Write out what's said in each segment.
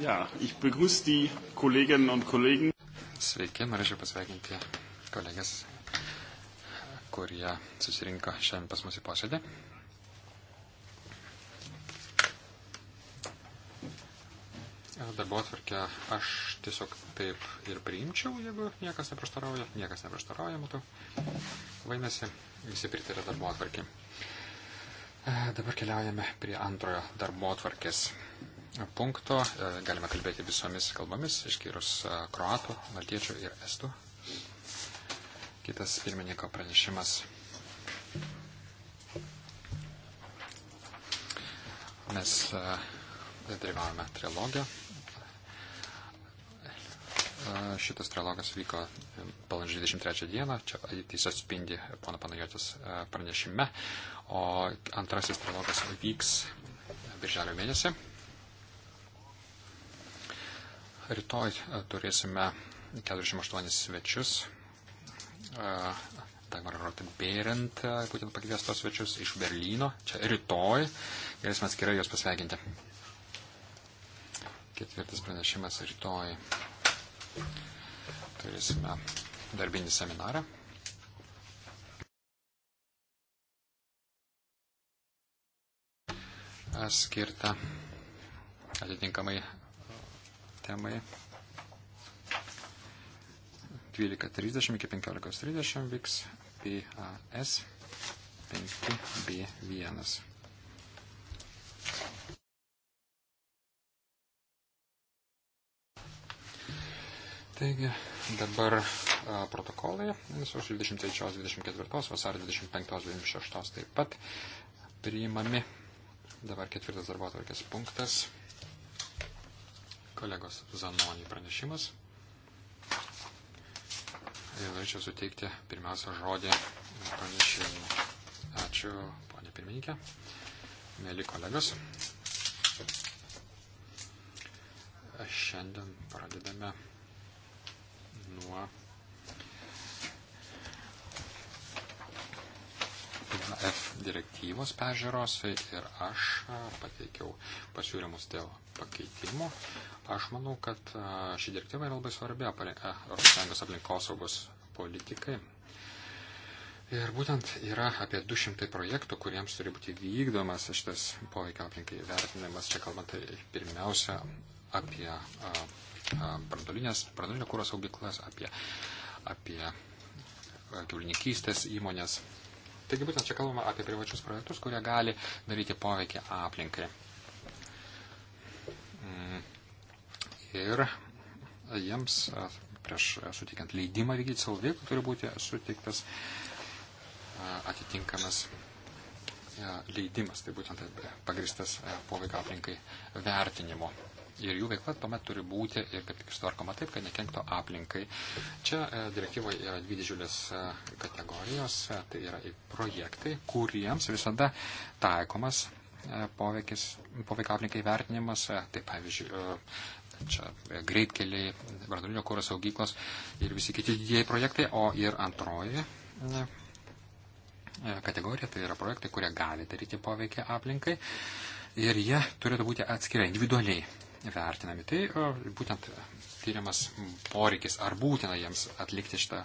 Ja, ich begrüße die Kolleginnen und Kollegen. Sveiki, norėčiau pasveikinti kolegas, kurie susirinko šiandien pas mus į posėdį. Darbo atvarkę aš tiesiog taip ir priimčiau, jeigu niekas neprieštarauja. Niekas neprieštarauja, matau. Vainasi, visi pritarė darbo atvarkį. Dabar keliaujame prie antrojo darbo atvarkės punkto. E, galime kalbėti visomis kalbomis, išskyrus e, kroatų, maltiečių ir estų. Kitas pirmininko pranešimas. Mes e, dalyvavome trilogę. Šitas trilogas vyko balandžio 23 dieną, čia jis atspindi pono Panajotis pranešime, o antrasis trilogas vyks birželio mėnesį. Rytoj e, turėsime 48 svečius. E, Dagmar Rotberent, e, būtent pakviestos svečius iš Berlyno. Čia rytoj galėsime atskirai juos pasveikinti. Ketvirtas pranešimas rytoj. Turėsime darbinį seminarą. skirta atitinkamai temai 12.30 iki 15.30 vyks PAS 5B1. Taigi dabar a, protokolai visos 23, 24, vasario 25, 26 taip pat priimami. Dabar ketvirtas darbo atvarkės punktas. Kolegos Zanonį pranešimas. Ir norėčiau suteikti pirmiausia žodį pranešimui. Ačiū, ponė pirmininkė. Mėly kolegos. Šiandien pradedame nuo F direktyvos pežiūros ir aš pateikiau pasiūlymus dėl pakeitimų. Aš manau, kad ši direktyva yra labai svarbi ES aplinkosaugos politikai. Ir būtent yra apie 200 projektų, kuriems turi būti vykdomas šitas poveikio aplinkai vertinimas. Čia kalbant tai pirmiausia apie brandolinio kūro saugyklas, apie, apie gyvulininkystės įmonės. Taigi būtent čia kalbama apie privačius projektus, kurie gali daryti poveikį aplinkai. Mm ir jiems prieš suteikiant leidimą vykdyti savo veiklą turi būti suteiktas atitinkamas leidimas, tai būtent pagristas poveikio aplinkai vertinimo. Ir jų veikla tuomet turi būti ir kaip tik sutvarkoma taip, kad nekenktų aplinkai. Čia direktyvoje yra dvi didžiulės kategorijos, tai yra projektai, kuriems visada taikomas poveikis, poveikio aplinkai vertinimas, tai pavyzdžiui, čia greitkeliai, branduolinio kūro saugyklos ir visi kiti didieji projektai, o ir antroji kategorija, tai yra projektai, kurie gali daryti poveikį aplinkai ir jie turėtų būti atskirai, individualiai vertinami. Tai būtent tyriamas poreikis, ar būtina jiems atlikti šitą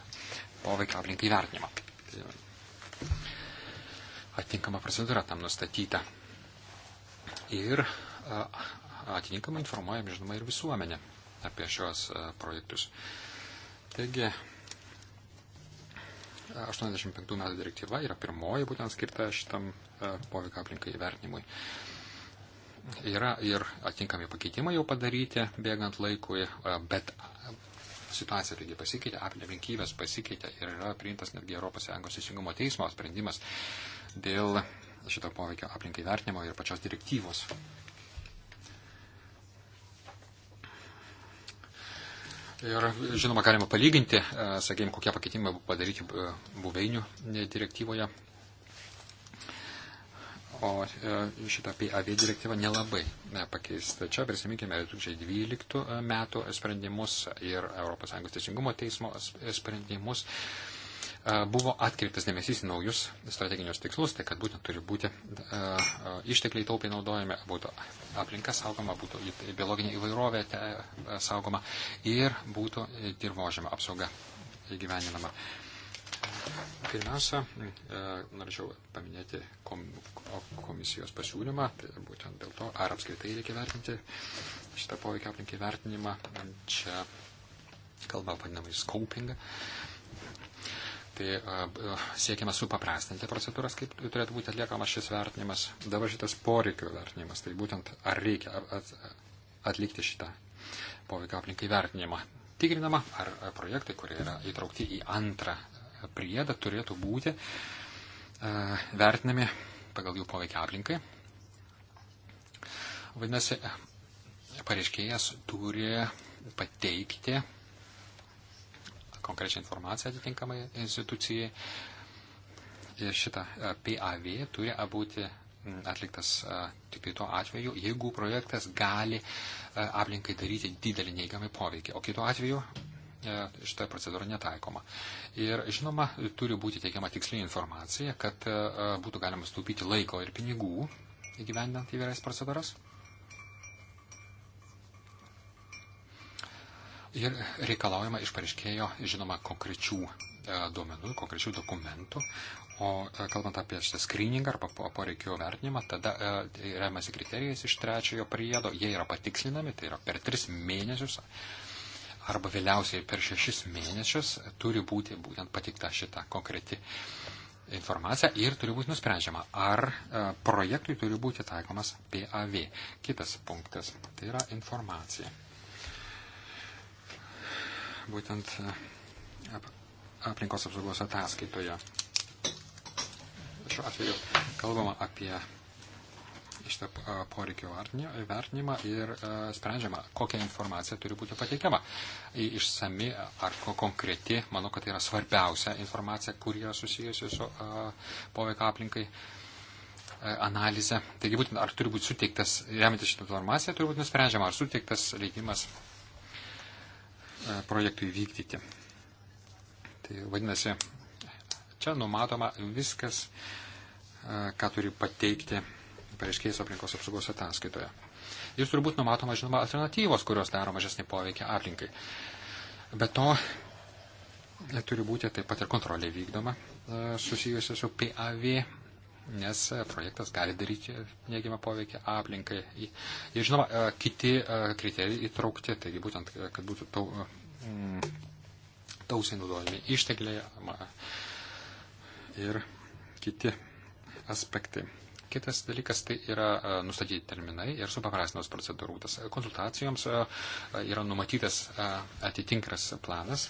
poveikio aplinkai vertinimą. Tai atinkama procedūra tam nustatyta. Ir atitinkamai informuojam, žinoma, ir visuomenę apie šios e, projektus. Taigi, 85 metų direktyva yra pirmoji būtent skirta šitam e, poveikio aplinkai įvertinimui. Yra ir atinkami pakeitimai jau padaryti bėgant laikui, e, bet situacija taigi pasikeitė, aplinkybės pasikeitė ir yra priimtas netgi ES teisingumo teismo sprendimas dėl šito poveikio aplinkai vertinimo ir pačios direktyvos. Ir žinoma, galima palyginti, e, sakėjim, kokie pakeitimai buvo padaryti e, buveinių e, direktyvoje. O šitą PAV direktyvą nelabai pakeista. Čia prisiminkime 2012 metų sprendimus ir ES teisingumo teismo sprendimus. E, buvo atkreiptas dėmesys į naujus strateginius tikslus, tai kad būtent turi būti e, e, ištekliai taupiai naudojami, būtų aplinka saugoma, būtų biologinė įvairovė saugoma ir būtų dirbožėma apsauga įgyveninama. Pirmiausia, norėčiau paminėti komisijos pasiūlymą, tai būtent dėl to, ar apskritai reikia vertinti šitą poveikio aplinkai vertinimą. Čia kalba vadinamai skaupingą. Uh, tai siekiama supaprastinti procedūras, kaip turėtų būti atliekamas šis vertinimas. Dabar šitas poreikio vertinimas, tai būtent ar reikia atlikti šitą poveikio aplinkai vertinimą. Tikrinama, ar projektai, kurie yra įtraukti į antrą priedą, turėtų būti vertinami pagal jų poveikį aplinkai. Vadinasi, pareiškėjas turi pateikti konkrečią informaciją atitinkamai institucijai. Ir šitą PAV turi būti atliktas tik tai tuo atveju, jeigu projektas gali aplinkai daryti didelį neigiamą poveikį, o kitu atveju šita procedūra netaikoma. Ir žinoma, turi būti teikiama tikslinė informacija, kad būtų galima stūpyti laiko ir pinigų įgyvendant įvairias procedūras. Ir reikalaujama iš pareiškėjo, žinoma, konkrečių e, duomenų, konkrečių dokumentų, o e, kalbant apie šitą skryningą arba poreikio vertinimą, tada e, tai remiasi kriterijais iš trečiojo priedo, jie yra patikslinami, tai yra per tris mėnesius arba vėliausiai per šešis mėnesius turi būti būtent patikta šita konkreti informacija ir turi būti nusprendžiama, ar projektui turi būti taikomas PAV. Kitas punktas tai yra informacija būtent e, aplinkos apsaugos ataskaitoje. Šiuo atveju kalbama apie šitą e, poreikio vertinimą ir e, sprendžiama, kokia informacija turi būti pateikiama. Išsami ar konkreti, manau, kad tai yra svarbiausia informacija, kur yra susijusi su poveikio aplinkai analizė. Taigi būtent, ar turi būti suteiktas, remiantis šitą informaciją, turi būti nusprendžiama, ar suteiktas leidimas E, projektui vykdyti. Tai vadinasi, čia numatoma viskas, e, ką turi pateikti pareiškėjas aplinkos apsaugos ataskaitoje. Jis turbūt numatoma, žinoma, alternatyvos, kurios daro mažesnį poveikį aplinkai. Be to, e, turi būti taip pat ir kontrolė vykdoma susijusi su PAV nes e, projektas gali daryti neigiamą poveikį aplinkai. Ir žinoma, e, kiti e, kriterijai įtraukti, taigi būtent, kad būtų tau, tausiai naudojami ištekliai ir kiti aspektai. Kitas dalykas tai yra nustatyti terminai ir supaprastinus procedūrūtas. Konsultacijoms yra numatytas atitinkas planas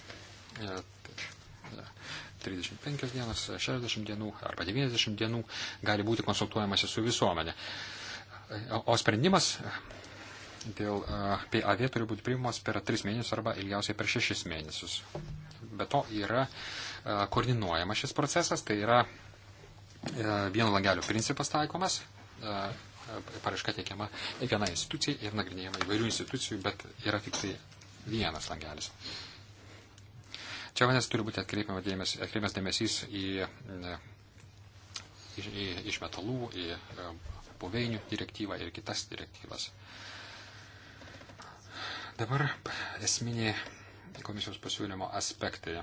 35 dienas, 60 dienų arba 90 dienų gali būti konsultuojamasi su visuomenė. O sprendimas dėl PAV turi būti priimamas per 3 mėnesius arba ilgiausiai per 6 mėnesius. Be to yra koordinuojamas šis procesas, tai yra vieno langelio principas taikomas, paraiška teikiama viena institucija ir nagrinėjama įvairių institucijų, bet yra tik tai vienas langelis. Čia manęs turi būti atkreipiamas dėmesys, atkreipiamas dėmesys į, į, į, iš metalų, į e, buveinių direktyvą ir kitas direktyvas. Dabar esminiai komisijos pasiūlymo aspektai.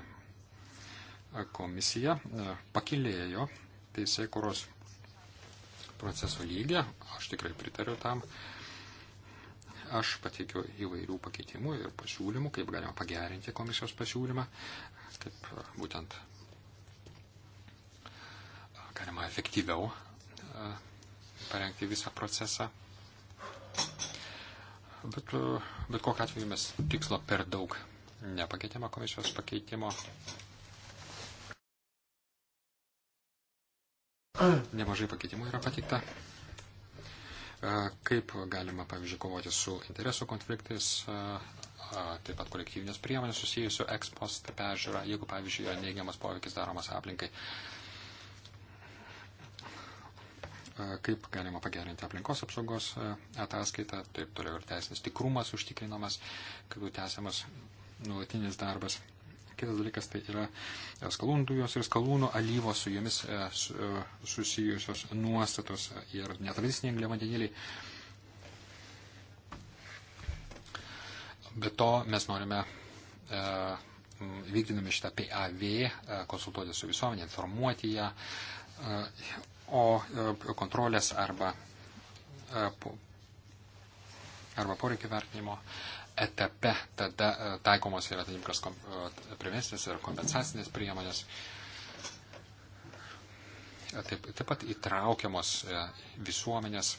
Komisija e, pakilėjo teisėkuros proceso lygį, aš tikrai pritariu tam, aš pateikiu įvairių pakeitimų ir pasiūlymų, kaip galima pagerinti komisijos pasiūlymą, kaip būtent galima efektyviau parengti visą procesą. Bet, bet kokiu atveju mes tikslo per daug nepakeitėme komisijos pakeitimo. Nemažai pakeitimų yra pateikta kaip galima, pavyzdžiui, kovoti su interesų konfliktais, taip pat kolektyvinės priemonės susijusių ekspost peržiūrą, jeigu, pavyzdžiui, yra neigiamas poveikis daromas aplinkai kaip galima pagerinti aplinkos apsaugos ataskaitą, taip toliau ir teisinis tikrumas užtikrinamas, kaip jau tęsiamas nuolatinis darbas kitas dalykas tai yra e, skalūnų dujos ir skalūnų alyvos su jomis e, e, susijusios nuostatos ir netradiciniai angliavandeniliai. Be to mes norime vykdinami šitą PAV, konsultuoti su visuomenė, informuoti ją, o kontrolės arba, arba poreikio vertinimo etape tada e, taikomos yra tam tikros e, prevencinės ir kompensacinės priemonės. E, taip, taip pat įtraukiamos visuomenės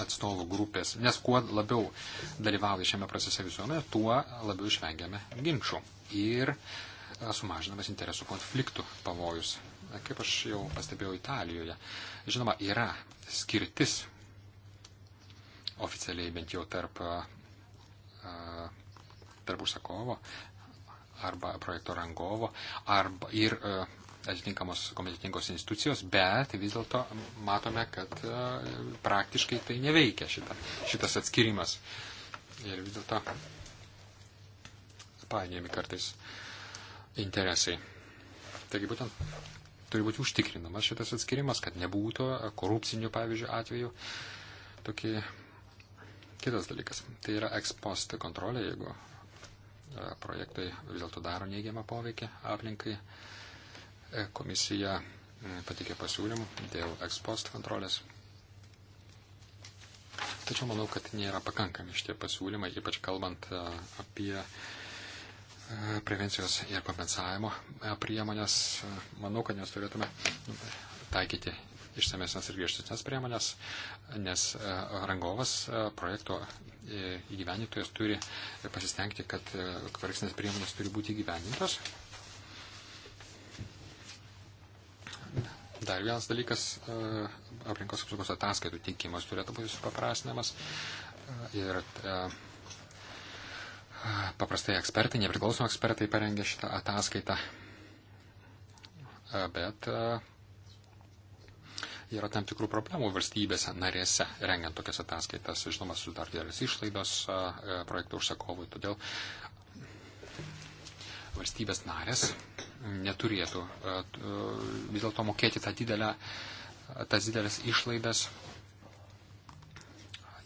atstovų grupės, nes kuo labiau dalyvauja šiame procese visuomenė, tuo labiau išvengiame ginčių ir sumažinamas interesų konfliktų pavojus. Kaip aš jau pastebėjau Italijoje, žinoma, yra skirtis oficialiai bent jau tarp tarp užsakovo arba projekto rangovo arba ir e, atitinkamos kompetitingos institucijos, bet vis dėlto matome, kad e, praktiškai tai neveikia šita, šitas atskirimas. Ir vis dėlto painėjami kartais interesai. Taigi būtent turi būti užtikrinamas šitas atskirimas, kad nebūtų korupcinių, pavyzdžiui, atvejų. Tokie Kitas dalykas, tai yra ekspost kontrolė, jeigu e, projektai vis dėlto daro neigiamą poveikį aplinkai. E, komisija patikė pasiūlymų dėl ekspost kontrolės. Tačiau manau, kad nėra pakankami šitie pasiūlymai, ypač kalbant e, apie prevencijos ir kompensavimo priemonės. Manau, kad mes turėtume taikyti išsamesnės ir griežtesnės priemonės, nes e, rangovas e, projekto e, įgyvenintojas turi pasistengti, kad korekcinės priemonės turi būti įgyvenintos. Dar vienas dalykas, aplinkos apsaugos ataskaitų teikimas turėtų būti supaprastinamas. Ir paprastai ekspertai, nepriklausomi ekspertai parengė šitą ataskaitą. Bet yra tam tikrų problemų valstybėse narėse, rengiant tokias ataskaitas, žinoma, sudar didelis išlaidos e, projektų užsakovui, todėl valstybės narės neturėtų vis dėlto mokėti tą didelę, tas didelės išlaidas.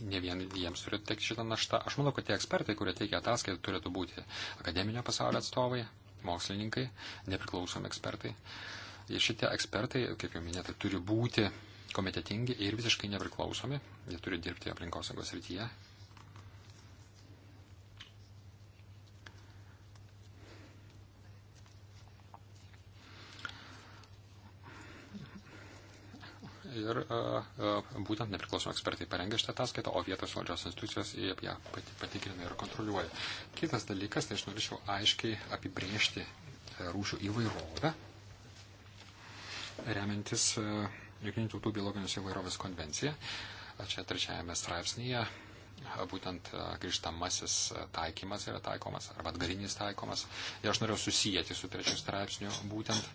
Ne vien jiems turėtų tekti šitą naštą. Aš manau, kad tie ekspertai, kurie teikia ataskaitą, turėtų būti akademinio pasaulio atstovai, mokslininkai, nepriklausomi ekspertai. Uh, Ir šitie ekspertai, kaip jau minėta, turi būti kompetentingi ir visiškai nepriklausomi. Jie turi dirbti aplinkosaugos rytyje. Ir a, a, būtent nepriklausomi ekspertai parengė šitą ataskaitą, o vietos valdžios institucijos ją patikrina ir kontroliuoja. Kitas dalykas, tai aš norėčiau aiškiai apibriežti e, rūšių įvairovę remiantis e, Junktinių tautų biologinės įvairovės konvencija. Čia trečiajame straipsnėje būtent e, grįžtamasis e, taikymas yra taikomas, arba atgalinis taikomas. Ir aš norėjau susijęti su trečiu straipsniu būtent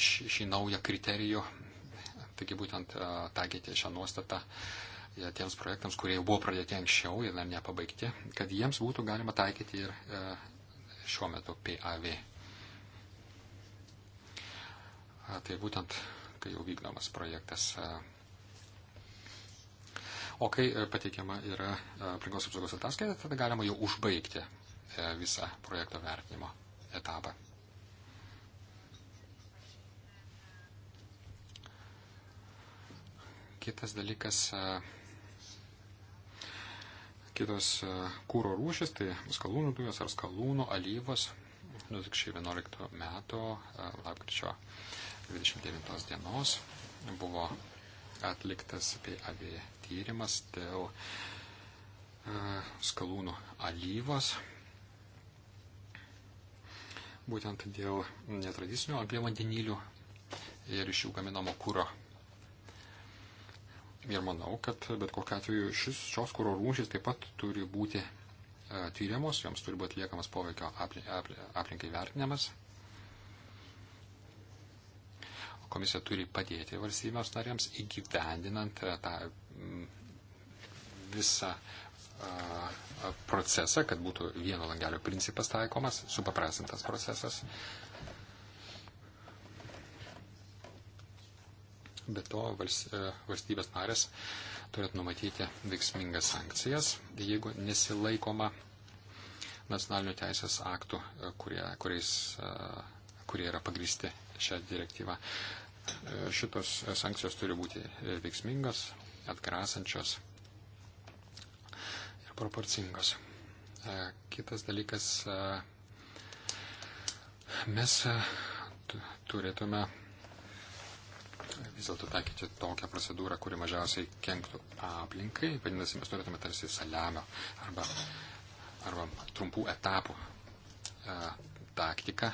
šį naują kriterijų, taigi būtent taikyti šią nuostatą tiems projektams, kurie jau buvo pradėti anksčiau ir dar nepabaigti, kad jiems būtų galima taikyti ir šiuo metu PAV tai būtent, kai jau vykdomas projektas. O kai pateikiama yra aplinkos apsaugos ataskaita, tada galima jau užbaigti visą projekto vertinimo etapą. Kitas dalykas, kitos kūro rūšis, tai skalūnų dujos ar skalūnų alyvos 2011 nu, metų lapkričio 29 dienos buvo atliktas PAV tyrimas dėl e, skalūnų alyvos, būtent dėl netradicinių angliavandenilių ir iš jų gaminamo kūro. Ir manau, kad bet kokiu atveju šis, šios kūro rūšys taip pat turi būti e, tyriamos, joms turi būti atliekamas poveikio aplinkai vertinimas komisija turi padėti valstybėms narėms įgyvendinant e, tą visą procesą, kad būtų vieno langelio principas taikomas, supaprastintas procesas. Be to, e, valstybės narės turėtų numatyti veiksmingas sankcijas, jeigu nesilaikoma nacionalinių teisės aktų, e, kurie, kuriais, kurie yra pagristi šią direktyvą šitos sankcijos turi būti veiksmingos, atgrasančios ir proporcingos. Kitas dalykas, mes turėtume vis dėlto taikyti tokią procedūrą, kuri mažiausiai kenktų aplinkai. Vadinasi, mes turėtume tarsi saliamio arba, arba trumpų etapų e, taktiką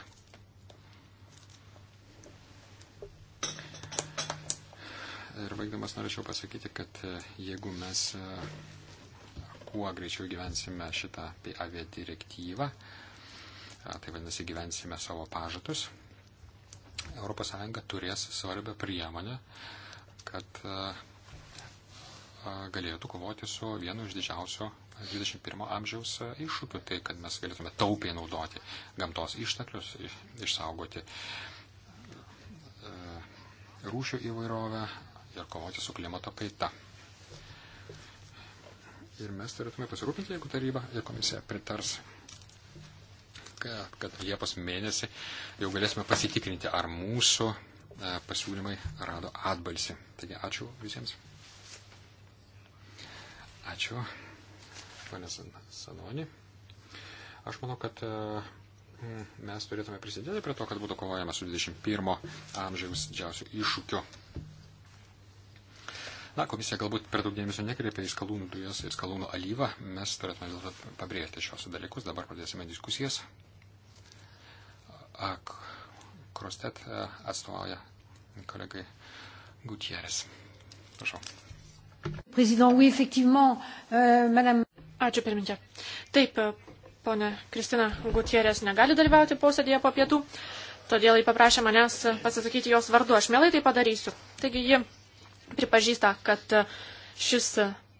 Ir baigdamas norėčiau pasakyti, kad e, jeigu mes e, kuo greičiau gyvensime šitą PAV direktyvą, tai vadinasi gyvensime savo pažadus, ES turės svarbią priemonę, kad e, galėtų kovoti su vienu iš didžiausių 21 amžiaus iššūkių, tai kad mes galėtume taupiai naudoti gamtos išteklius, išsaugoti rūšių įvairovę, ir kovoti su klimato kaita. Ir mes turėtume pasirūpinti, jeigu taryba ir komisija pritars, kad, kad Liepos mėnesį jau galėsime pasitikrinti, ar mūsų e, pasiūlymai rado atbalsį. Taigi ačiū visiems. Ačiū, ponė Sanoni. Aš manau, kad e, mes turėtume prisidėti prie to, kad būtų kovojama su 21 amžiaus didžiausiu iššūkiu. Na, komisija galbūt per daug dėmesio nekreipia į skalūnų dujas ir skalūnų alyvą. Mes turėtume dėl to pabrėžti šios dalykus. Dabar pradėsime diskusijas. Krostet e, atstovauja kolegai Gutierrez. Prašau. Président, oui, effectivement, euh, madame. Ačiū pirmininkė. Taip, e, ponė Kristina Gutierrez negali dalyvauti posėdėje po pietų, todėl jį paprašė manęs pasisakyti jos vardu. Aš mielai tai padarysiu. Taigi ji pripažįsta, kad šis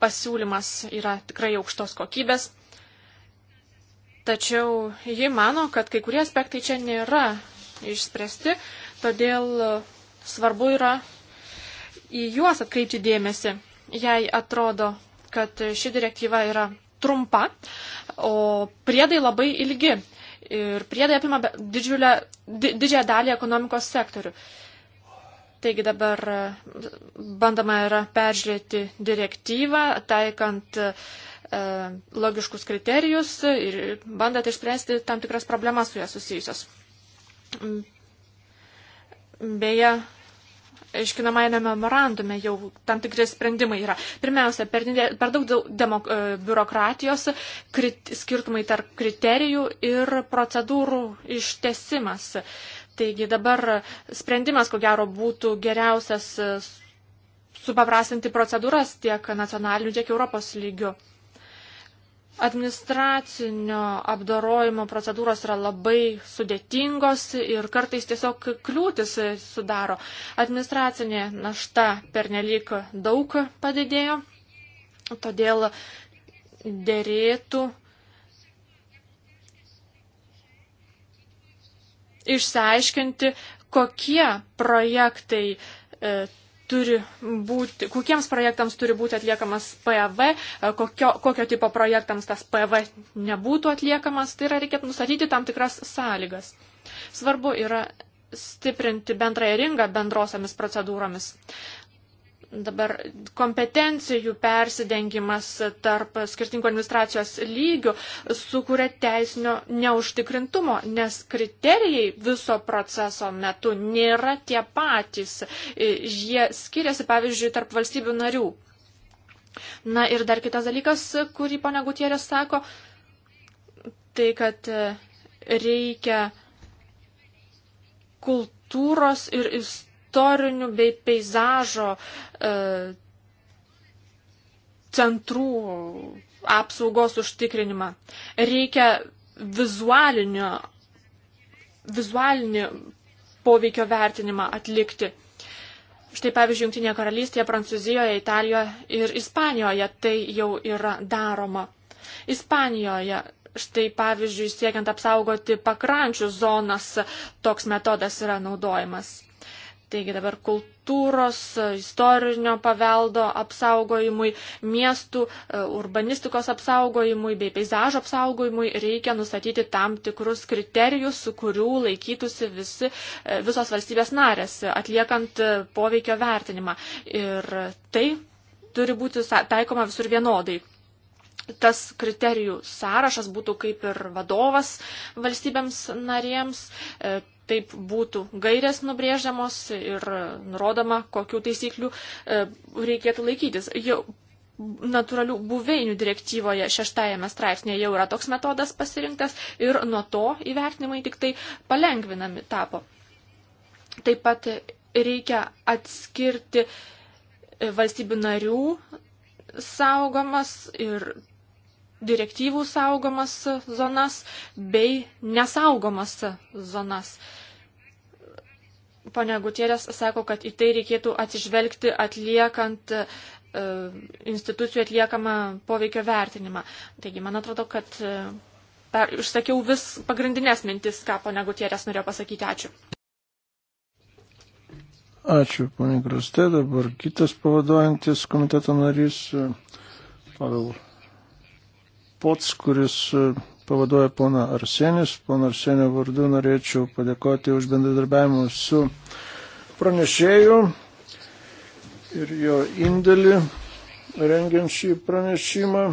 pasiūlymas yra tikrai aukštos kokybės, tačiau ji mano, kad kai kurie aspektai čia nėra išspręsti, todėl svarbu yra į juos atkreipti dėmesį. Jei atrodo, kad ši direktyva yra trumpa, o priedai labai ilgi. Ir priedai apima didžiulę, di, didžiąją dalį ekonomikos sektorių. Uh, Taigi dabar e, bandama yra peržiūrėti direktyvą, taikant e, logiškus kriterijus ir bandant išspręsti tam tikras problemas su ją susijusios. Beje, aiškinamajame memorandume jau tam tikri sprendimai yra. Pirmiausia, per, per daug demok, e, biurokratijos, krit, skirtumai tarp kriterijų ir procedūrų ištesimas. Uh, Taigi dabar sprendimas, ko gero, būtų geriausias e, supaprastinti procedūras tiek nacionaliniu, tiek Europos lygiu. Administracinio apdorojimo procedūros yra labai sudėtingos ir kartais tiesiog kliūtis sudaro. Administracinė našta pernelyg daug padidėjo, todėl dėrėtų uh, išsiaiškinti, kokie projektai e, turi būti, kokiems projektams turi būti atliekamas PAV, e, kokio, kokio tipo projektams tas PAV nebūtų atliekamas, tai yra reikėtų nustatyti tam tikras sąlygas. Svarbu yra stiprinti bendrąją ringą bendrosiamis procedūromis. Dabar kompetencijų persidengimas tarp skirtingų administracijos lygių sukuria teisinio neužtikrintumo, nes kriterijai viso proceso metu nėra tie patys. Jie skiriasi, pavyzdžiui, tarp valstybių narių. Na ir dar kitas dalykas, kurį ponia Gutierės sako, tai kad reikia kultūros ir istorijos istorinių bei peizažo e, centrų apsaugos užtikrinimą. Reikia vizualinio, vizualinį poveikio vertinimą atlikti. Štai pavyzdžiui, Junktinėje karalystėje, Prancūzijoje, Italijoje ir Ispanijoje tai jau yra daroma. Ispanijoje, štai pavyzdžiui, siekiant apsaugoti pakrančių zonas, toks metodas yra naudojamas. Taigi dabar kultūros, istorinio paveldo apsaugojimui, miestų, e, urbanistikos apsaugojimui bei peizažo apsaugojimui reikia nustatyti tam tikrus kriterijus, kurių laikytųsi visi, e, visos valstybės narės, atliekant e, poveikio vertinimą. Ir tai turi būti taikoma visur vienodai tas kriterijų sąrašas būtų kaip ir vadovas valstybėms narėms, taip būtų gairės nubrėžiamos ir nurodoma, kokių taisyklių e, reikėtų laikytis. Jau natūralių buveinių direktyvoje šeštajame straipsnėje jau yra toks metodas pasirinktas ir nuo to įvertinimai tik tai palengvinami tapo. Taip pat reikia atskirti valstybių narių saugomas ir direktyvų saugomas zonas bei nesaugomas zonas. Pane Gutierės sako, kad į tai reikėtų atsižvelgti atliekant e, institucijų atliekamą poveikio vertinimą. Taigi, man atrodo, kad e, per, išsakiau vis pagrindinės mintis, ką pane Gutierės norėjo pasakyti. Ačiū. Ačiū, pane Krastė. Dabar kitas pavaduojantis komiteto narys e, Pavel Pots, kuris e, pavaduoja poną Arsenis. Pono Arsenio vardu norėčiau padėkoti už bendradarbiavimą su pranešėju ir jo indėlį rengiant šį pranešimą.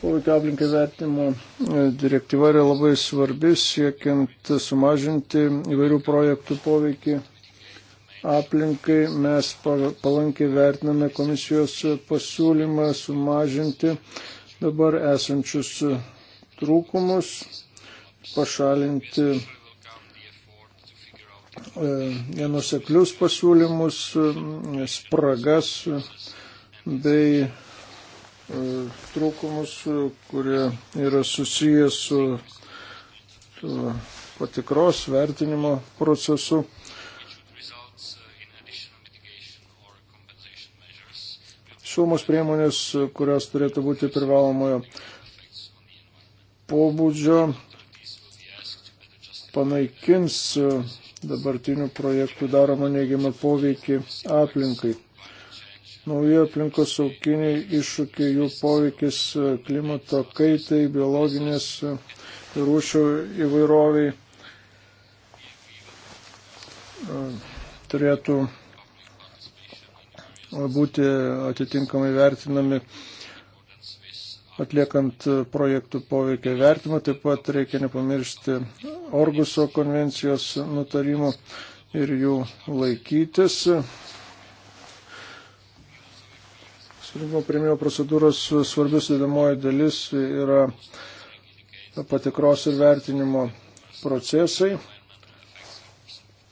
Poveikio aplinkai vertinimo e, direktyva yra labai svarbi, siekiant sumažinti įvairių projektų poveikį aplinkai mes palankiai vertiname komisijos pasiūlymą sumažinti dabar esančius trūkumus, pašalinti e, nenuseklius pasiūlymus, e, spragas bei e, trūkumus, kurie yra susijęs su patikros vertinimo procesu. sumos priemonės, kurios turėtų būti privalomojo pobūdžio, panaikins dabartinių projektų daromą neigiamą poveikį aplinkai. Nauji aplinkos saukiniai iššūkiai, jų poveikis klimato kaitai, biologinės rūšių įvairoviai e, turėtų būti atitinkamai vertinami atliekant projektų poveikio vertimą. Taip pat reikia nepamiršti Orguso konvencijos nutarimų ir jų laikytis. Sprendimo prieimimo procedūros svarbius įdomoji dalis yra patikros ir vertinimo procesai.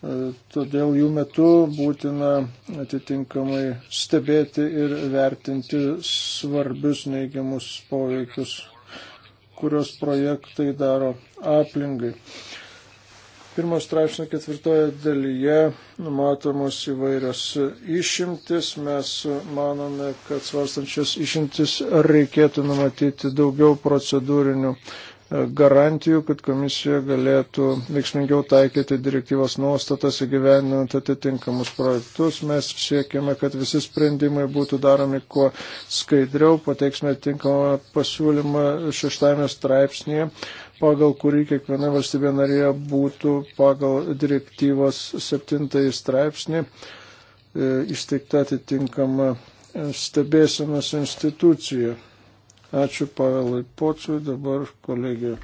E, todėl jų metu būtina atitinkamai stebėti ir vertinti svarbius neigiamus poveikius, kurios projektai daro aplinkai. Pirmo straipsnio ketvirtoje dalyje numatomos įvairios išimtis. Mes manome, kad svarstančios išimtis reikėtų numatyti daugiau procedūrinių garantijų, kad komisija galėtų veiksmingiau taikyti direktyvos nuostatas įgyveninant atitinkamus projektus. Mes siekiame, kad visi sprendimai būtų daromi kuo skaidriau, pateiksime atitinkamą pasiūlymą šeštame straipsnėje pagal kurį kiekviena valstybė narėje būtų pagal direktyvos septintąjį straipsnį e, įsteigta atitinkama stebėsenos institucija. Ačiū Pavelai Pociui, dabar kolegė.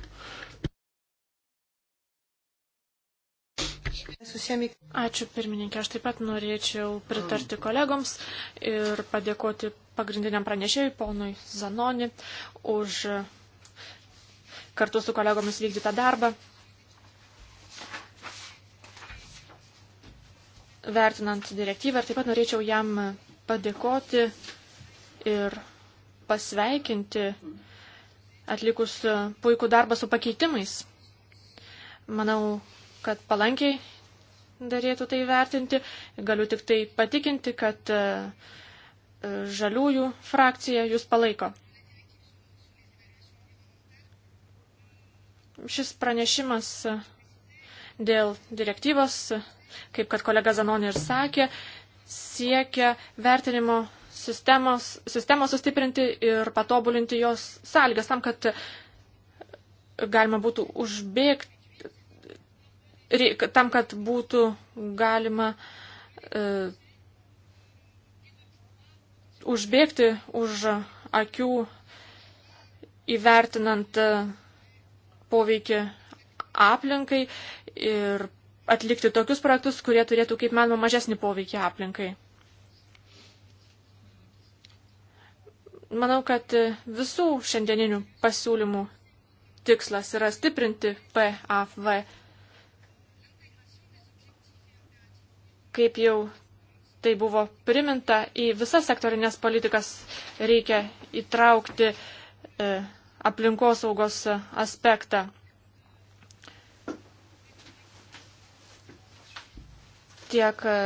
Ačiū pirmininkė, aš taip pat norėčiau pritarti kolegoms ir padėkoti pagrindiniam pranešėjui, ponui Zanoni, už kartu su kolegomis vykdytą darbą. Vertinant direktyvą, ir taip pat norėčiau jam padėkoti ir pasveikinti atlikus puikų darbą su pakeitimais. Manau, kad palankiai darėtų tai vertinti. Galiu tik tai patikinti, kad e, e, žaliųjų frakcija jūs palaiko. Šis pranešimas dėl direktyvos, kaip kad kolega Zanonė ir sakė, siekia vertinimo sistemos, sistemos sustiprinti ir patobulinti jos sąlygas tam, kad galima būtų užbėgti, tam, kad būtų galima uh, užbėgti už akių įvertinant e, poveikį aplinkai ir atlikti tokius projektus, kurie turėtų kaip manoma mažesnį poveikį aplinkai. Manau, kad visų šiandieninių pasiūlymų tikslas yra stiprinti PAV. Kaip jau tai buvo priminta, į visas sektorinės politikas reikia įtraukti e, aplinkosaugos aspektą. Tiek e,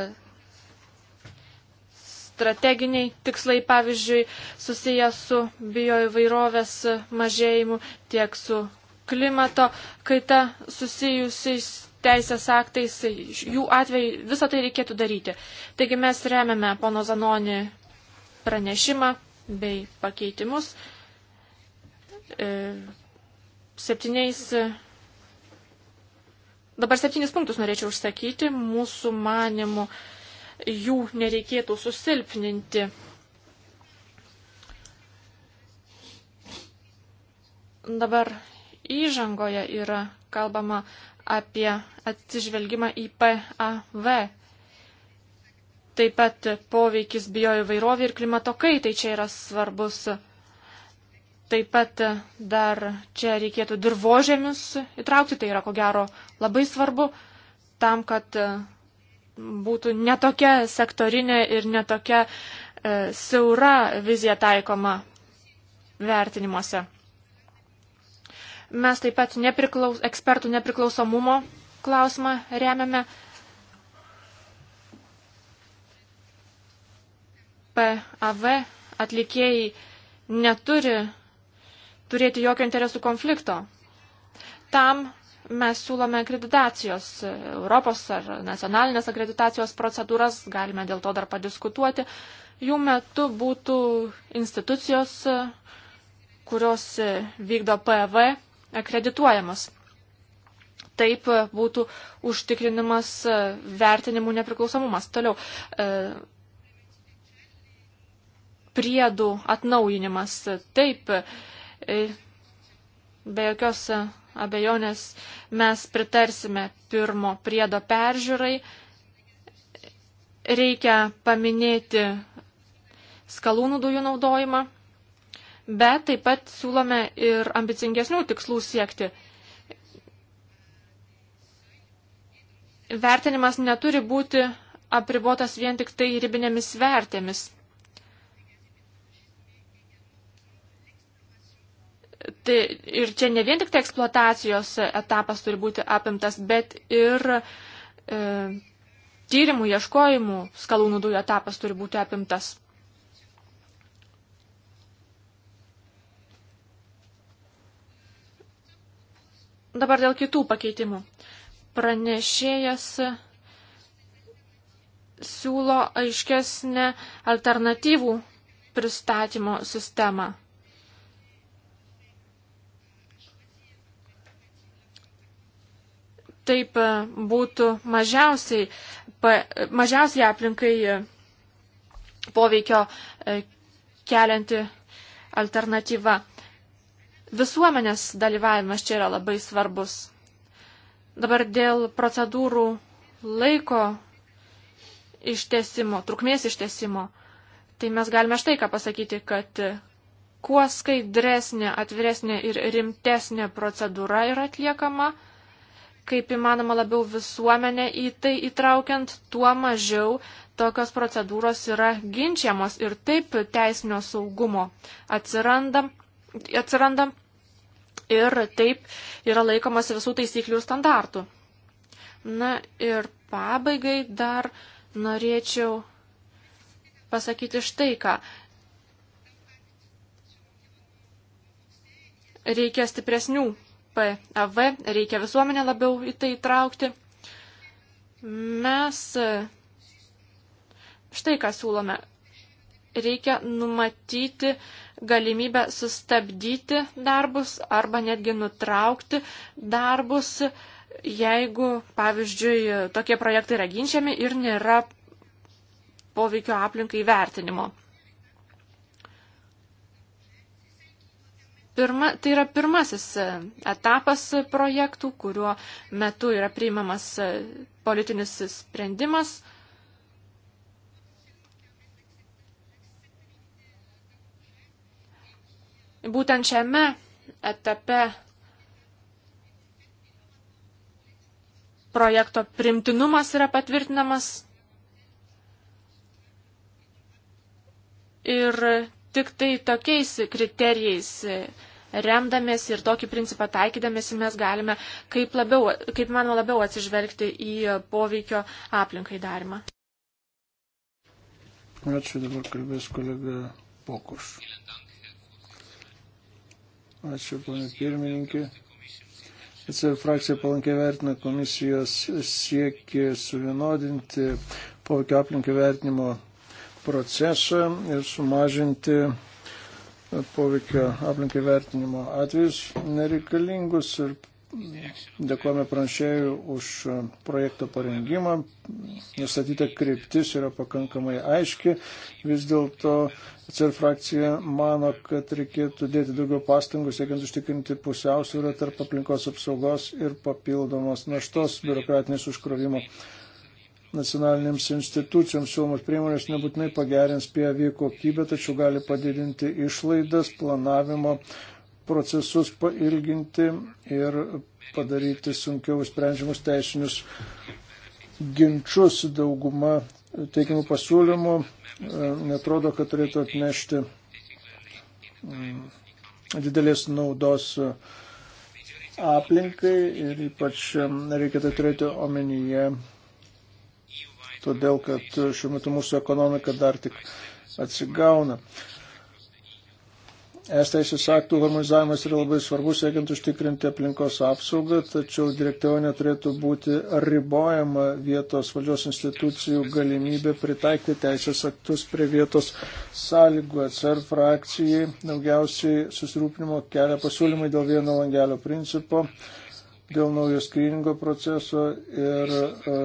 strateginiai tikslai, pavyzdžiui, susiję su bioįvairovės mažėjimu, tiek su klimato kaita susijusiais teisės aktais, jų atveju visą tai reikėtų daryti. Taigi mes remiame pono Zanoni pranešimą bei pakeitimus e, septyniais Dabar septynis punktus norėčiau užsakyti. Mūsų manimų jų nereikėtų susilpninti. Dabar įžangoje yra kalbama apie atsižvelgimą į PAV. Taip pat poveikis bioįvairovė ir klimato kaitai čia yra svarbus. Taip pat dar čia reikėtų dirbožėmius įtraukti, tai yra ko gero labai svarbu tam, kad būtų netokia sektorinė ir netokia e, siaura vizija taikoma vertinimuose. Mes taip pat nepriklaus, ekspertų nepriklausomumo klausimą remiame. PAV atlikėjai neturi turėti jokio interesų konflikto. Tam mes siūlome akreditacijos e, Europos ar nacionalinės akreditacijos procedūras, galime dėl to dar padiskutuoti. Jų metu būtų institucijos, e, kurios e, vykdo PV, akredituojamos. Taip būtų užtikrinimas vertinimų nepriklausomumas. Toliau, priedų atnaujinimas. Taip, Be jokios e, abejonės mes pritarsime pirmo priedo peržiūrai. Reikia paminėti skalūnų dujų naudojimą, bet taip pat siūlome ir ambicingesnių tikslų siekti. Vertinimas neturi būti apribotas vien tik tai ribinėmis vertėmis. Tai ir čia ne vien tik tai eksploatacijos etapas turi būti apimtas, bet ir e, tyrimų, ieškojimų skalūnų dujų etapas turi būti apimtas. Dabar dėl kitų pakeitimų. Pranešėjas siūlo aiškesnę alternatyvų pristatymo sistemą. taip e, būtų mažiausiai, pa, mažiausiai aplinkai e, poveikio e, kelianti alternatyva. Visuomenės dalyvavimas čia yra labai svarbus. Dabar dėl procedūrų laiko ištesimo, trukmės ištesimo, tai mes galime štai ką pasakyti, kad kuo skaidresnė, atviresnė ir rimtesnė procedūra yra atliekama, kaip įmanoma labiau visuomenę į tai įtraukiant, tuo mažiau tokios procedūros yra ginčiamos ir taip teisinio saugumo atsiranda. atsiranda ir taip yra laikomasi visų taisyklių standartų. Na ir pabaigai dar norėčiau pasakyti štai ką. Reikia stipresnių PAV, reikia visuomenę labiau į tai įtraukti. Mes štai ką siūlome. Reikia numatyti galimybę sustabdyti darbus arba netgi nutraukti darbus, jeigu, pavyzdžiui, tokie projektai yra ginčiami ir nėra poveikio aplinkai vertinimo. Pirma, tai yra pirmasis e, etapas projektų, kuriuo metu yra priimamas e, politinis sprendimas. Būtent šiame etape projekto primtinumas yra patvirtinamas ir Tik tai tokiais kriterijais remdamėsi ir tokį principą taikydamėsi mes galime, kaip, labiau, kaip man labiau atsižvelgti į poveikio aplinkai darimą. Ačiū dabar kalbės kolega Pokuš. Ačiū, ponė pirmininkė. ECR frakcija palankiai vertina komisijos siekį suvienodinti poveikio aplinkai vertinimo procesą ir sumažinti poveikio aplinkai vertinimo atvejus nereikalingus ir dėkojame pranšėjų už projekto parengimą. Nustatyta kryptis yra pakankamai aiški. Vis dėlto CR frakcija mano, kad reikėtų dėti daugiau pastangų, siekiant užtikrinti pusiausvyrą tarp aplinkos apsaugos ir papildomos naštos biurokratinės užkrovimo nacionalinėms institucijoms siūlomas priemonės nebūtinai pagerins PAV kokybę, tačiau gali padidinti išlaidas, planavimo procesus pailginti ir padaryti sunkiau sprendžiamus teisinius ginčius. Dauguma teikiamų pasiūlymų e, netrodo, kad turėtų atnešti mm, didelės naudos aplinkai ir ypač e, reikia tai turėti omenyje todėl kad šiuo metu mūsų ekonomika dar tik atsigauna. Es teisės aktų harmonizavimas yra labai svarbus, siekiant užtikrinti aplinkos apsaugą, tačiau direktyva neturėtų būti ribojama vietos valdžios institucijų galimybė pritaikyti teisės aktus prie vietos sąlygų. CR frakcijai daugiausiai susirūpinimo kelia pasiūlymai dėl vieno langelio principo dėl naujo skryningo proceso ir e,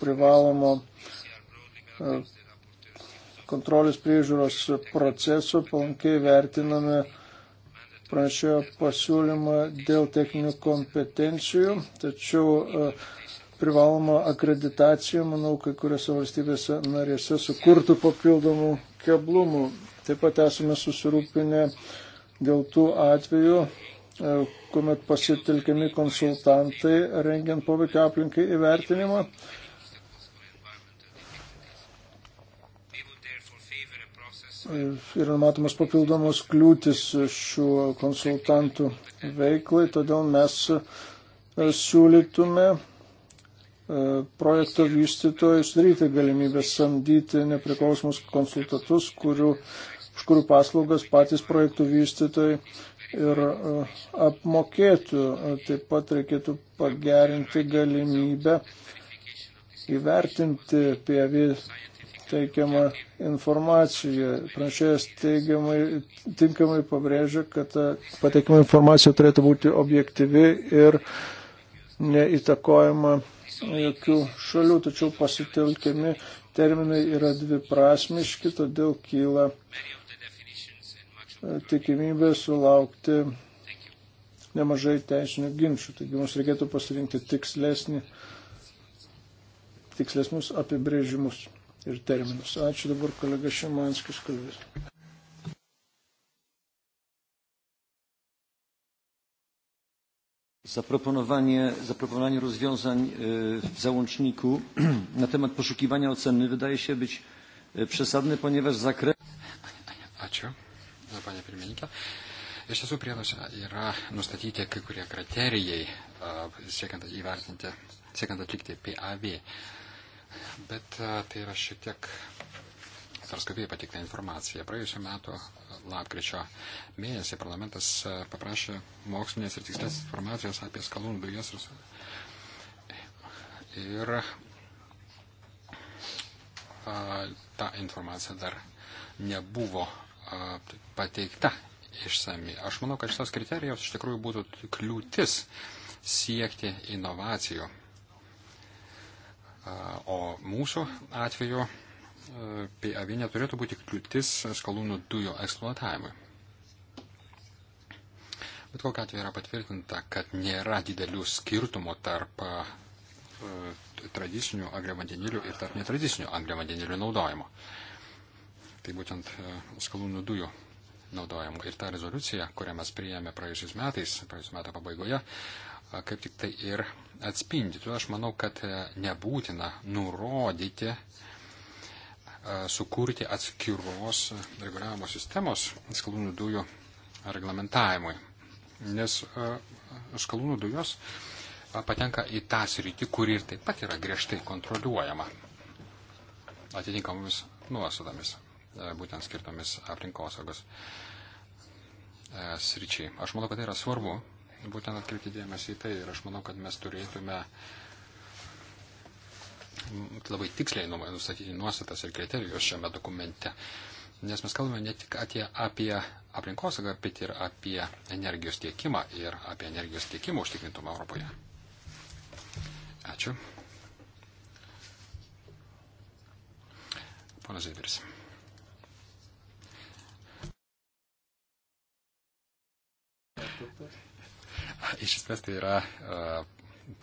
privalomo e, kontrolės priežiūros proceso palankiai vertiname pranešėjo pasiūlymą dėl techninių kompetencijų, tačiau e, privaloma akreditacija, manau, kai kuriuose valstybėse narėse sukurtų papildomų keblumų. Taip pat esame susirūpinę dėl tų atvejų, E, kuomet pasitelkiami konsultantai rengiant poveikio aplinkai įvertinimą. E, yra matomas papildomos kliūtis šių konsultantų veiklai, todėl mes e, siūlytume projekto vystytojai sudaryti galimybę samdyti nepriklausomus konsultatus, kurių, už kurių paslaugas patys projektų vystytojai ir e, apmokėtų. Taip pat reikėtų pagerinti galimybę įvertinti PAV teikiamą informaciją. Pranešėjas tinkamai pabrėžia, kad pateikiama informacija turėtų būti objektyvi ir neįtakojama jokių šalių, tačiau pasitelkiami terminai yra dviprasmiški, todėl kyla uh, tikimybė sulaukti nemažai teisinių ginčių. Taigi mums reikėtų pasirinkti tikslesnį, tikslesnius apibrėžimus ir terminus. Ačiū dabar kolega Šimanskis kalbės. Zaproponowanie, zaproponowanie rozwiązań w załączniku na temat poszukiwania oceny wydaje się być przesadne, ponieważ zakres. Ačiū panė pirmininkė. Iš tiesų, prieduose yra nustatyti kai kurie kriterijai, siekiant įvertinti, siekiant atlikti PAV. Bet tai yra šiek tiek sarskapiai patikta informacija. Praėjusiu metu lapkričio mėnesį parlamentas paprašė mokslinės ir tikslės informacijos apie skalūnų dujas. Ir a, ta informacija dar nebuvo pateikta išsami. Aš manau, kad šitos kriterijos iš tikrųjų būtų kliūtis siekti inovacijų. O mūsų atveju PAV neturėtų būti kliūtis skalūnų dujo eksploatavimui. Bet kokia atveju yra patvirtinta, kad nėra didelių skirtumų tarp tradicinių angliavandenilių ir tarp netradicinių angliavandenilių naudojimo. Uh, tai būtent e, skalūnų dujų naudojimo. Ir ta rezoliucija, kurią mes priėmėme praėjusiais metais, praėjusiu metu pabaigoje, e, kaip tik tai ir atspindi. Todėl aš manau, kad e, nebūtina nurodyti, sukurti atskiros reguliavimo sistemos skalūnų dujų reglamentavimui. Nes skalūnų dujos patenka į tą sritį, kuri ir taip pat yra griežtai kontroliuojama atitinkamomis nuostatomis. E, būtent skirtomis aplinkosaugos e, sričiai. Aš manau, kad tai yra svarbu, būtent atkreipti dėmesį į tai ir aš manau, kad mes turėtume labai tiksliai nustatyti nuostatas ir kriterijus šiame dokumente. Nes mes kalbame ne tik atie, apie aplinkosaugą, bet ir apie energijos tiekimą ir apie energijos tiekimo užtikrintumą Europoje. Ačiū. Ponas Zėberis. Iš esmės tai yra e,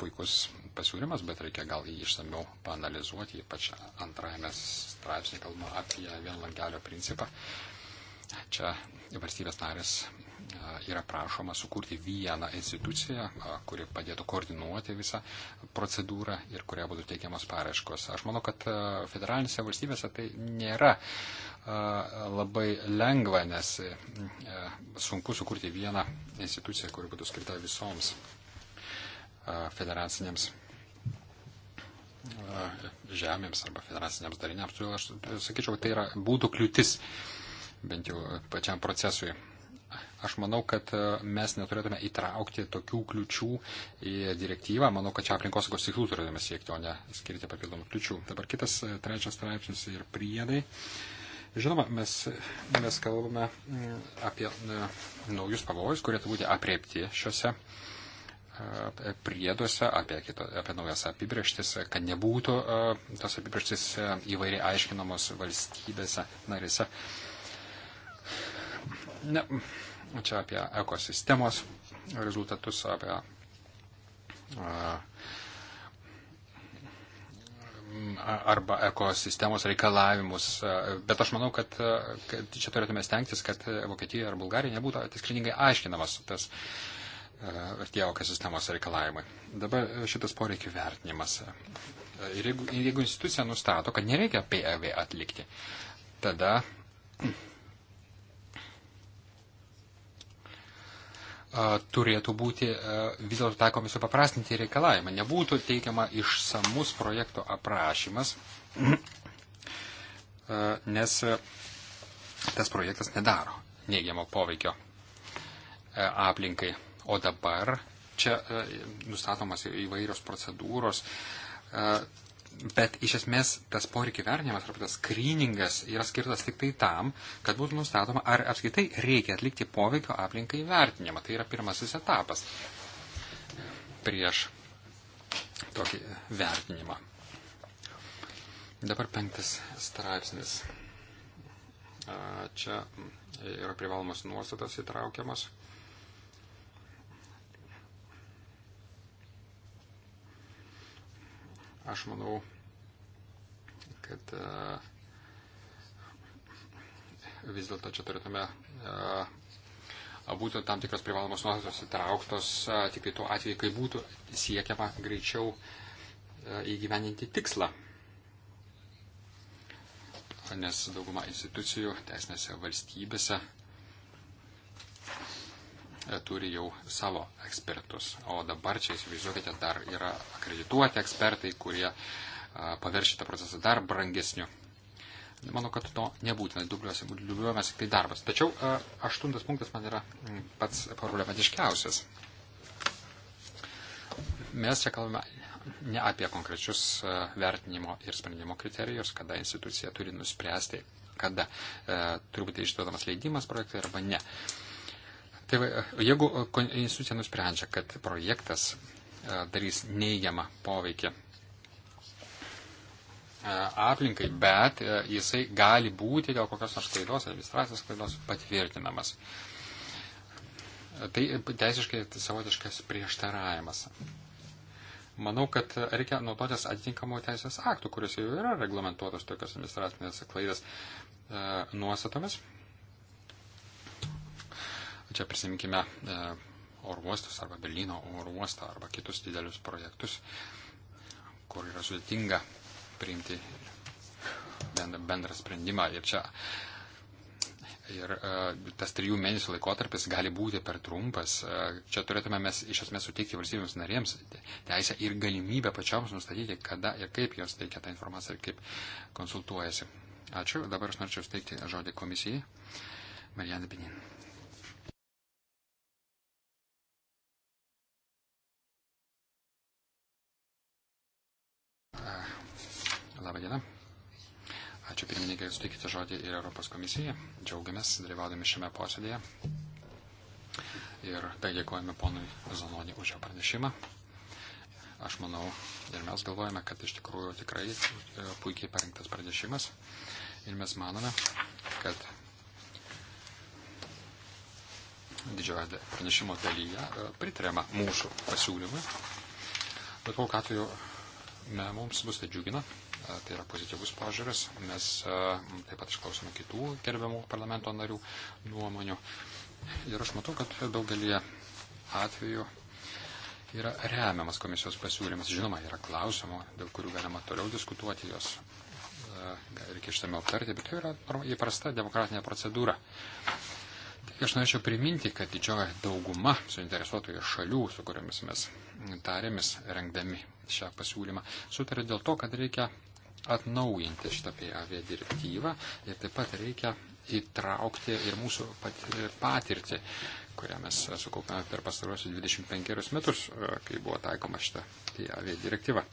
puikus pasiūlymas, bet reikia gal jį išsamiau panalizuoti, ypač antrajame straipsnėje kalbama apie vien langelio principą. Čia valstybės narės yra prašoma sukurti vieną instituciją, kuri padėtų koordinuoti visą procedūrą ir kuria būtų teikiamas paraiškos. Aš manau, kad federalinėse valstybėse tai nėra labai lengva, nes sunku sukurti vieną instituciją, kuri būtų skirta visoms federacinėms žemėms arba federaciniams dariniams. Todėl aš sakyčiau, tai yra būtų kliūtis bent jau pačiam procesui Aš manau, kad e, mes neturėtume įtraukti tokių kliučių į direktyvą. Manau, kad čia aplinkosaugos tikslų turėtume siekti, o ne skirti papildomų kliučių. Dabar kitas e, trečias straipsnis ir priedai. Žinoma, mes, mes kalbame mm, apie e, naujus pavojus, kurie turi būti apriepti šiuose prieduose, apie, kito, apie naujas apibrieštis, kad nebūtų tos apibrieštis įvairiai aiškinamos valstybėse narise. Ne, čia apie ekosistemos rezultatus, apie arba ekosistemos reikalavimus. Bet aš manau, kad, kad čia turėtume stengtis, kad Vokietija ar Bulgarija nebūtų tisklininkai aiškinamas tas tie ekosistemos reikalavimai. Dabar šitas poreikių vertinimas. Ir jeigu, jeigu institucija nustato, kad nereikia PEV atlikti, tada turėtų būti vis dėlto taikomi supaprastinti reikalavimą. Nebūtų teikiama išsamus projekto aprašymas, nes tas projektas nedaro neigiamo poveikio aplinkai. O dabar čia nustatomas įvairios procedūros, Bet iš esmės tas poreikiai vertinimas arba tas skryningas yra skirtas tik tai tam, kad būtų nustatoma, ar apskaitai reikia atlikti poveikio aplinkai vertinimą. Tai yra pirmasis etapas prieš tokį vertinimą. Dabar penktas straipsnis. Čia yra privalomas nuostatas įtraukiamas Aš manau, kad e, vis dėlto čia turėtume e, būtų tam tikras privalomos nuostatos įtrauktos e, tik tai tuo atveju, kai būtų siekiama greičiau įgyveninti tikslą. Nes dauguma institucijų teisinėse valstybėse E, turi jau savo ekspertus. O dabar čia įsivaizduokite, dar yra akredituoti ekspertai, kurie e, paverš šitą procesą dar brangesniu. Manau, kad to nebūtina, dubliuojamas tik tai darbas. Tačiau e, aštuntas punktas man yra pats problematiškiausias. Mes čia kalbame ne apie konkrečius vertinimo ir sprendimo kriterijus, kada institucija turi nuspręsti, kada e, turi būti išduodamas leidimas projektui arba ne. E, Tai jeigu e, institucija nusprendžia, kad projektas e, darys neįgiamą poveikį e, aplinkai, bet jisai gali būti dėl kokios nors klaidos, administracijos klaidos patvirtinamas. Tai teisiškai savotiškas prieštaravimas. Manau, kad reikia naudotis atitinkamo teisės aktų, kuris jau yra reglamentuotas tokios administracinės klaidas nuostatomis. Čia prisiminkime e, oro uostus arba Berlyno oro uostą arba kitus didelius projektus, kur yra sudėtinga priimti bendrą sprendimą. Ir čia ir e, tas trijų mėnesių laikotarpis gali būti per trumpas. E, čia turėtume mes iš esmės suteikti valstybėms narėms teisę ir galimybę pačioms nustatyti, kada ir kaip jos teikia tą informaciją ir kaip konsultuojasi. Ačiū. Dabar aš norėčiau steigti žodį komisijai. Marijanė Binin. Labą dieną. Ačiū pirmininkai, sutikite žodį ir Europos komisijai. Džiaugiamės dalyvaudami šiame posėdėje. Ir tai dėkojame ponui Zanonį už jo pranešimą. Aš manau, ir mes galvojame, kad iš tikrųjų tikrai e, puikiai parinktas pranešimas. Ir mes manome, kad didžioje pranešimo dalyje e, pritrema mūsų pasiūlymui. Bet kokiu atveju mums mus tai džiugina, tai yra pozityvus požiūris. Mes taip pat išklausome kitų gerbiamų parlamento narių nuomonių. Ir aš matau, kad daugelį atvejų yra remiamas komisijos pasiūlymas. Žinoma, yra klausimų, dėl kurių galima toliau diskutuoti, jos reikia ištame aptarti, bet tai yra įprasta demokratinė procedūra. Aš norėčiau priminti, kad didžioji dauguma suinteresuotojų šalių, su kuriamis mes tarėmis, rengdami šią pasiūlymą, sutarė dėl to, kad reikia atnaujinti šitą PAV direktyvą ir taip pat reikia įtraukti ir mūsų patirtį, kurią mes sukaupėme per pastaruosius 25 metus, e, kai buvo taikoma šita PAV direktyva.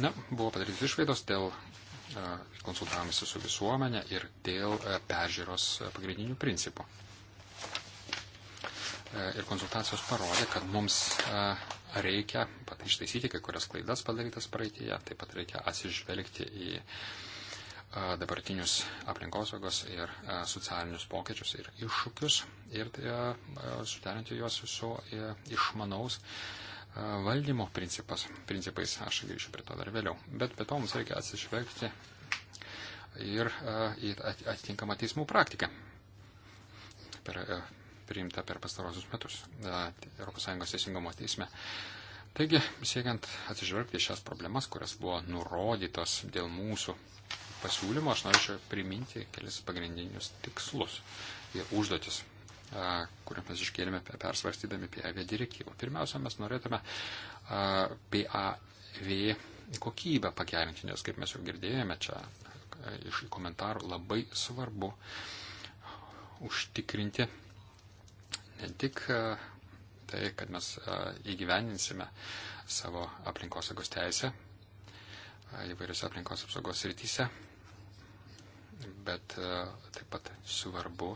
Na, buvo padarytos išvaidos dėl e, konsultavimasi su visuomenė ir dėl e, peržiūros pagrindinių principų. Ir konsultacijos parodė, kad mums reikia ištaisyti kai kurias klaidas padarytas praeitėje, taip pat reikia atsižvelgti į dabartinius aplinkosaugos ir socialinius pokyčius ir iššūkius ir tai, suderinti juos su e, išmanaus valdymo principas, principais. Aš grįšiu prie to dar vėliau. Bet be to mums reikia atsižvelgti ir į atitinkamą teismų praktiką. Per e, priimta per pastarosius metus ES teisingumo teisme. Taigi, siekiant atsižvelgti šias problemas, kurias buvo nurodytos dėl mūsų pasiūlymo, aš norėčiau priminti kelis pagrindinius tikslus ir užduotis e, kuriuo mes iškėlėme persvarstydami PAV direktyvą. Pirmiausia, mes norėtume e, PAV kokybę pagerinti, nes kaip mes jau girdėjome čia e, iš komentarų, labai svarbu užtikrinti ne tik e, tai, kad mes e, įgyveninsime savo aplinkosaugos teisę e, įvairiose aplinkos apsaugos rytise, bet taip pat svarbu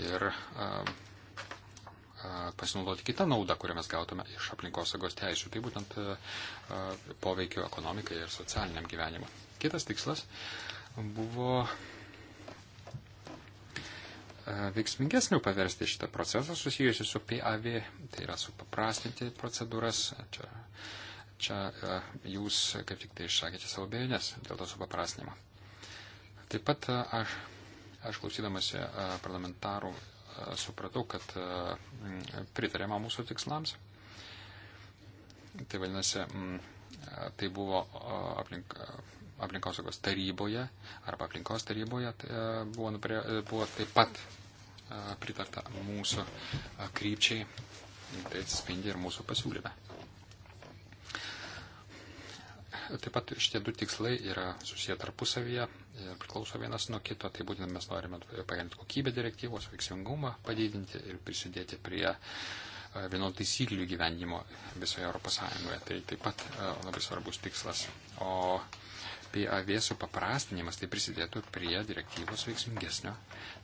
ir pasinaudoti kitą naudą, kurią mes gautume iš aplinkosaugos teisų, tai būtent poveikio ekonomikai ir socialiniam gyvenimui. Kitas tikslas buvo E, veiksmingesnių paversti šitą procesą susijusiu su PAV, tai yra supaprastinti procedūras. Čia, čia e, jūs kaip tik tai išsakėte savo bejonės dėl to supaprastinimo. Taip pat e, aš, aš klausydamasi parlamentarų supratau, kad pritarėma mūsų tikslams. Tai vadinasi, tai buvo aplink, aplinkosaugos taryboje arba aplinkos taryboje tai buvo, nuprė, buvo taip pat pritarta mūsų krypčiai, tai atspindi ir mūsų pasiūlyme. Taip pat šitie du tikslai yra susiję tarpusavyje ir priklauso vienas nuo kito, tai būtent mes norime pagerinti kokybę direktyvos, veiksmingumą padidinti ir prisidėti prie vienodų taisyklių gyvenimo visoje Europos Sąjungoje. Tai taip pat labai svarbus tikslas. O PAV supaprastinimas tai prisidėtų prie direktyvos veiksmingesnio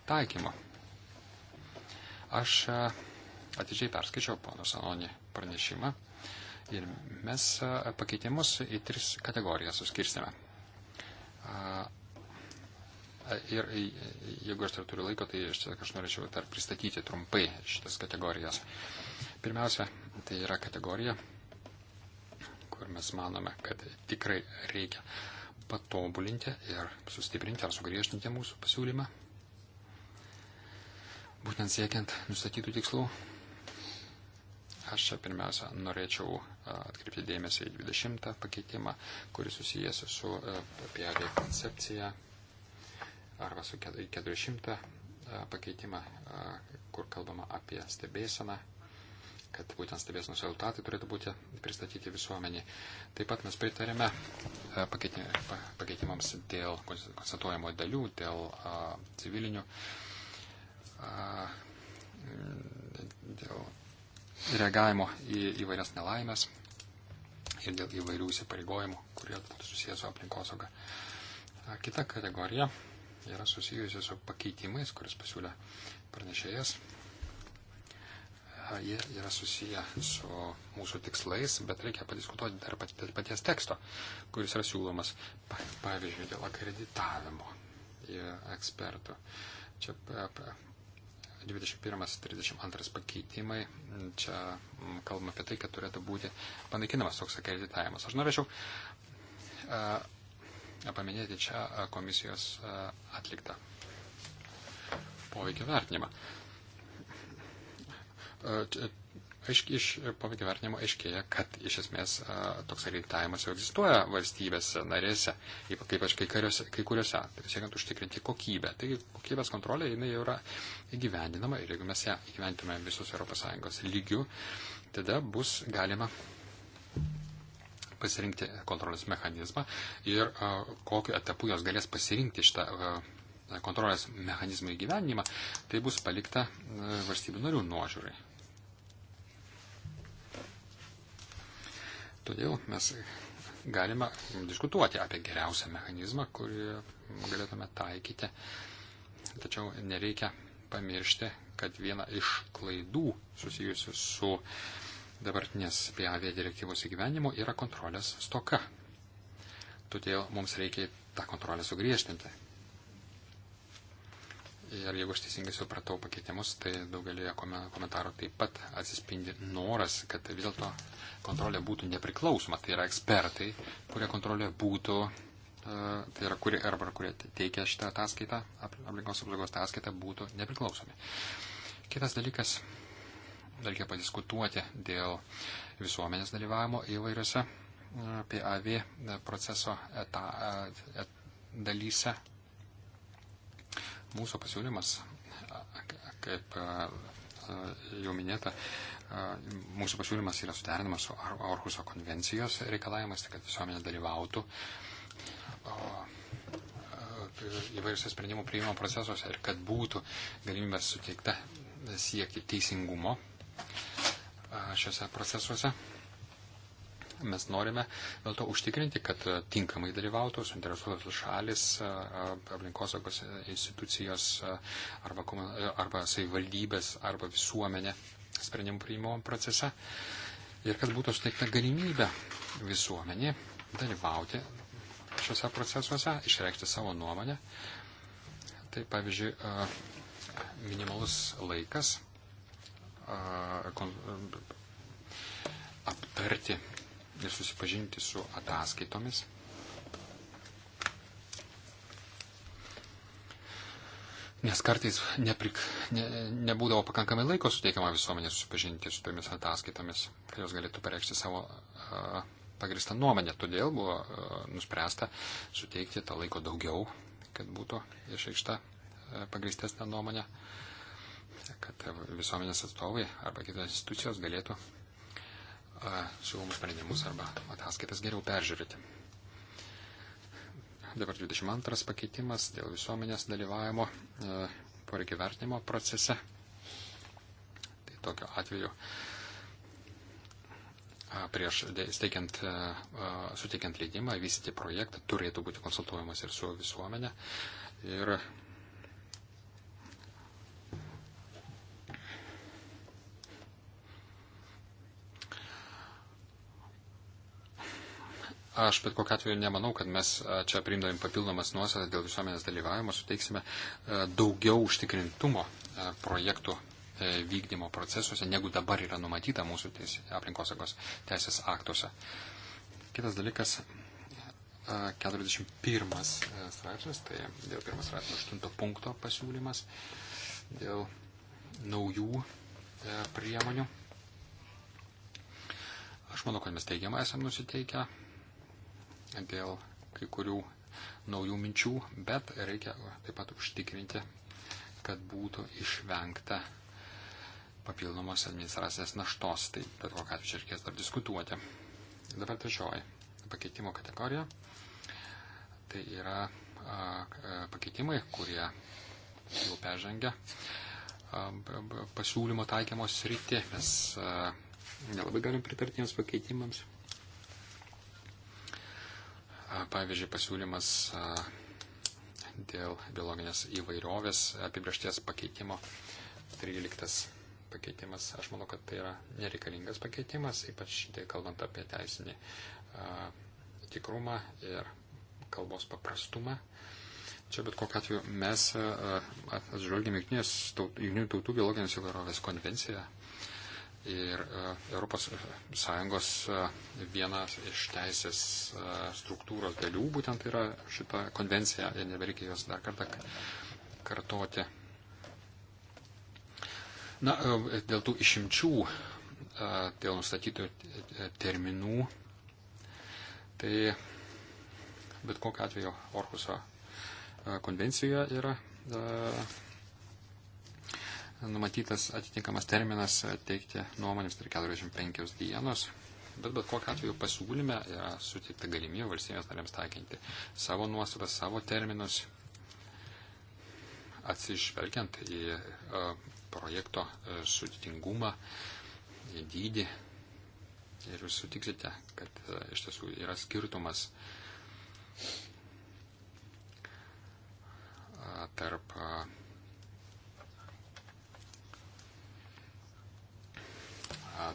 taikymo. Aš e, atidžiai perskaičiau pono Sanonį pranešimą ir mes e, pakeitimus į tris kategorijas suskirstėme. Ir jeigu aš dar turiu laiko, tai aš, tiesiog, aš norėčiau dar pristatyti trumpai šitas kategorijas. Pirmiausia, tai yra kategorija, kur mes manome, kad tikrai reikia patobulinti ir sustiprinti ar sugriežtinti mūsų pasiūlymą būtent siekiant nustatytų tikslų. Aš čia pirmiausia norėčiau atkreipti dėmesį į 20 pakeitimą, kuris susijęs su PAV koncepcija arba su 400 pakeitimą, kur kalbama apie stebėseną, kad būtent stebėsenos rezultatai turėtų būti pristatyti visuomeniai. Taip pat mes pritarėme pakeitimams dėl konstatuojamo dalių, dėl civilinių E, dėl reagavimo į įvairias nelaimės ir dėl įvairių įsipareigojimų, kurie būtų susijęs su aplinkosauga. Kita kategorija yra susijusi su pakeitimais, kuris pasiūlė pranešėjas. Jie yra susiję su mūsų tikslais, bet reikia padiskutuoti dar dėl paties teksto, kuris yra siūlomas, pavyzdžiui, dėl akreditavimo ekspertų. Čia 21-32 pakeitimai. Čia mm, kalbame apie tai, kad turėtų būti panaikinamas toks akreditavimas. Aš norėčiau a, paminėti čia komisijos a, atliktą poveikio vertinimą. A, aišk, iš poveikio vertinimo aiškėja, kad iš esmės toks akreditavimas jau egzistuoja valstybėse narėse, ypač kai, kariuose, kai kuriuose, tai siekiant užtikrinti kokybę. Taigi kokybės kontrolė jinai jau yra įgyvendinama ir jeigu mes ją įgyvendintume visus ES lygių, tada bus galima pasirinkti kontrolės mechanizmą ir a, kokiu etapu jos galės pasirinkti šitą a, kontrolės mechanizmą įgyvenimą, tai bus palikta valstybių narių nuožiūrai. Todėl mes galime diskutuoti apie geriausią mechanizmą, kurį galėtume taikyti. Tačiau nereikia pamiršti, kad viena iš klaidų susijusių su dabartinės PAV direktyvos įgyvenimu yra kontrolės stoka. Todėl mums reikia tą kontrolę sugriežtinti. Ir jeigu aš teisingai supratau pakeitimus, tai daugelėje komentarų taip pat atsispindi noras, kad vis dėlto kontrolė būtų nepriklausoma. Tai yra ekspertai, kurie kontrolė būtų, e, tai yra kurie, arba kurie teikia šitą ataskaitą, aplinkos apsaugos ataskaitą, būtų nepriklausomi. Kitas dalykas, reikia padiskutuoti dėl visuomenės dalyvavimo įvairiose e, PAV e, proceso eta, et, dalyse Mūsų pasiūlymas, kaip e, jau minėta, e, mūsų pasiūlymas yra suderinamas su Orhuso konvencijos reikalavimas, tai kad visuomenė dalyvautų e, įvairiuose sprendimų priimimo procesuose ir kad būtų galimybė suteikta siekti teisingumo šiuose procesuose. Mes norime dėl to užtikrinti, kad e, tinkamai dalyvautų suinteresuotos šalis, e, e, aplinkosaugos institucijos arba, arba savivaldybės arba visuomenė sprendimų priimimo procese ir kad būtų suteikta galimybė visuomenė dalyvauti šiuose procesuose, išreikšti savo nuomonę. Tai pavyzdžiui, minimalus laikas aptarti ir susipažinti su ataskaitomis. Nes kartais neprik, ne, nebūdavo pakankamai laiko suteikiama visuomenė susipažinti su tomis ataskaitomis, kad jos galėtų pareikšti savo uh, pagristą nuomonę. Todėl buvo uh, nuspręsta suteikti tą laiko daugiau, kad būtų išreikšta uh, pagristesnė nuomonė, kad visuomenės atstovai arba kitos institucijos galėtų siūlomus sprendimus arba ataskaitas geriau peržiūrėti. Dabar 22 pakeitimas dėl visuomenės dalyvavimo e, poreikio vertinimo procese. Tai tokiu atveju prieš steikiant, e, suteikiant leidimą vystyti projektą turėtų būti konsultuojamas ir su visuomenė. Ir Aš bet kokiu atveju nemanau, kad mes čia priimdami papildomas nuostatas dėl visuomenės dalyvavimo suteiksime daugiau užtikrintumo projektų e, vykdymo procesuose, negu dabar yra numatyta mūsų teis, aplinkosagos teisės aktuose. Kitas dalykas, 41 e, straipsnis, tai dėl 1 straipsnio 8 punkto pasiūlymas, dėl naujų e, priemonių. Aš manau, kad mes teigiamai esam nusiteikę dėl kai kurių naujų minčių, bet reikia taip pat užtikrinti, kad būtų išvengta papildomos administracinės naštos. Tai bet kokiu atveju reikės dar diskutuoti. Dabar trečioji pakeitimo kategorija. Tai yra a, pakeitimai, kurie jau peržengia pasiūlymo taikymos sritį. Mes a, nelabai galim pritarti jiems pakeitimams. Pavyzdžiui, pasiūlymas dėl biologinės įvairovės apibriešties pakeitimo 13 pakeitimas. Aš manau, kad tai yra nereikalingas pakeitimas, ypač tai kalbant apie teisinį tikrumą ir kalbos paprastumą. Čia bet kokiu atveju mes atžvelgėme Junktinių tautų biologinės įvairovės konvenciją, Ir ES e, e, vienas iš teisės e, struktūros dalių būtent yra šita konvencija ir nebereikia jos dar kartą kartoti. Na, dėl tų išimčių, dėl nustatytų terminų, tai bet kokiu atveju Orkuso konvencijoje yra numatytas atitinkamas terminas teikti nuomonėms tai 45 dienos, bet bet kokiu atveju pasiūlyme yra suteikta galimybė valstybės narėms taikinti savo nuostatas, savo terminus, atsižvelgiant į e, projekto e, sudėtingumą, į dydį. Ir jūs sutiksite, kad e, iš tiesų yra skirtumas tarp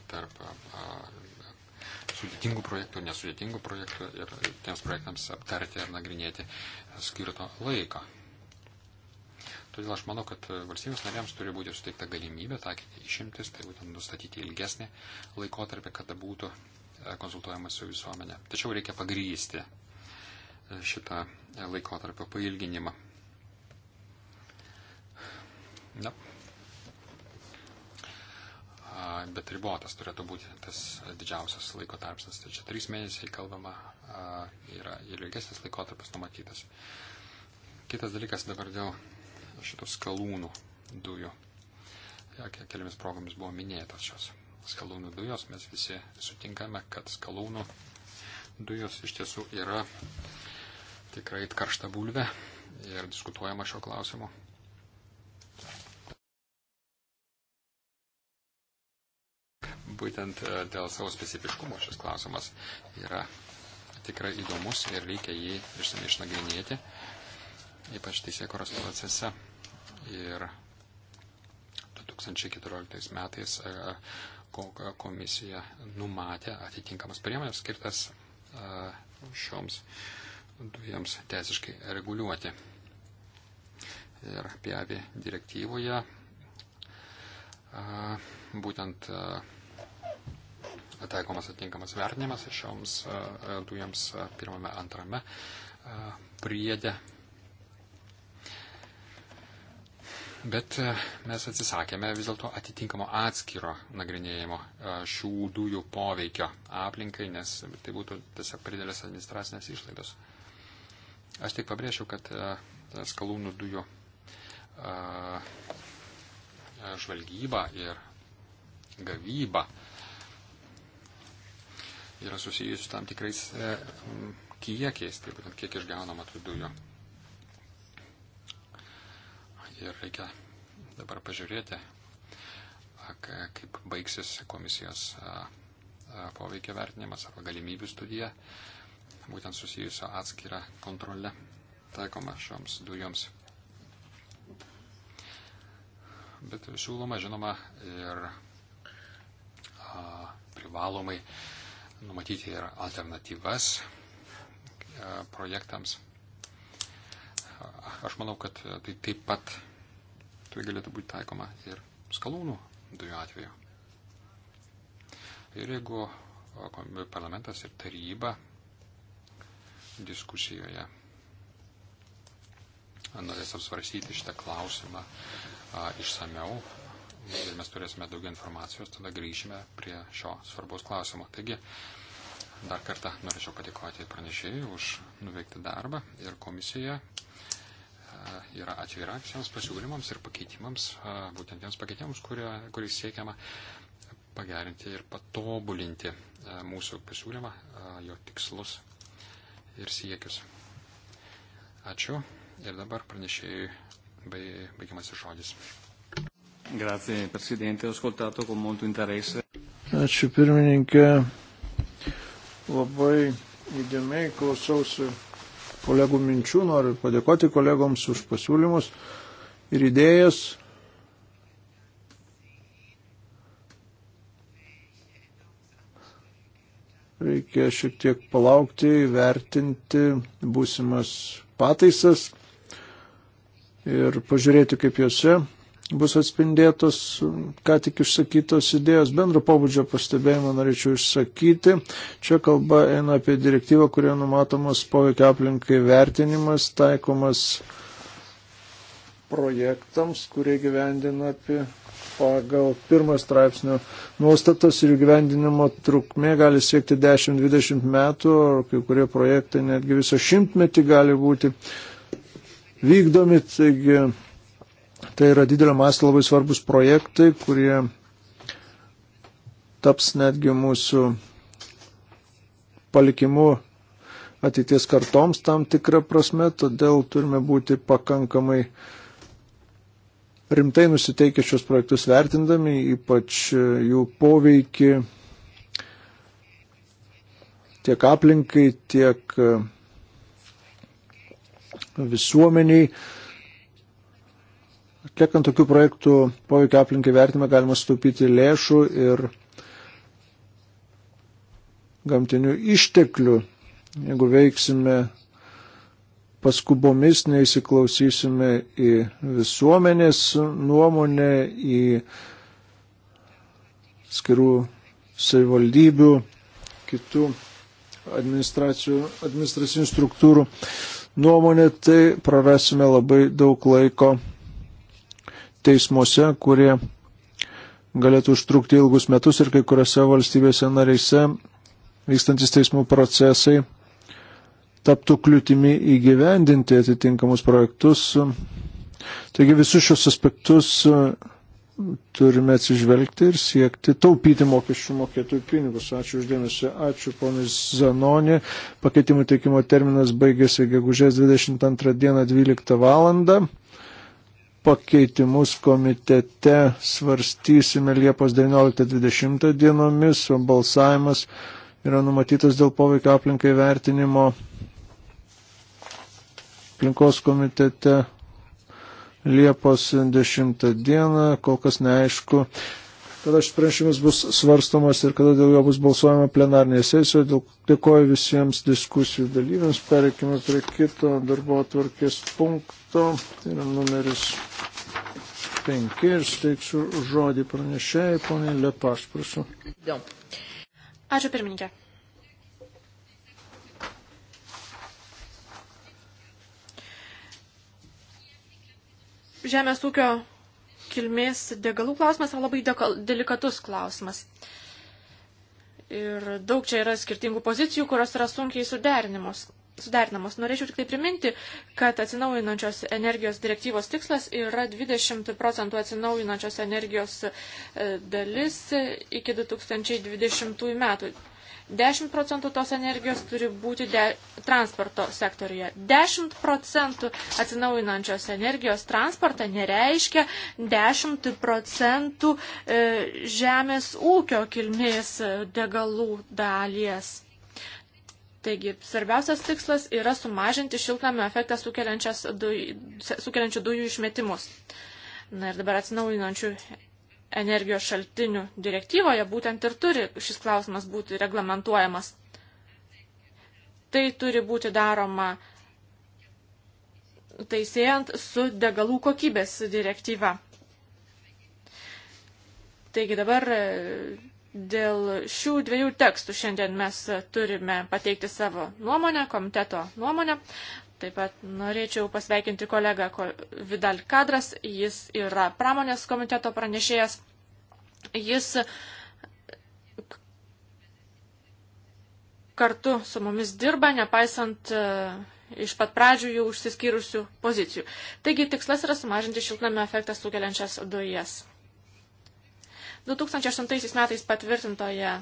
tarp sudėtingų projektų ir nesudėtingų projektų ir tiems projektams aptarti ir nagrinėti skirto laiko. Todėl aš manau, kad valstybės nariams turi būti suteikta galimybė taikyti išimtis, tai būtent nustatyti ilgesnį laikotarpį, kada būtų e, konsultuojamas su visuomenė. Tačiau reikia pagrysti e, šitą laikotarpio pailginimą. Na, bet ribotas turėtų būti tas didžiausias laiko tarpsnis. Tai čia trys mėnesiai kalbama, yra ir ilgesnis laikotarpis numatytas. Kitas dalykas dabar dėl šitų skalūnų dujų. Keliomis progomis buvo minėtos šios skalūnų dujos. Mes visi sutinkame, kad skalūnų dujos iš tiesų yra tikrai karšta bulvė ir diskutuojama šio klausimu. būtent e, dėl savo specifiškumo šis klausimas yra tikrai įdomus ir reikia jį išsamei išnagrinėti, ypač teisėkoros procese. Ir 2014 metais e, e, komisija numatė atitinkamas priemonės skirtas šioms dujams teisiškai reguliuoti. Ir apie avį direktyvoje būtent taikomas atinkamas vertinimas šioms e, dujams pirmame, e, antrame priedė. Bet e, mes atsisakėme vis dėlto atitinkamo atskiro nagrinėjimo šių dujų poveikio aplinkai, nes tai būtų tiesiog per didelės administracinės išlaidos. Aš tik pabrėšiu, kad skalūnų dujų žvalgyba ir gavyba yra susijusi su tam tikrais e, kiekiais, tai būtent kiek išgaunama tų dujų. Ir reikia dabar pažiūrėti, kaip baigsis komisijos poveikio vertinimas arba galimybių studija, būtent susijusio atskirą kontrolę taikoma šioms dujoms. Bet siūloma, žinoma, ir a, privalomai numatyti ir alternatyvas e, projektams. Aš manau, kad e, tai taip pat tai galėtų būti taikoma ir skalūnų dujų atveju. Ir jeigu e, parlamentas ir taryba diskusijoje norės apsvarstyti šitą klausimą a, išsameu, ir mes turėsime daugiau informacijos, tada grįšime prie šio svarbaus klausimo. Taigi, dar kartą norėčiau padėkoti pranešėjai už nuveikti darbą ir komisija e, yra atvira visiems pasiūlymams ir pakeitimams, e, būtent tiems pakeitimams, kuriais siekiama pagerinti ir patobulinti e, mūsų pasiūlymą, jo tikslus ir siekius. Ačiū ir dabar pranešėjai baigiamasis žodis. Grazie, Presidente. Ho ascoltato con molto interesse. Ačiū pirmininkė. Labai įdėmiai klausiausi kolegų minčių. Noriu padėkoti kolegoms už pasiūlymus ir idėjas. Reikia šiek tiek palaukti, vertinti būsimas pataisas ir pažiūrėti, kaip juose bus atspindėtos ką tik išsakytos idėjos. Bendro pobūdžio pastebėjimą norėčiau išsakyti. Čia kalba eina apie direktyvą, kurioje numatomas poveikia aplinkai vertinimas, taikomas projektams, kurie gyvendina apie pagal pirmą straipsnio nuostatas ir gyvendinimo trukmė gali siekti 10-20 metų, o kai kurie projektai netgi visą šimtmetį gali būti vykdomi. Taigi, Tai yra didelio masto labai svarbus projektai, kurie taps netgi mūsų palikimu ateities kartoms tam tikrą prasme, todėl turime būti pakankamai rimtai nusiteikę šios projektus vertindami, ypač e, jų poveikį tiek aplinkai, tiek e, visuomeniai. Atliekant tokių projektų poveikio aplinkai vertimą galima sutaupyti lėšų ir gamtinių išteklių. Jeigu veiksime paskubomis, neįsiklausysime į visuomenės nuomonę, į skirų savivaldybių, kitų administracinių struktūrų nuomonę, tai prarasime labai daug laiko teismuose, kurie galėtų užtrukti ilgus metus ir kai kuriuose valstybėse nareise vykstantis teismų procesai taptų kliūtimi įgyvendinti atitinkamus projektus. Taigi visus šios aspektus uh, turime atsižvelgti ir siekti taupyti mokesčių mokėtojų pinigus. Ačiū uždėmesi. Ačiū ponis Zanonė. Pakeitimų teikimo terminas baigėsi gegužės 22 dieną 12 valandą pakeitimus komitete svarstysime Liepos 19-20 dienomis, o balsavimas yra numatytas dėl poveikio aplinkai vertinimo aplinkos komitete Liepos 10 dieną, kol kas neaišku, kada šis pranešimas bus svarstomas ir kada dėl jo bus balsuojama plenarnėje sesijoje. Dėkoju visiems diskusijų dalyviams. Pereikime prie kito darbo atvarkės punkto. Tai yra numeris 5 ir steiksiu žodį pranešėjai, poniai Lepaš, prašau. Ačiū pirmininkė. Žemės ūkio kilmės degalų klausimas yra labai dekal, delikatus klausimas. Ir daug čia yra skirtingų pozicijų, kurios yra sunkiai suderinamos. Suderinamos. Norėčiau tik tai priminti, kad atsinaujinančios energijos direktyvos tikslas yra 20 procentų atsinaujinančios energijos e, dalis iki 2020 metų. 10 procentų tos energijos turi būti de, transporto sektoriuje. 10 procentų atsinaujinančios energijos transportą nereiškia 10 procentų e, žemės ūkio kilmės degalų dalies. Taigi, svarbiausias tikslas yra sumažinti šiltnamio efektą sukeliančių dujų išmetimus. Na ir dabar atsinaujinančių energijos šaltinių direktyvoje būtent ir turi šis klausimas būti reglamentuojamas. Tai turi būti daroma taisėjant su degalų kokybės direktyva. Taigi dabar e, dėl šių dviejų tekstų šiandien mes turime pateikti savo nuomonę, komiteto nuomonę. Taip pat norėčiau pasveikinti kolegą Vidal Kadras, jis yra pramonės komiteto pranešėjas. Jis kartu su mumis dirba, nepaisant e, iš pat pradžių jau užsiskyrusių pozicijų. Taigi tikslas yra sumažinti šiltnamio efektą sukeliančias dujas. 2008 metais patvirtintoje,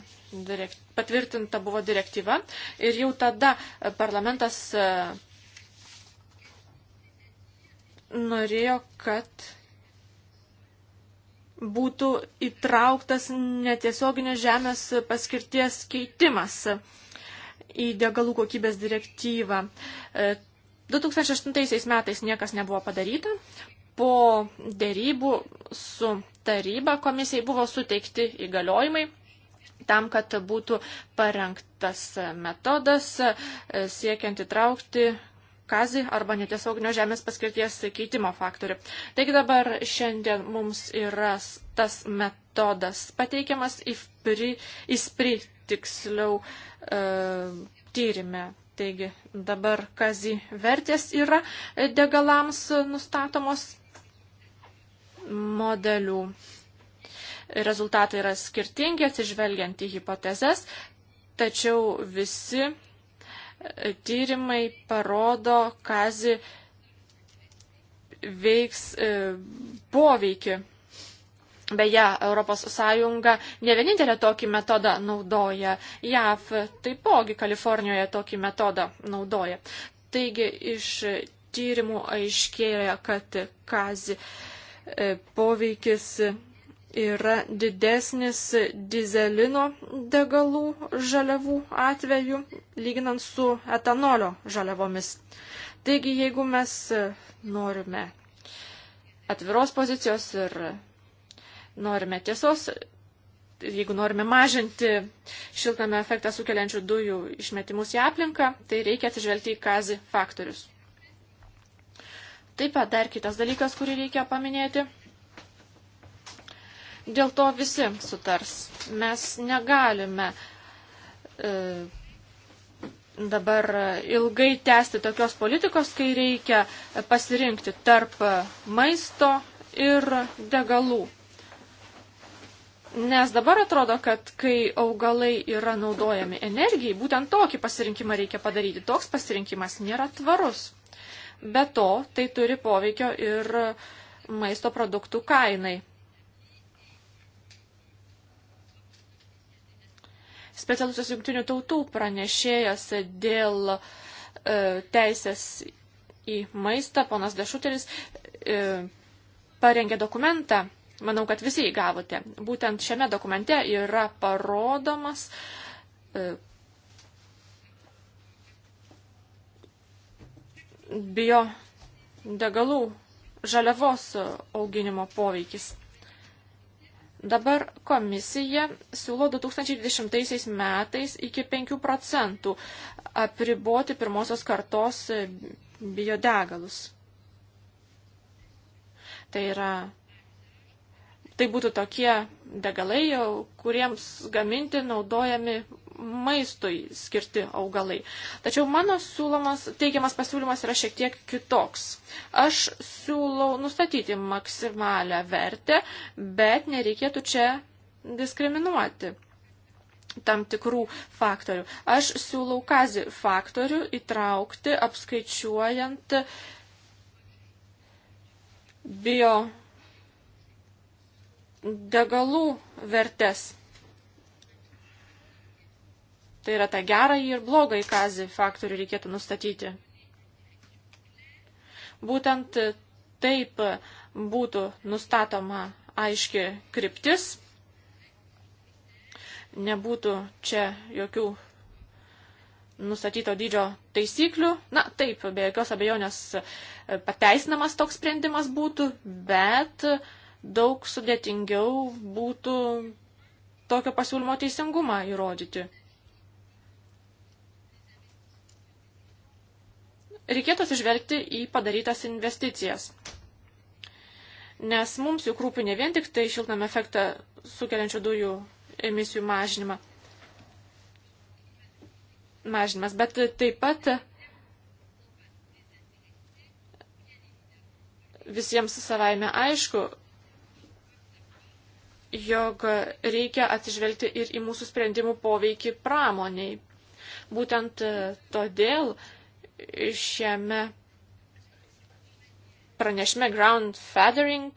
direkt, patvirtinta buvo direktyva ir jau tada e, parlamentas e, norėjo, kad būtų įtrauktas netiesioginės žemės paskirties keitimas į degalų kokybės direktyvą. 2008 e, metais niekas nebuvo padaryta. Po dėrybų su taryba komisijai buvo suteikti įgaliojimai tam, kad būtų parengtas metodas e, siekiant įtraukti kazį arba netiesioginio žemės paskirties keitimo faktorių. Taigi dabar šiandien mums yra tas metodas pateikiamas įspri, įspri tiksliau e, tyrimė. Taigi dabar kazį vertės yra degalams nustatomos modelių. Rezultatai yra skirtingi atsižvelgiant į hipotezes, tačiau visi tyrimai parodo, kazi veiks e, poveikį. Beje, ES ne vienintelė tokį metodą naudoja, JAV taipogi Kalifornijoje tokį metodą naudoja. Taigi iš tyrimų aiškėja, kad kazi e, poveikis yra didesnis dizelino degalų žaliavų atveju, lyginant su etanolio žaliavomis. Taigi, jeigu mes norime atviros pozicijos ir norime tiesos, jeigu norime mažinti šiltame efektą sukeliančių dujų išmetimus į aplinką, tai reikia atsižvelgti į kazį faktorius. Taip pat dar kitas dalykas, kurį reikia paminėti Dėl to visi sutars. Mes negalime e, dabar ilgai tęsti tokios politikos, kai reikia pasirinkti tarp maisto ir degalų. Nes dabar atrodo, kad kai augalai yra naudojami energijai, būtent tokį pasirinkimą reikia padaryti. Toks pasirinkimas nėra tvarus. Be to, tai turi poveikio ir maisto produktų kainai. specialusios jungtinių tautų pranešėjas dėl e, teisės į maistą, ponas Dešuteris, e, parengė dokumentą. Manau, kad visi jį gavote. Būtent šiame dokumente yra parodomas e, bio degalų žaliavos auginimo poveikis. Dabar komisija siūlo 2020 metais iki 5 procentų apriboti pirmosios kartos biodegalus. Tai yra, tai būtų tokie degalai, kuriems gaminti naudojami maistui skirti augalai. Tačiau mano siūlomas, teigiamas pasiūlymas yra šiek tiek kitoks. Aš siūlau nustatyti maksimalią vertę, bet nereikėtų čia diskriminuoti tam tikrų faktorių. Aš siūlau kazį faktorių įtraukti apskaičiuojant bio degalų vertės. Tai yra tą gerąjį ir blogąjį kazį faktorių reikėtų nustatyti. Būtent taip būtų nustatoma aiški kryptis, nebūtų čia jokių nustatyto dydžio taisyklių. Na taip, be jokios abejonės pateisinamas toks sprendimas būtų, bet daug sudėtingiau būtų tokio pasiūlymo teisingumą įrodyti. reikėtų atsižvelgti į padarytas investicijas. Nes mums juk rūpi ne vien tik tai šiltnamio efektą sukeliančių dujų emisijų mažinimą. mažinimas, bet taip pat visiems savaime aišku, jog reikia atsižvelgti ir į mūsų sprendimų poveikį pramoniai. Būtent todėl šiame pranešime ground feathering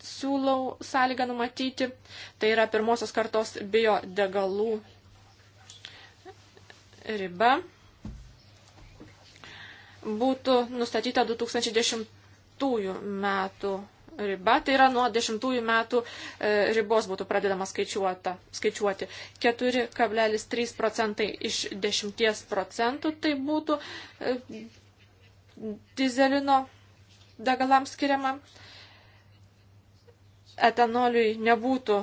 siūlau sąlygą numatyti. Tai yra pirmosios kartos biodegalų riba. Būtų nustatyta 2010 metų riba, tai yra nuo 10 metų e, ribos būtų pradedama skaičiuoti. 4,3 procentai iš 10 procentų tai būtų e, dizelino degalams skiriama. Etanoliui nebūtų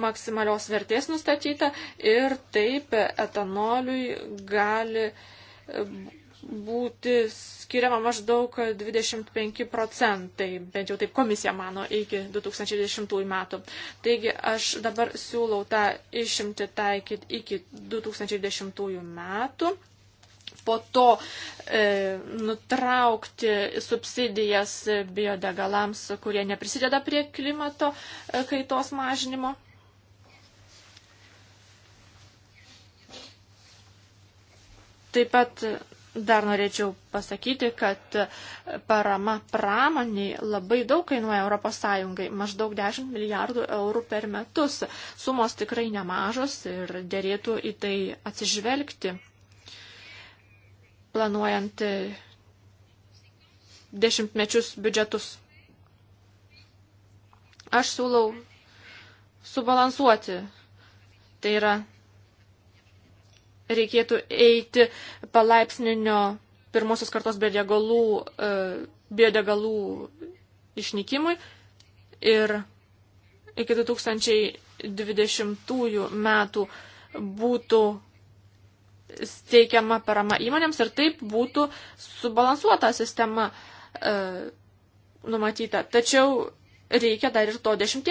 maksimalios vertės nustatyta ir taip etanoliui gali būti skiriama maždaug 25 procentai, bent jau taip komisija mano, iki 2010 metų. Taigi aš dabar siūlau tą išimti taikyti iki 2010 metų. Po to e, nutraukti subsidijas biodegalams, kurie neprisideda prie klimato e, kaitos mažinimo. Taip pat Dar norėčiau pasakyti, kad parama pramoniai labai daug kainuoja ES, maždaug 10 milijardų eurų per metus. Sumos tikrai nemažos ir dėrėtų į tai atsižvelgti, planuojant dešimtmečius biudžetus. Aš siūlau subalansuoti, tai yra reikėtų eiti palaipsninio pirmosios kartos biodegalų, e, biodegalų išnykimui ir iki 2020 metų būtų steikiama parama įmonėms ir taip būtų subalansuota sistema e, numatyta. Tačiau reikia dar ir to 10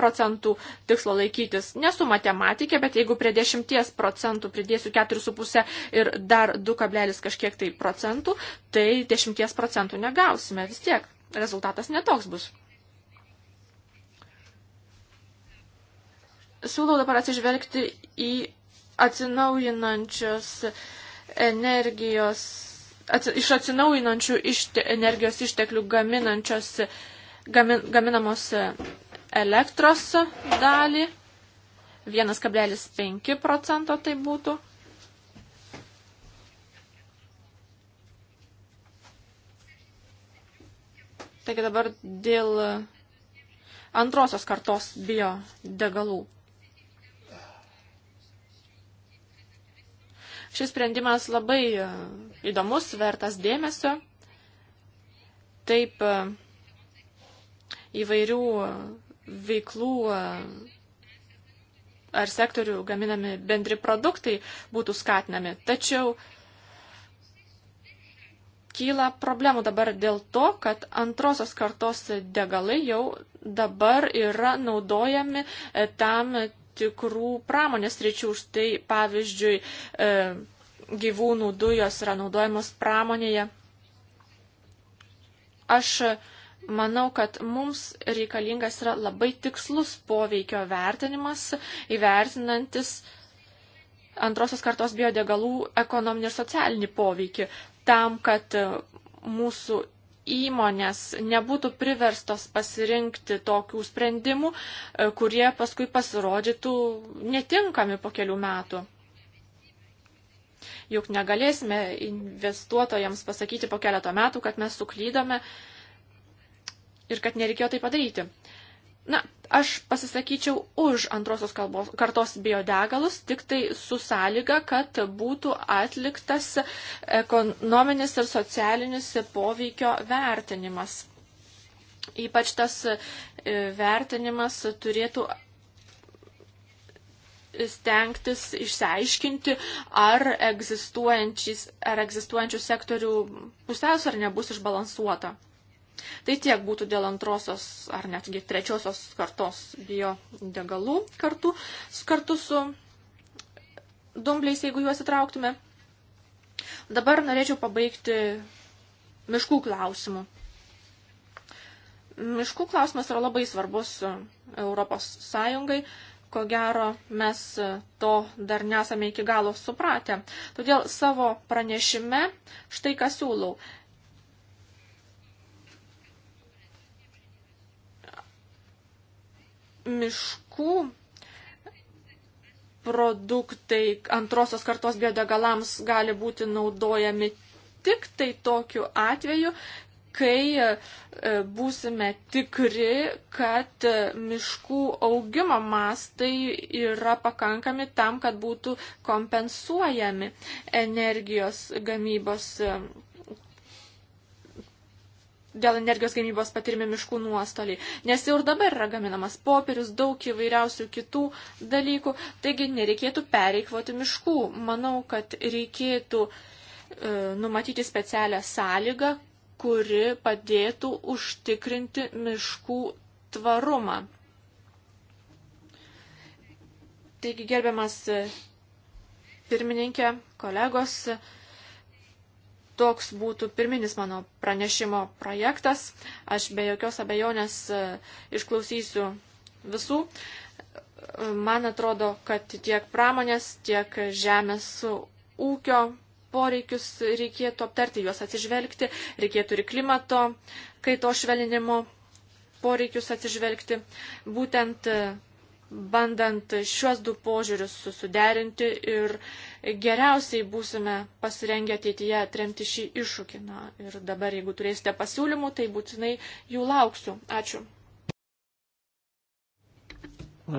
procentų tikslo laikytis. Nesu matematikė, bet jeigu prie 10 procentų pridėsiu 4,5 ir dar 2 kablelis kažkiek tai procentų, tai 10 procentų negausime vis tiek. Rezultatas netoks bus. Siūlau dabar atsižvelgti į atsinaujinančios energijos, ats, iš atsinaujinančių ište, energijos išteklių gaminančios energijos gaminamos e, elektros dalį. 1,5 procento tai būtų. Taigi dabar dėl antrosios kartos bio degalų. Šis sprendimas labai e, įdomus, vertas dėmesio. Taip, e, įvairių veiklų ar sektorių gaminami bendri produktai būtų skatinami. Tačiau kyla problemų dabar dėl to, kad antrosios kartos degalai jau dabar yra naudojami e, tam tikrų pramonės ryčių. Štai pavyzdžiui, e, gyvūnų dujos yra naudojamos pramonėje. Aš Manau, kad mums reikalingas yra labai tikslus poveikio vertinimas, įvertinantis antrosios kartos biodegalų ekonominį ir socialinį poveikį, tam, kad e, mūsų įmonės nebūtų priverstos pasirinkti tokių sprendimų, e, kurie paskui pasirodytų netinkami po kelių metų. Juk negalėsime investuotojams pasakyti po keletą metų, kad mes suklydome, uh, ir kad nereikėjo tai padaryti. Na, aš pasisakyčiau už antrosios kalbos, kartos biodegalus, tik tai su sąlyga, kad būtų atliktas ekonominis ir socialinis poveikio vertinimas. Ypač tas e, vertinimas turėtų stengtis išsiaiškinti, ar, ar egzistuojančių sektorių pusiausvara nebus išbalansuota. Tai tiek būtų dėl antrosios ar netgi trečiosios kartos biodegalų kartu, kartu su dumbliais, jeigu juos įtrauktume. Dabar norėčiau pabaigti miškų klausimu. Miškų klausimas yra labai svarbus Europos Sąjungai. Ko gero, mes to dar nesame iki galo supratę. Todėl savo pranešime štai ką siūlau. miškų produktai antrosios kartos biodegalams gali būti naudojami tik tai tokiu atveju, kai e, būsime tikri, kad e, miškų augimo mastai yra pakankami tam, kad būtų kompensuojami energijos gamybos e, dėl energijos gamybos patirimi miškų nuostoliai, nes jau ir dabar yra gaminamas popierius, daug įvairiausių kitų dalykų, taigi nereikėtų pereikvoti miškų. Manau, kad reikėtų e, numatyti specialią sąlygą, kuri padėtų užtikrinti miškų tvarumą. Taigi, gerbiamas e, pirmininkė, kolegos, Toks būtų pirminis mano pranešimo projektas. Aš be jokios abejonės e, išklausysiu visų. Man atrodo, kad tiek pramonės, tiek žemės ūkio poreikius reikėtų aptarti, juos atsižvelgti, reikėtų ir klimato kaito švelinimo poreikius atsižvelgti. Būtent e, bandant šiuos du požiūrius susiderinti ir geriausiai būsime pasirengę ateityje atremti šį iššūkį. Na ir dabar, jeigu turėsite pasiūlymų, tai būtinai jų lauksiu. Ačiū.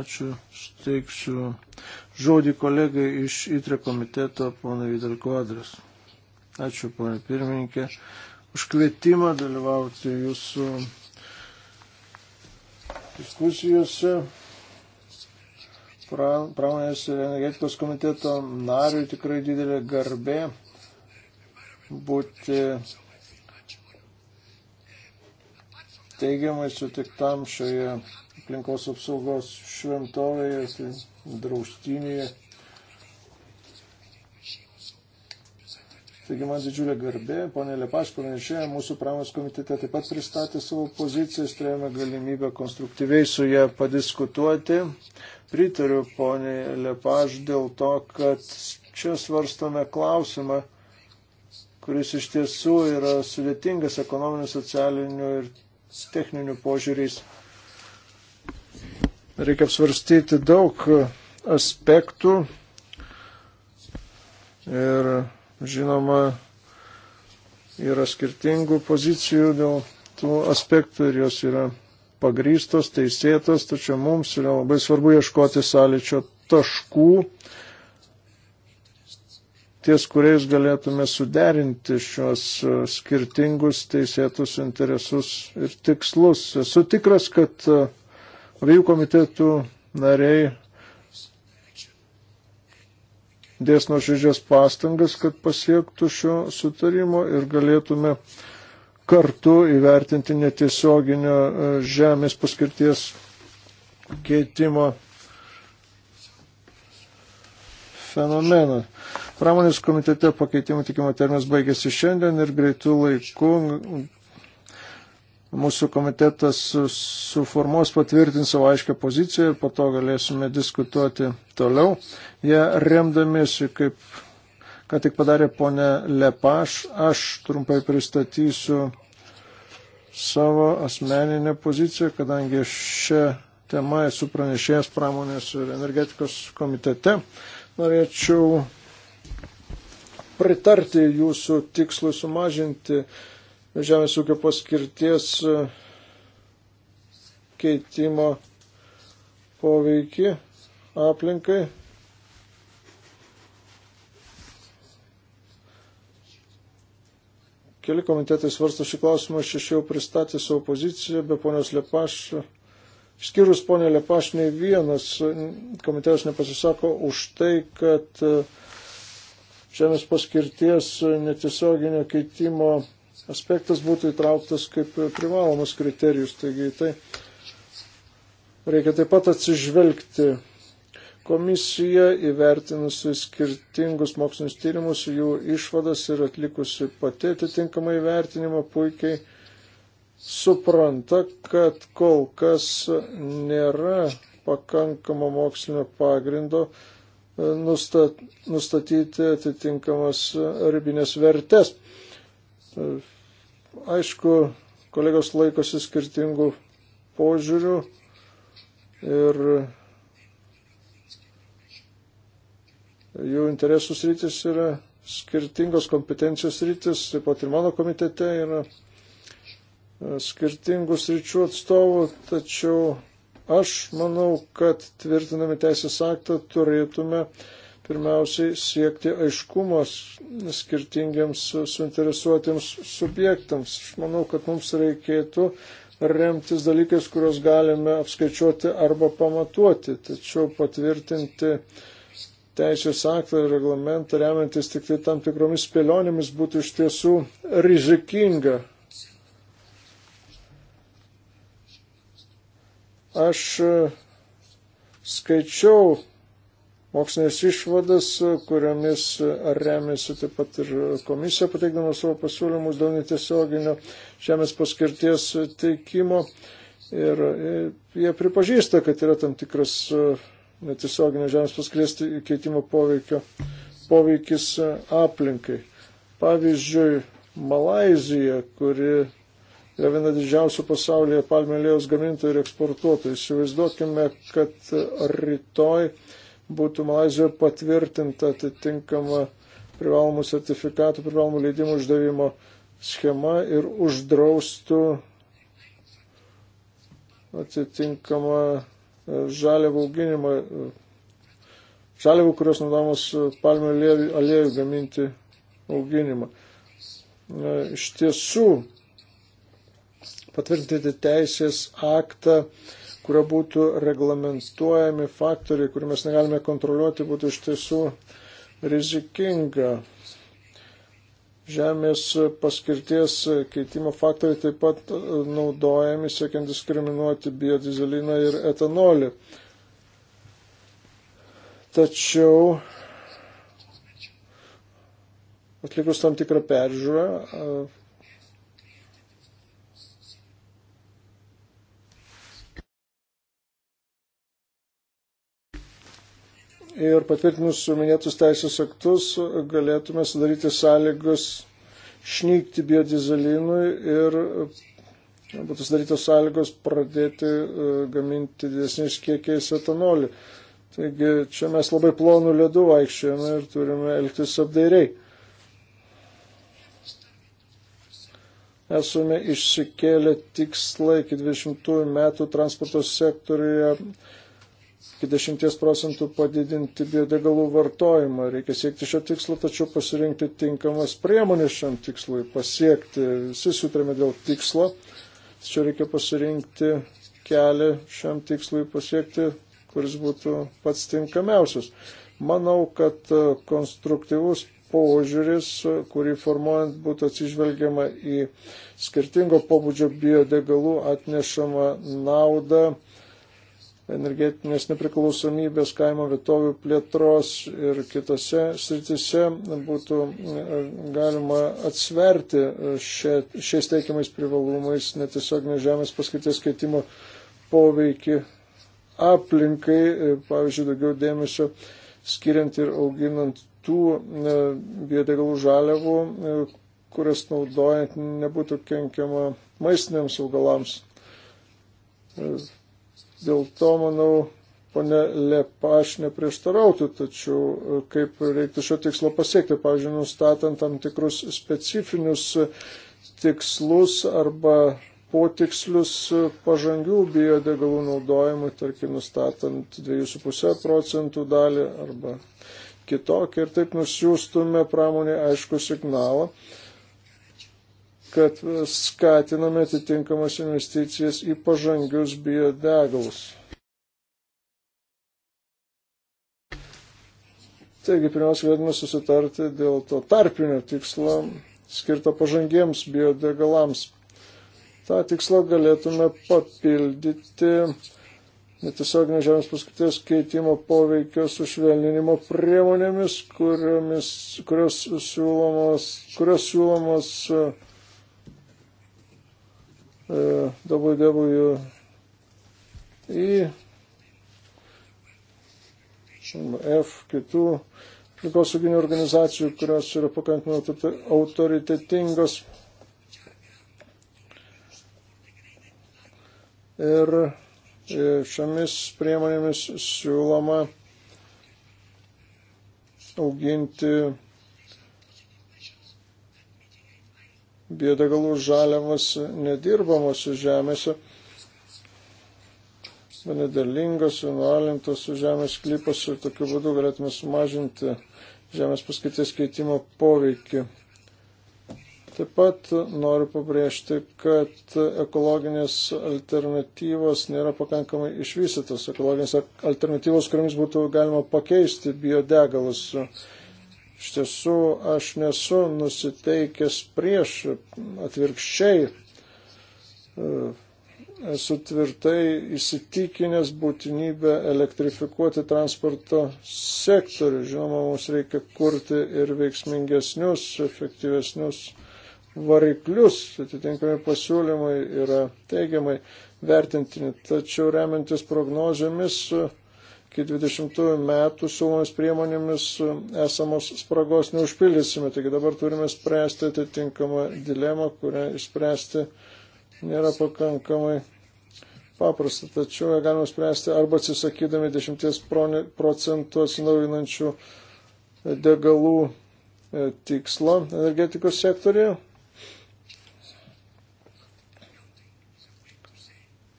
Ačiū. Steiksiu žodį kolegai iš ITRE komiteto, ponai Vidal Kvadras. Ačiū, ponai pirmininkė, už kvietimą dalyvauti jūsų diskusijose pramonės ir energetikos komiteto nariui tikrai didelė garbė būti teigiamai sutiktam šioje aplinkos apsaugos šventovėje, tai draustinėje. Taigi man didžiulė garbė, ponė Lepaš pranešė, mūsų pramonės komitete taip pat pristatė savo pozicijas, turėjome galimybę konstruktyviai su ją padiskutuoti. Pritariu poniai Lepaž dėl to, kad čia svarstome klausimą, kuris iš tiesų yra sudėtingas ekonominių, socialinių ir techninių požiūriais. Reikia apsvarstyti daug aspektų ir žinoma yra skirtingų pozicijų dėl tų aspektų ir jos yra pagrystos, teisėtos, tačiau mums yra labai svarbu ieškoti sąlyčio taškų, ties kuriais galėtume suderinti šios e, skirtingus teisėtus interesus ir tikslus. Esu tikras, kad e, abiejų komitetų nariai dės nuoširdžias pastangas, kad pasiektų šio sutarimo ir galėtume uh, kartu įvertinti netiesioginio e, žemės paskirties keitimo fenomeną. Pramonės komitete pakeitimų tikimo terminas baigėsi šiandien ir greitų laikų mūsų komitetas suformuos patvirtins savo aiškę poziciją ir po to galėsime diskutuoti toliau. Jie ja, remdamiesi kaip ką tik padarė ponė Lepaš. Aš trumpai pristatysiu savo asmeninę poziciją, kadangi šią temą esu pranešėjęs pramonės ir energetikos komitete. Norėčiau pritarti jūsų tikslui sumažinti žemės ūkio paskirties keitimo poveikį aplinkai Keli komitetai svarsto šį klausimą, aš iš jau pristatė savo poziciją, be ponios Lepaš, išskyrus ponė Lepaš, nei vienas komitetas nepasisako už tai, kad e, žemės paskirties netiesioginio keitimo aspektas būtų įtrauktas kaip privalomas kriterijus. Taigi tai reikia taip pat atsižvelgti Komisija įvertinusi skirtingus mokslinius tyrimus, jų išvadas ir atlikusi pati atitinkamą įvertinimą puikiai supranta, kad kol kas nėra pakankamo mokslinio pagrindo e, nustatyti atitinkamas ribinės vertės. E, aišku, kolegos laikosi skirtingų požiūrių ir jų interesų sritis yra skirtingos kompetencijos sritis, taip pat ir mano komitete yra e, skirtingų sričių atstovų, tačiau aš manau, kad tvirtinami teisės aktą turėtume pirmiausiai siekti aiškumos skirtingiams suinteresuotiems subjektams. Aš manau, kad mums reikėtų remtis dalykais, kuriuos galime apskaičiuoti arba pamatuoti, tačiau patvirtinti uh, teisės aktą ir reglamentą remiantis tik tai tam tikromis spėlionėmis būtų iš tiesų rizikinga. Aš e, skaičiau mokslinės išvadas, e, kuriamis remiasi taip pat ir komisija pateikdama savo pasiūlymus dėl netiesioginio žemės paskirties teikimo. Ir e, jie pripažįsta, kad yra tam tikras netiesioginio žemės paskrėsti keitimo poveikio, poveikis e, aplinkai. Pavyzdžiui, Malazija, kuri yra viena didžiausių pasaulyje palmelėjos gamintojų ir eksportuotojų. Įsivaizduokime, kad rytoj būtų Malazijoje patvirtinta atitinkama privalomų sertifikatų, privalomų leidimų uždavimo schema ir uždraustų atitinkamą žaliavų auginimą, žaliavų, kurios naudojamos palmių aliejų gaminti auginimą. Iš tiesų, patvirtinti teisės aktą, kurio būtų reglamentuojami faktoriai, kurių mes negalime kontroliuoti, būtų iš tiesų rizikinga žemės paskirties keitimo faktoriai taip pat e, naudojami, siekiant diskriminuoti biodizeliną ir etanolį. Tačiau atlikus tam tikrą peržiūrą, e, ir patvirtinus minėtus teisės aktus galėtume sudaryti sąlygas šnykti biodizelinui ir būtų sudarytos sąlygos pradėti e, gaminti didesniais kiekiais etanolį. Taigi čia mes labai plonų ledų vaikščiojame ir turime elgtis apdairiai. Esame išsikėlę tikslą iki 20 metų transporto sektoriuje iki 10 procentų padidinti biodegalų vartojimą. Reikia siekti šio tikslo, tačiau pasirinkti tinkamas priemonės šiam tikslui pasiekti. Visi sutrėme dėl tikslo, tačiau reikia pasirinkti kelią šiam tikslui pasiekti, kuris būtų pats tinkamiausias. Manau, kad e, konstruktyvus požiūris, kurį formuojant būtų atsižvelgiama į skirtingo pobūdžio biodegalų atnešamą naudą energetinės nepriklausomybės, kaimo vietovių plėtros ir kitose sritise būtų e, galima atsverti e, šia, šiais teikiamais privalumais netiesioginio žemės paskirties keitimo poveikį aplinkai, e, pavyzdžiui, daugiau dėmesio skiriant ir auginant tų biodegalų žaliavų, kurias naudojant nebūtų kenkiama maistiniams augalams Dėl to, manau, ponė Lepaš neprieštarautų, tačiau e, kaip reiktų šio tikslo pasiekti, pavyzdžiui, nustatant tam tikrus specifinius tikslus arba potikslius pažangių biodegalų naudojimui, tarkim, nustatant 2,5 procentų dalį arba kitokį ir taip nusiųstume pramonė aišku signalą kad skatiname atitinkamas investicijas į pažangius biodegalus. Taigi, pirmiausia, galime susitarti dėl to tarpinio tikslo skirto pažangiems biodegalams. Ta tiksla galėtume papildyti netiesioginio žemės paskutės keitimo poveikio sušvelninimo priemonėmis, kuriomis, kurios, siūlomos, kurios siūlomos uh, E, WWI, F, kitų aplinkosauginių organizacijų, kurios yra pakankamai autoritetingos. Ir e, šiomis priemonėmis siūloma auginti biodegalų žaliavos nedirbamose žemėse, nedėlingos, nualintos žemės klipos ir tokiu būdu galėtume sumažinti žemės paskaities keitimo poveikį. Taip pat noriu pabrėžti, kad ekologinės alternatyvos nėra pakankamai išvystytos. Ekologinės alternatyvos, kuriamis būtų galima pakeisti biodegalus Iš tiesų, aš nesu nusiteikęs prieš, atvirkščiai, e, esu tvirtai įsitikinęs būtinybę elektrifikuoti transporto sektorių. Žinoma, mums reikia kurti ir veiksmingesnius, efektyvesnius variklius. Atitinkami pasiūlymai yra teigiamai vertintini. Tačiau remiantis prognozėmis, iki 20 metų siūlomis priemonėmis e, esamos spragos neužpildysime. Taigi dabar turime spręsti atitinkamą dilemą, kurią išspręsti nėra pakankamai paprasta. Tačiau ją galima spręsti arba atsisakydami 10 procentų atsinaujinančių e, degalų e, tikslo energetikos sektorėje.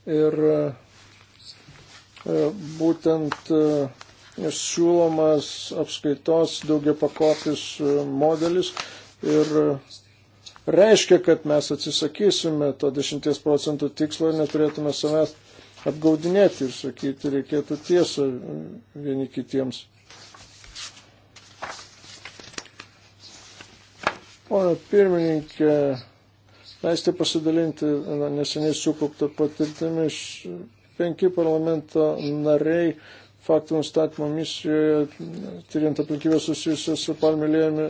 Ir uh, E, būtent e, siūlomas apskaitos daugia pakopis e, modelis ir reiškia, kad mes atsisakysime to 10 procentų tikslo ir neturėtume savęs apgaudinėti ir sakyti reikėtų tiesą vieni kitiems. Pone pirmininkė, leisti pasidalinti neseniai sukauptą patirtimį Penki parlamento nariai faktų nustatymo misijoje, tyriant aplinkybės susijusios su palmelėjami,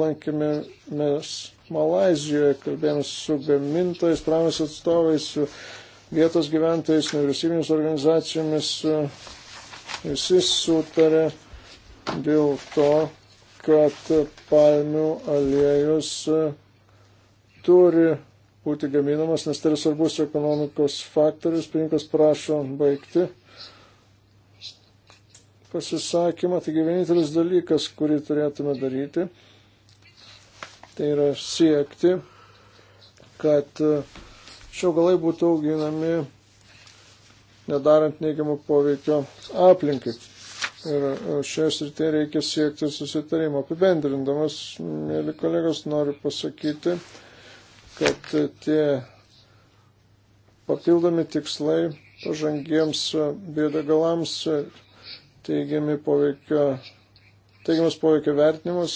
lankėmės Malazijoje, kalbėjomės su gamintojais, pramonės atstovais, su vietos gyventojais, nevyriausybinės organizacijomis. Visi sutarė dėl to, kad palmių aliejus turi būti gaminamas, nes tai yra svarbus ekonomikos faktorius. Pirinkas prašo baigti pasisakymą. Taigi vienintelis dalykas, kurį turėtume daryti, tai yra siekti, kad šio galai būtų auginami nedarant neigiamų poveikio aplinkai. Ir šioje srityje reikia siekti susitarimo. Apibendrindamas, mėly kolegos, noriu pasakyti, kad tie papildomi tikslai pažangiems biodegalams teigiami poveikio, teigiamas poveikio vertinimas,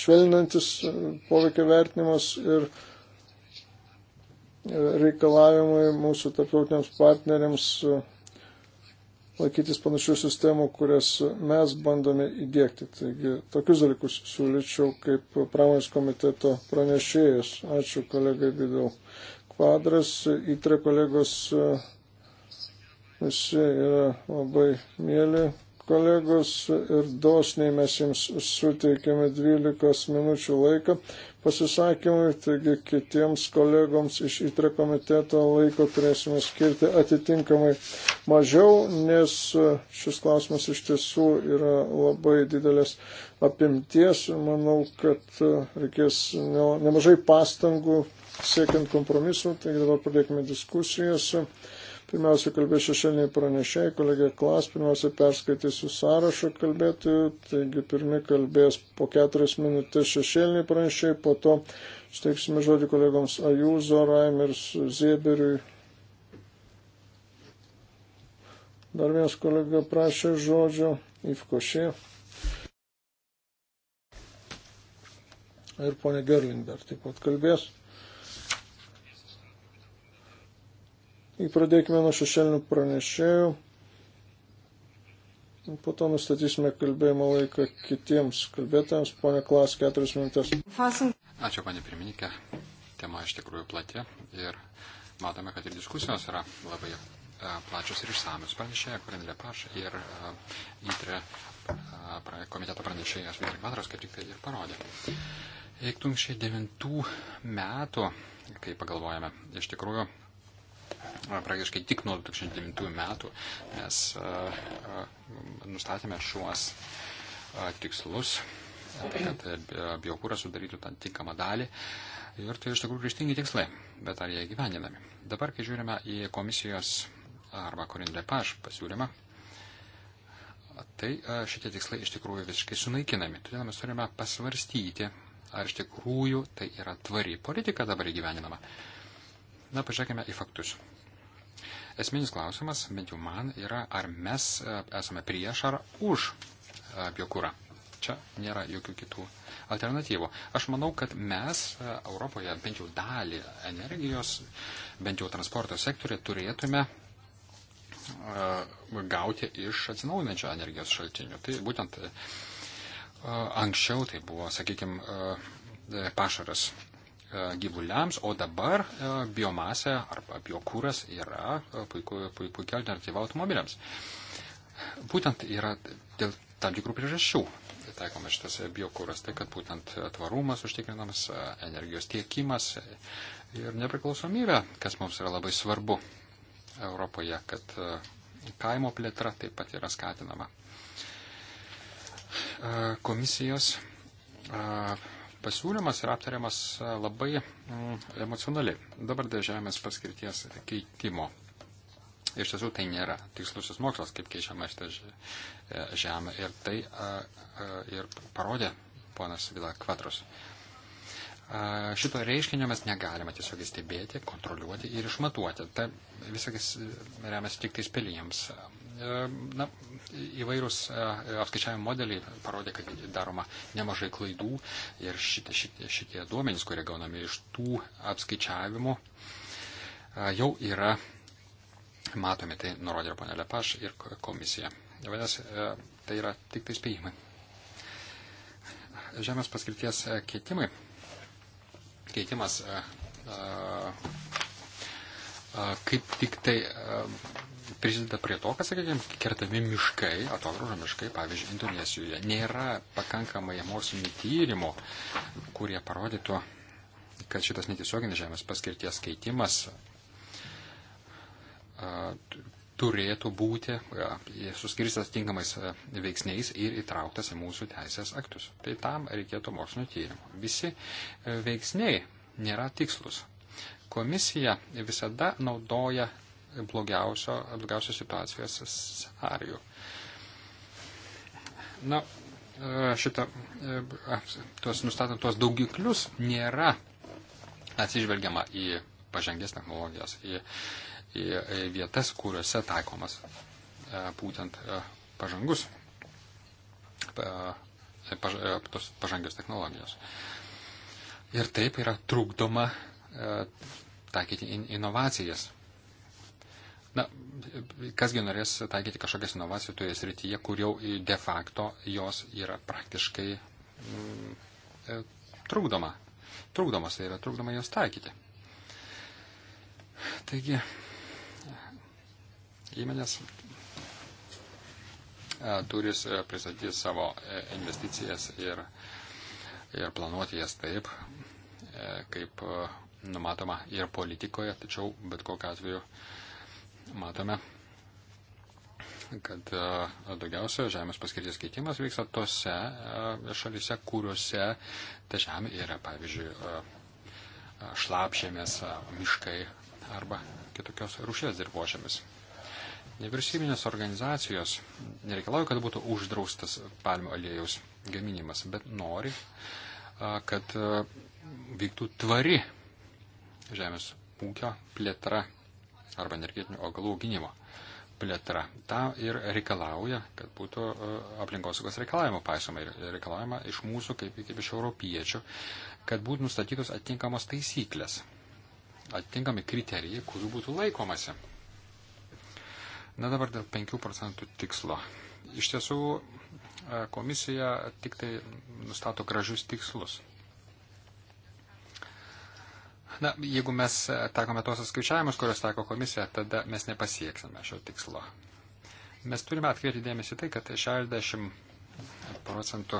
švelninantis poveikio vertinimas ir reikalavimai mūsų tarptautiniams partneriams laikytis panašių sistemų, kurias mes bandome įdėkti. Taigi tokius dalykus siūlyčiau kaip pramonės komiteto pranešėjas. Ačiū kolegai Vidau. Kvadras, įtre kolegos, visi yra labai mėly kolegos ir dosniai mes jums suteikėme 12 minučių laiką pasisakymui, taigi kitiems kolegoms iš įtre komiteto laiko turėsime skirti atitinkamai mažiau, nes e, šis klausimas iš tiesų yra labai didelės apimties. Manau, kad e, reikės nemažai pastangų siekiant kompromisų, taigi dabar pradėkime diskusijas. Pirmiausia, kalbės šešėliniai pranešėjai, kolegė Klas, pirmiausia, perskaitysiu sąrašą kalbėtojų, taigi pirmi kalbės po keturias minutės šešėliniai pranešėjai, po to steiksime žodį kolegoms Ajūzo, Raimers, Zieberiui. Dar vienas kolega prašė žodžio, Ivkošė. Ir ponė Gerling dar taip pat kalbės. Pradėkime nuo šešėlinių pranešėjų. Po to nustatysime kalbėjimo laiką kitiems kalbėtojams. Pone Klas, keturias minutės. Ačiū, ponė pirmininkė. Tema iš tikrųjų plati ir matome, kad ir diskusijos yra labai e, plačios ir išsamios. Pranešėja Korinelė Paš ir įtrė e, e, komiteto pranešėjas Vitalik Vandras kaip tik tai ir parodė. Eik 2009 metų, kai pagalvojame, iš tikrųjų praktiškai tik nuo 2009 metų mes nustatėme šiuos tikslus, kad biokūras sudarytų tą tinkamą dalį. Ir tai iš tikrųjų grįžtingi tikslai, bet ar jie gyvendinami. Dabar, kai žiūrime į komisijos arba Korindepaš pasiūlymą, tai šitie tikslai iš tikrųjų visiškai sunaikinami. Todėl mes turime pasvarstyti, ar iš tikrųjų tai yra tvari politika dabar įgyvendinama. Uh, Na, pažiūrėkime į faktus. Esminis klausimas, bent jau man, yra, ar mes e, esame prieš ar už e, biokūrą. Čia nėra jokių kitų alternatyvų. Aš manau, kad mes e, Europoje bent jau dalį energijos, bent jau transporto sektorė turėtume gauti iš atsinaujinančio energijos šaltinių. Tai būtent anksčiau tai buvo, sakykime, pašaras E, gyvuliams, o dabar e, biomasė arba biokūras yra puikia e, puiku alternatyva automobiliams. Būtent yra dėl tam tikrų priežasčių taikoma šitas biokūras, tai kad būtent tvarumas užtikrinamas, energijos tiekimas ir nepriklausomybė, kas mums yra labai svarbu Europoje, kad kaimo plėtra taip pat yra skatinama. Komisijos pasiūlymas yra aptariamas e, labai mm, emocionaliai. Dabar dėl žemės paskirties keitimo. Iš tiesų tai nėra tikslusis mokslas, kaip keičiama šitą e, žemę. Ir tai a, a, ir parodė ponas Vila Kvatros. A, šito reiškinio mes negalime tiesiog stebėti, kontroliuoti ir išmatuoti. Tai visakis e, remiasi tik tais pilijams. E, na, įvairūs e, apskaičiavimo modeliai parodė, kad daroma nemažai klaidų ir šitie, šitie, šitie duomenys, kurie gaunami iš tų apskaičiavimų, e, jau yra matomi, tai nurodė ir ponė Lepaš ir komisija. Vadinasi, tai yra tik tai spėjimai. Žemės paskirties keitimai. Keitimas kaip tik tai prisideda prie to, kad, sakykime, kertami miškai, atogrąžo miškai, pavyzdžiui, Indonezijoje. Nėra pakankamai emocinių tyrimų, kurie parodytų, kad šitas netiesioginis žemės paskirties keitimas a, turėtų būti a, suskirstas tinkamais a, veiksniais ir įtrauktas į mūsų teisės aktus. Tai tam reikėtų mokslinio tyrimo. Visi e, veiksniai nėra tikslus. Komisija visada naudoja blogiausio, blogiausios situacijos scenarijų. Na, e, šitą, e, tuos nustatant tuos daugiklius, nėra atsižvelgiama į pažangės technologijas, į, į, į vietas, kuriuose taikomas e, būtent pažangus, paž, tos pažangios technologijos. Ir taip yra trukdoma taikyti in, inovacijas Na, kasgi norės taikyti kažkokias inovacijas toje srityje, kur jau de facto jos yra praktiškai mm, e, trukdoma. Trukdomas tai yra trukdoma jos taikyti. Taigi, įmonės e, turis pristatyti savo e, investicijas ir, ir planuoti jas taip, kaip numatoma ir politikoje, tačiau bet kokiu atveju matome, kad e, daugiausia žemės paskirties keitimas vyksta tose e, šalise, kuriuose ta žemė yra, pavyzdžiui, e, šlapžėmės, miškai arba kitokios rušės dirbožėmis. Nevyriausybinės organizacijos nereikalauja, kad būtų uždraustas palmių aliejaus gaminimas, bet nori, kad vyktų tvari žemės ūkio plėtra arba energetinių augalų auginimo plėtra. Ta ir reikalauja, kad būtų e, aplinkosaugos reikalavimo paisoma ir reikalavima iš mūsų, kaip, kaip iš europiečių, kad būtų nustatytos atitinkamos taisyklės, atitinkami kriterijai, kurių būtų laikomasi. Na dabar dėl 5 procentų tikslo. Iš tiesų, e, komisija tik tai nustato gražius tikslus. Na, jeigu mes takome tos skaičiavimus, kurios tako komisija, tada mes nepasieksime šio tikslo. Mes turime atkreipti dėmesį tai, kad 60 procentų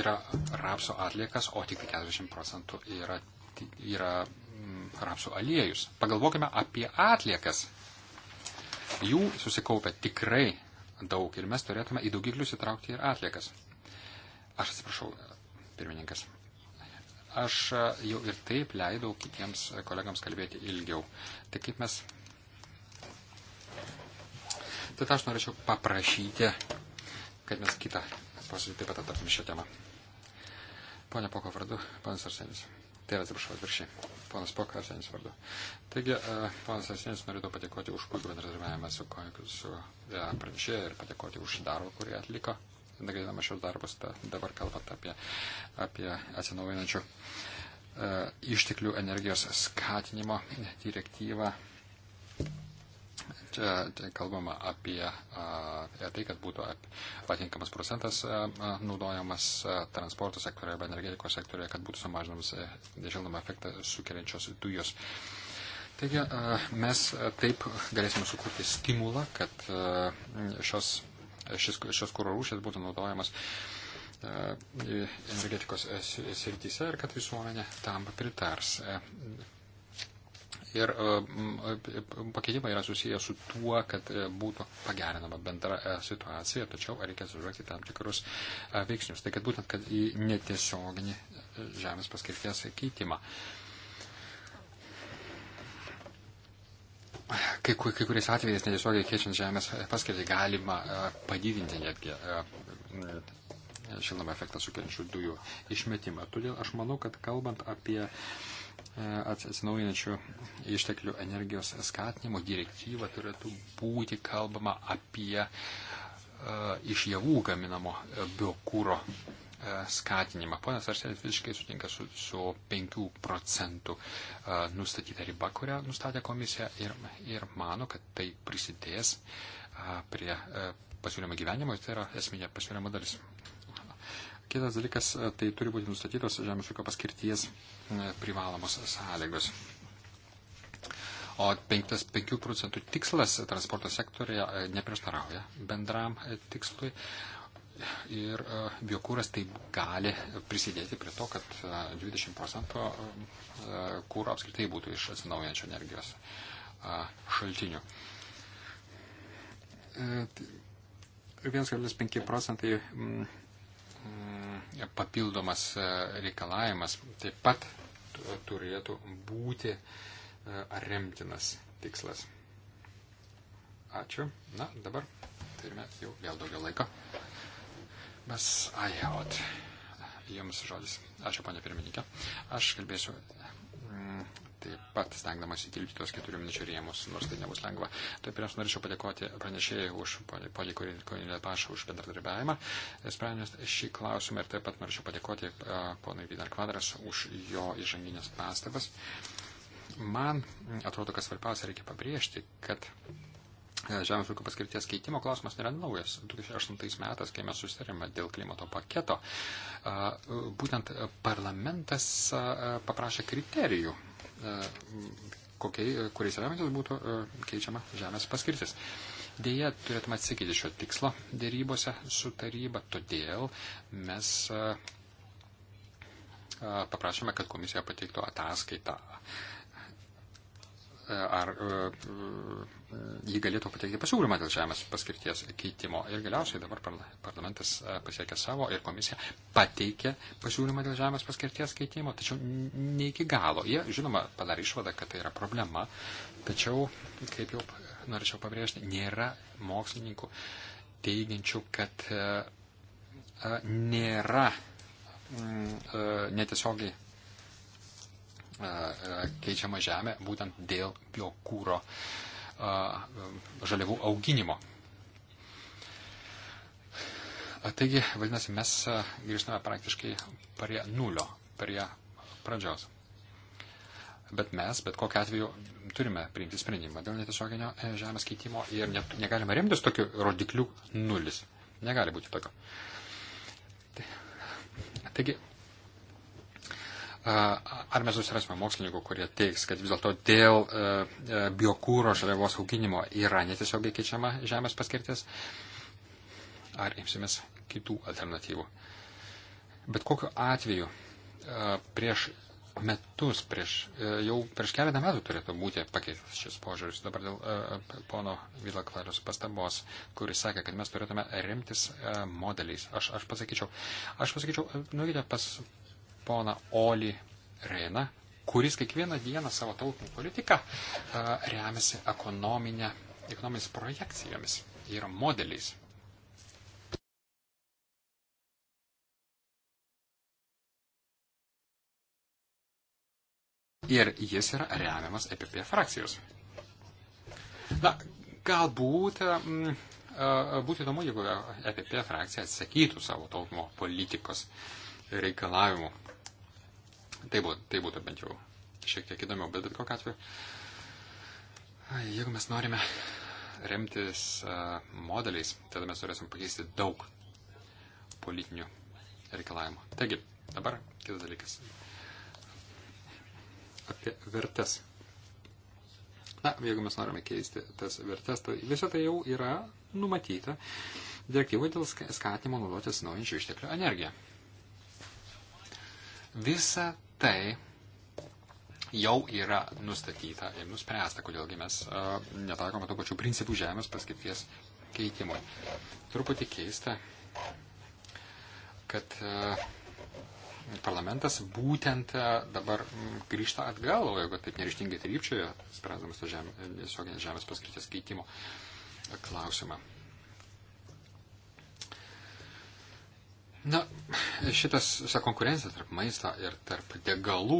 yra rapsų atliekas, o tik 40 tai procentų yra, yra mm, rapsų aliejus. Pagalvokime apie atliekas. Jų susikaupia tikrai daug ir mes turėtume į daugiklius įtraukti ir atliekas. Aš atsiprašau, pirmininkas. Aš jau ir taip leidau kitiems kolegams kalbėti ilgiau. Tai kaip mes. Tad aš norėčiau paprašyti, kad mes kitą posėdį taip pat aptartume šią temą. Pone Poko vardu, panas Arsenis. Tai yra, atsiprašau, atvirkščiai. Ponas Poka, Arsenis vardu. Taigi, e, ponas Arsenis norėtų padėkoti už puikų bendradarbiavimą su, su ja, e, pranešėju ir padėkoti už darbą, kurį atliko. Nagrinama šios darbus, ta, dabar kalbant apie, apie atsinaujinančių e, išteklių energijos skatinimo direktyvą Čia, čia kalbama apie a, tai, kad būtų patinkamas procentas a, naudojamas a, transporto sektorioje arba energetikos sektorioje, kad būtų sumažinamas e, šiltnamio efektą sukeliančios dujos. Taigi a, mes a, taip galėsime sukurti stimulą, kad a, šios, šis, šios kūro rūšės būtų naudojamas energetikos e, srityse ir kad visuomenė tam pritars. E, ir e, e, e, pakeitimai yra susiję su tuo, kad būtų pagerinama bendra situacija, tačiau reikia sužvelgti tam tikrus veiksnius. Tai kad būtent kad į netiesioginį žemės paskirties keitimą. Kai, kai kuriais atvejais netiesiogiai keičiant žemės paskirtį galima padidinti netgi šiltnamio efektą sukeliančių dujų išmetimą. Todėl aš manau, kad kalbant apie E, atsinaujinančių išteklių energijos skatinimo direktyva turėtų būti kalbama apie e, iš javų gaminamo e, biokūro skatinimą. Ponas Arselis visiškai sutinka su, su 5 procentų nustatyta riba, kurią nustatė komisija ir, ir mano, kad tai prisidės prie pasiūlymo gyvenimo ir tai yra esminė pasiūlymo dalis. Kitas dalykas, e, tai turi būti nustatytos žemės ūkio paskirties e, privalomos sąlygos. O 5 procentų tikslas transporto sektorija e, neprieštarauja bendram tikslui. Ir biokūras taip gali prisidėti prie to, kad 20 procentų kūro apskritai būtų iš atsinaujančio energijos šaltinių. 1,5 procentai Mm, papildomas e, reikalavimas taip pat turėtų būti e, remtinas tikslas. Ačiū. Na, dabar turime jau vėl daugiau laiko. Mes, ai, ot, jums žodis. Ačiū, ponė pirmininkė. Aš kalbėsiu mm, taip pat stengdamas įtilpti tos keturių minučių rėmus, nors tai nebus lengva. Taip ir aš norėčiau padėkoti pranešėjai už polį Korinė Pašą už bendradarbiavimą, sprendžiant šį klausimą ir taip pat norėčiau padėkoti ponui Vidar Kvadras už jo įžanginės pastabas. Man atrodo, kad svarbiausia reikia pabrėžti, kad Žemės ūkio paskirties keitimo klausimas nėra naujas. 2008 metais, kai mes susitarėme dėl klimato paketo, būtent parlamentas paprašė kriterijų E, kokiai, e, kuriais remiantis būtų e, keičiama žemės paskirtis. Deja, turėtume atsikyti šio tikslo dėrybose su taryba, todėl mes paprašėme, kad komisija pateiktų ataskaitą ar e, e, jį galėtų pateikti pasiūlymą dėl žemės paskirties keitimo. Ir galiausiai dabar parlamentas e, pasiekė savo ir komisija pateikė pasiūlymą dėl žemės paskirties keitimo, tačiau ne iki galo. Jie, žinoma, padarė išvadą, kad tai yra problema, tačiau, kaip jau norėčiau pabrėžti, nėra mokslininkų teiginčių, kad nėra mm, netiesiogiai keičiama žemė būtent dėl biokūro žaliavų auginimo. Taigi, vadinasi, mes grįžtame praktiškai prie nulio, prie pradžios. Bet mes, bet kokiu atveju, turime priimti sprendimą dėl netiesioginio e, žemės keitimo ir ne, negalime remtis tokiu rodikliu nulis. Negali būti tokio. Taigi, Ar mes susirasime mokslininkų, kurie teiks, kad vis dėlto dėl e, e, biokūro žaliavos auginimo yra netiesiogiai keičiama žemės paskirtis? Ar imsimės kitų alternatyvų? Bet kokiu atveju e, prieš metus, prieš, e, jau prieš keletą metų turėtų būti pakeistas šis požiūris. Dabar dėl e, e pono Vilaklarius pastabos, kuris sakė, kad mes turėtume remtis e, modeliais. Aš, aš pasakyčiau, aš pasakyčiau, e, nuvykite pas poną Olį Reiną, kuris kiekvieną dieną savo tautinį politiką remiasi ekonominėmis projekcijomis ir modeliais. Ir jis yra remiamas EPP frakcijos. Na, galbūt m, mm, būtų įdomu, jeigu EPP frakcija atsakytų savo taupimo politikos reikalavimų Tai būtų, tai būtų bent jau šiek tiek įdomiau, bet bet kokiu atveju, jeigu mes norime remtis modeliais, tada mes turėsim pakeisti daug politinių reikalavimų. Taigi, dabar kitas dalykas. Apie vertes. Na, jeigu mes norime keisti tas vertes, tai visą tai jau yra numatyta direktyvoje dėl skatimo naudotis naujančių išteklių energiją. Visa tai jau yra nustatyta ir nuspręsta, kodėlgi mes uh, netaikome tų pačių principų žemės paskirties keitimui. Truputį keista, kad uh, parlamentas būtent dabar grįžta atgal, o jeigu taip nereištingai trypčioja, spręsdamas to žemė, žemės paskirties keitimo klausimą. Na, šitas, šita konkurencija tarp maisto ir tarp degalų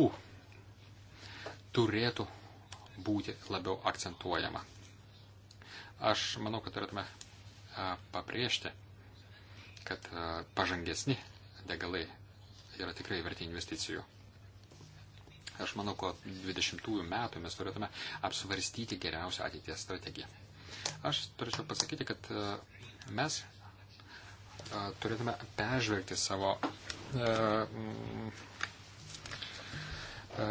turėtų būti labiau akcentuojama. Aš manau, kad turėtume pabrėžti, kad pažangesni degalai yra tikrai verti investicijų. Aš manau, kad 20 metų mes turėtume apsvarstyti geriausią ateities strategiją. Aš turėčiau pasakyti, kad mes turėtume peržvelgti savo e, e,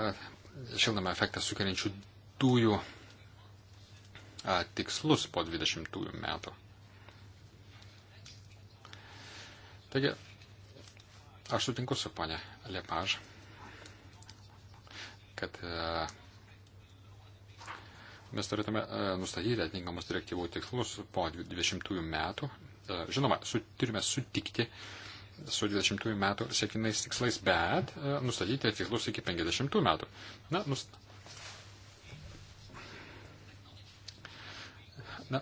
šiltnamio efektą sukeliančių dujų tikslus po 20 metų. Taigi, aš sutinku su ponė Lepaž, kad e, mes turėtume nustatyti atitinkamus direktyvų tikslus po 20 metų E, žinoma, su, turime sutikti su 20 metų sėkinais tikslais, bet e, nustatyti tikslus iki 50 metų. Na, nust... Na,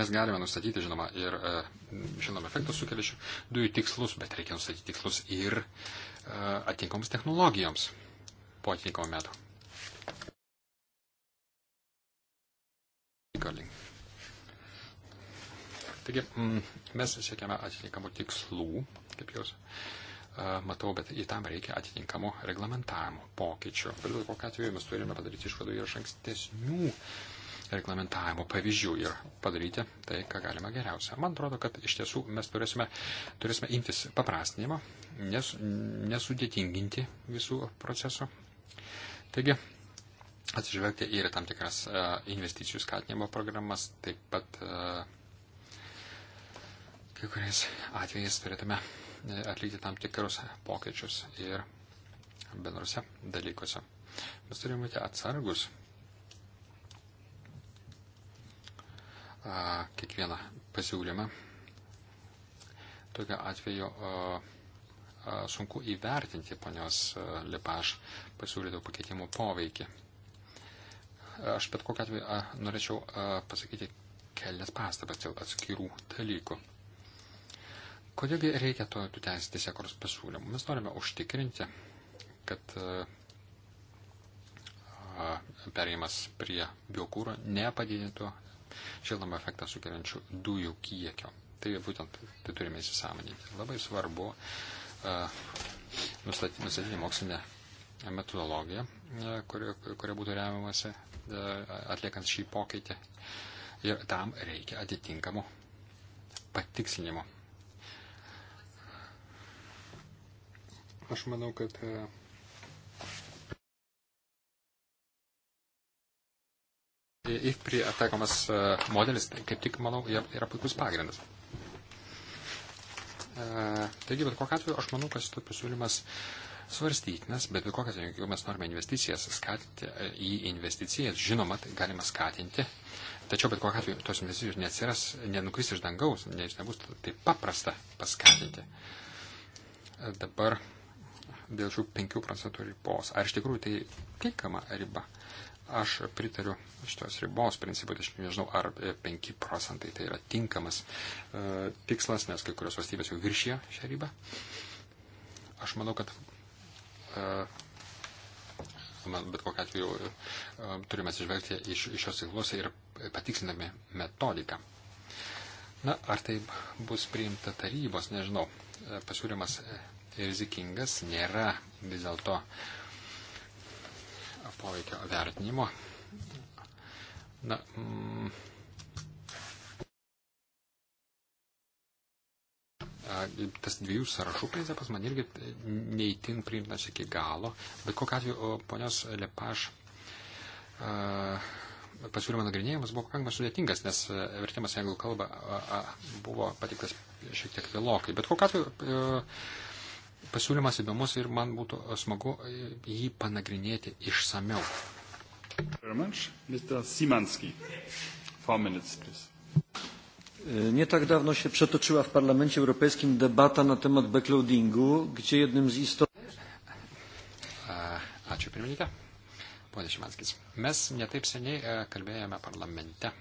mes galime nustatyti, žinoma, ir šiandien e, efektus sukeliančių dujų tikslus, bet reikia nustatyti tikslus ir atitinkoms technologijoms po atitinkamo metų. Garling. Taigi mm, mes siekiame atitinkamų tikslų, kaip jūs matau, bet į tam reikia atitinkamų reglamentavimo pokyčių. Bet kokiu atveju mes turime padaryti išvadų ir iš ankstesnių reglamentavimo pavyzdžių ir padaryti tai, ką galima geriausia. Man atrodo, kad iš tiesų mes turėsime, turėsime imtis paprastinimo, nes, nesudėtinginti visų procesų. Taigi, atsižvelgti ir tam tikras investicijų skatinimo programas, taip pat uh, kai kuriais atvejais turėtume e, atlikti tam tikrus pokyčius ir bendrose dalykuose. Mes turime būti atsargus kiekvieną pasiūlymą. Tokiu atveju sunku įvertinti ponios e, Lipaš pasiūlytų pakeitimų poveikį. Aš bet kokiu atveju norėčiau pasakyti kelias pastabas dėl atskirų dalykų. Kodėlgi reikia to tų teisės teisėkuros pasiūlymų? Mes norime užtikrinti, kad perėjimas prie biokūro nepadidintų šiltnamio efektą sukeliančių dujų kiekio. Tai būtent tai turime įsisamoninti. Labai svarbu uh, nustatyti, nustatyti mokslinę metodologiją, uh, kuria, kuria būtų remiamasi uh, atliekant šį pokytį. Ir tam reikia atitinkamų patikslinimų. Aš manau, kad į e, prie atakomas e, modelis, tai kaip tik, manau, yra puikus pagrindas. E, taigi, bet kokiu atveju, aš manau, kad šitas pasiūlymas svarstytinas, bet bet kokias, jeigu mes norime investicijas skatinti į investicijas, žinoma, tai galima skatinti, tačiau bet kokiu atveju tos investicijos neatsiras, nenukris iš dangaus, nes nebus taip paprasta paskatinti. Dabar dėl šių 5 procentų ribos. Ar iš tikrųjų tai tinkama riba? Aš pritariu šitos ribos principui, tai aš nežinau, ar 5 e, procentai tai yra tinkamas e, tikslas, nes kai kurios valstybės jau viršė šią ribą. Aš manau, kad e, bet kokiu atveju e, turime atsižvelgti iš, iš šios tikslus ir patikslinami metodiką. Na, ar tai bus priimta tarybos, nežinau. E, pasiūlymas e, Tai rizikingas, nėra vis dėlto poveikio vertinimo. Na, mm, tas dviejų sąrašų principas man irgi neįtin priimtas iki galo, bet kokiu atveju ponios Lepaš pasiūlymo nagrinėjimas buvo pakankamai sudėtingas, nes vertimas į anglų kalbą buvo patiktas šiek tiek vėlokai. Bet kokiu atveju pasiūlymas įdomus ir man būtų smagu jį panagrinėti išsameu. E, nie tak dawno się przetoczyła w Parlamencie Europejskim debata na temat backloadingu, gdzie jednym z istotnych... Ačiū pirmininkė. Pone Šimanskis, mes netaip seniai e, kalbėjome parlamente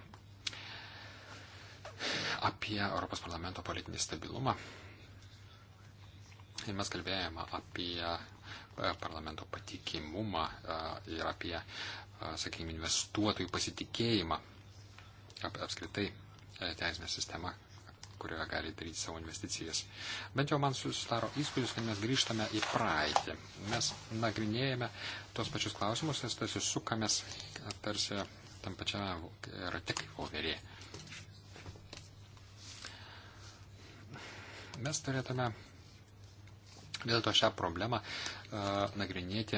apie Europos parlamento politinį stabilumą Ir mes kalbėjome apie e, parlamento patikimumą e, ir apie, e, sakykime, investuotojų pasitikėjimą apskritai teisinę sistemą, kurioje gali daryti savo investicijas. Bent jau man susidaro įspūdis, kad mes grįžtame į praeitį. Mes nagrinėjame tos pačius klausimus, nes tarsi sukamės tarsi tam pačiam rate kaip voverė. Mes turėtume Vis dėlto šią problemą e, nagrinėti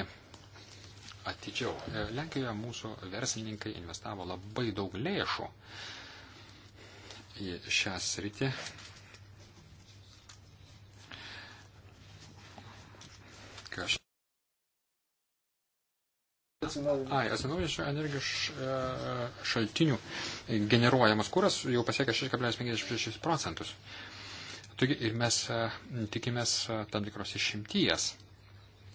atidžiau. E, Lenkijoje mūsų verslininkai investavo labai daug lėšų į šią sritį. Kaž... Ai, atsinaujinančių energijos e, šaltinių generuojamas kuras jau pasiekia 6,56 procentus. Taigi, ir mes e, tikimės e, tam tikros išimties.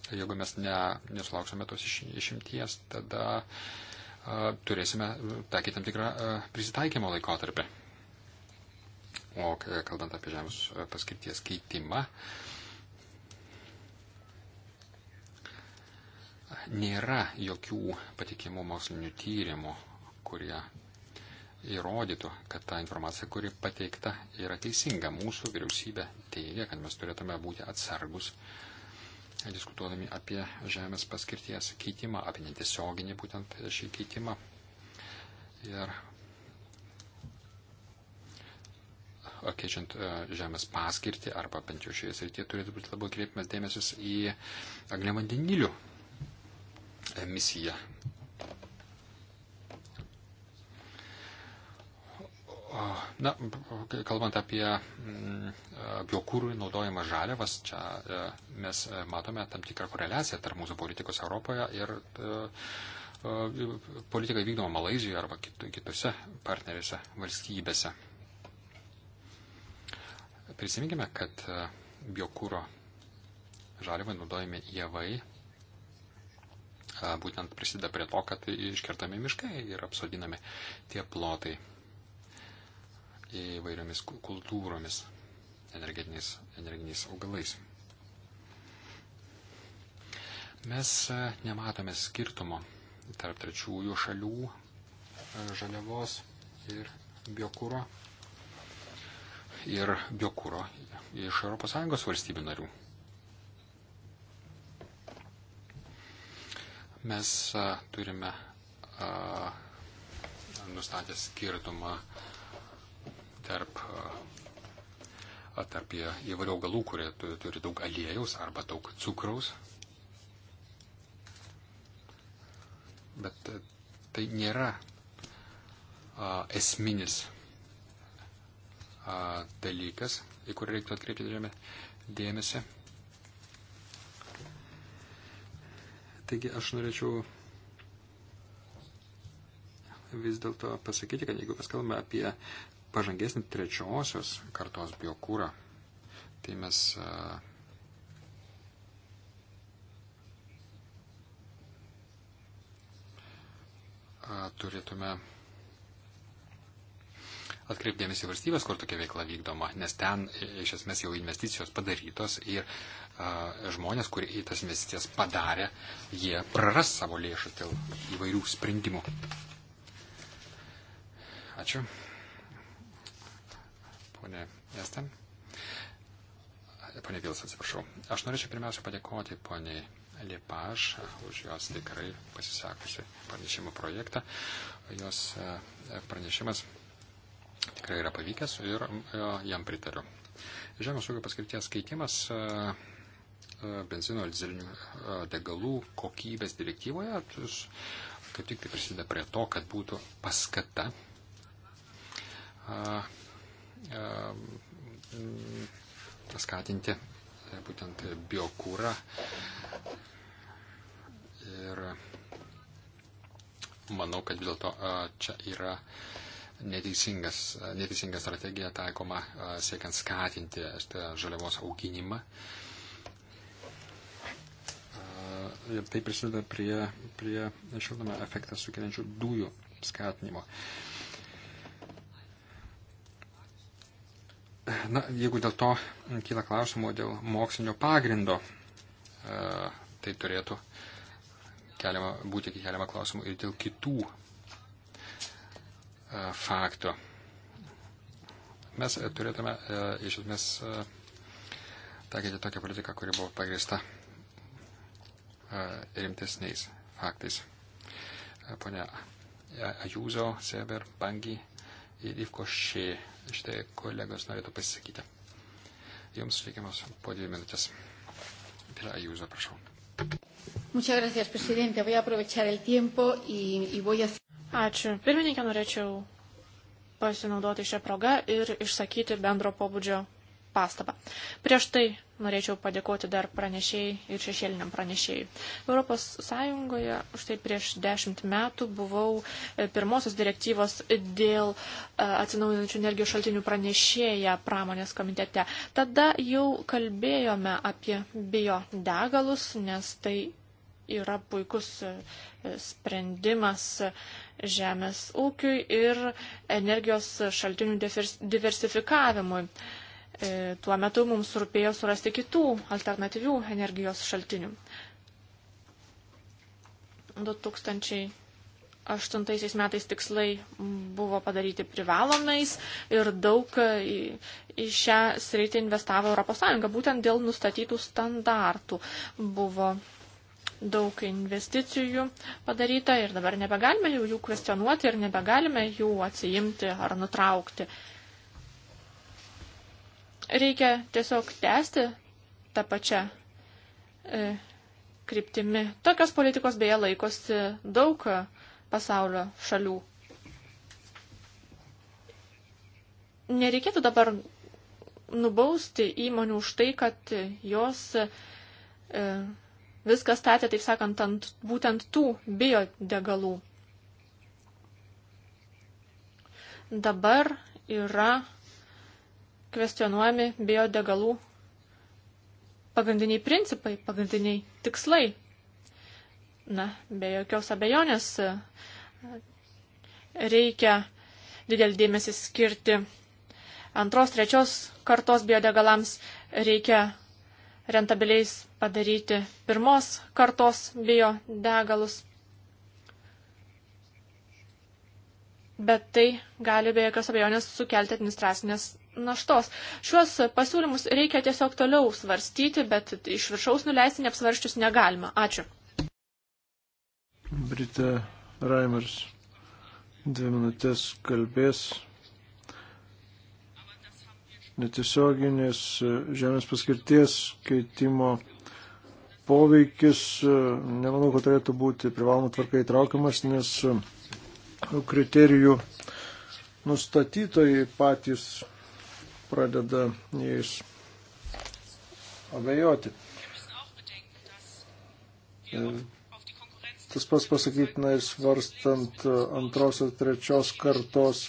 Tai jeigu mes ne, nesulauksime tos iš, išimties, tada a, e, turėsime taikyti tam tikrą a, prisitaikymo laikotarpį. O kalbant apie žemės paskirties keitimą, nėra jokių patikimų mokslinių tyrimų, kurie įrodytų, kad ta informacija, kuri pateikta, yra teisinga. Mūsų vyriausybė teigia, kad mes turėtume būti atsargus, diskutuodami apie žemės paskirties keitimą, apie netiesioginį būtent šį keitimą. Ir keičiant e, žemės paskirtį arba bent jau šioje srityje turėtų būti labai kreipimas dėmesis į angliavandenilių emisiją Na, kalbant apie mm, e, biokūrų naudojimą žaliavas, čia e, mes e, matome tam tikrą koreliaciją tarp mūsų politikos Europoje ir politikai vykdoma Malazijoje arba kitose partnerėse valstybėse. Prisiminkime, kad biokūro žaliavai naudojami javai būtent prisideda prie to, kad iškertami miškai ir apsodinami tie plotai įvairiomis kultūromis, energetiniais, energetiniais augalais. Mes e, nematome skirtumo tarp trečiųjų šalių e, žaliavos ir biokūro ir biokūro iš ES valstybių narių. Mes e, turime nustatę skirtumą tarp, tarp įvairių augalų, kurie turi daug aliejaus arba daug cukraus. Bet e, tai nėra a, esminis a, dalykas, į kurį reiktų atkreipti dėmesį. Taigi aš norėčiau vis dėlto pasakyti, kad jeigu mes kalbame apie pažangesnį trečiosios kartos biokūrą, tai mes e, e, turėtume atkreipdėmėsi valstybės, kur tokia veikla vykdoma, nes ten iš esmės jau investicijos padarytos ir a, e, žmonės, kurie į tas investicijas padarė, jie praras savo lėšų dėl įvairių sprendimų. Ačiū ponė Estė. Pone Vils, atsiprašau. Aš norėčiau pirmiausia padėkoti poniai Liepaž už jos tikrai pasisekusi pranešimo projektą. Jos e, pranešimas tikrai yra pavykęs ir e, jam pritariu. Žemės ūkio paskirties keitimas e, benzino ir dizelinių degalų kokybės direktyvoje tai kaip tik tai prisideda prie to, kad būtų paskata Ehm, skatinti e, būtent biokūrą. Ir manau, kad vis dėlto e, čia yra neteisingas, e, neteisinga strategija taikoma siekiant skatinti žaliavos auginimą. Ir tai prisideda prie, prie šildomą efektą sukeliančių dujų skatinimo. Uh, Na, jeigu dėl to kyla klausimų dėl mokslinio pagrindo, e, tai turėtų keliama, būti keliama klausimų ir dėl kitų e, faktų. Mes e, turėtume iš esmės taikyti tokią politiką, kuri buvo pagrįsta rimtesniais faktais. Pone Ajūzo, Seber, Bangi ir Ivkoši. Šitai kolegos norėtų pasisakyti. Jums suteikiamas po dvi minutės. Pilar Ayuso, prašau. Muchas gracias, presidente. Voy a aprovechar el tiempo y, y voy a... Ačiū. Pirmininkė, norėčiau pasinaudoti šią progą ir išsakyti bendro pobūdžio pastabą. Prieš tai norėčiau padėkoti dar pranešėjai ir šešėliniam pranešėjai. Europos Sąjungoje štai prieš dešimt metų buvau e, pirmosios direktyvos dėl e, atsinaujinančių energijos šaltinių pranešėja pramonės komitete. Tada jau kalbėjome apie biodegalus, nes tai yra puikus e, sprendimas žemės ūkiui ir energijos šaltinių diversifikavimui. Divers E, tuo metu mums rūpėjo surasti kitų alternatyvių energijos šaltinių. 2008 metais tikslai buvo padaryti privalomais ir daug į šią sritį investavo ES. Būtent dėl nustatytų standartų buvo daug investicijų padaryta ir dabar nebegalime jau jų kvestionuoti ir nebegalime jų atsijimti ar nutraukti. Uh, Reikia tiesiog tęsti tą pačią e, kryptimi. Tokios politikos beje laikosi daug pasaulio šalių. Nereikėtų dabar nubausti įmonių už tai, kad jos e, viską statė, taip sakant, ant būtent tų biodegalų. Dabar yra kvestionuojami biodegalų pagrindiniai principai, pagrindiniai tikslai. Na, be jokios abejonės reikia didelį dėmesį skirti antros, trečios kartos biodegalams, reikia rentabiliais padaryti pirmos kartos biodegalus. bet tai gali be jokios abejonės sukelti administracinės naštos. Šiuos pasiūlymus reikia tiesiog toliau svarstyti, bet iš viršaus nuleisti neapsvarščius negalima. Ačiū. Brita Raimers dvi minutės kalbės. Netiesioginės žemės paskirties keitimo poveikis, nemanau, kad turėtų būti privaloma tvarka įtraukiamas, nes kriterijų nustatytojai patys pradeda jais abejoti. E, tas pas pasakytina ir svarstant antros ir trečios kartos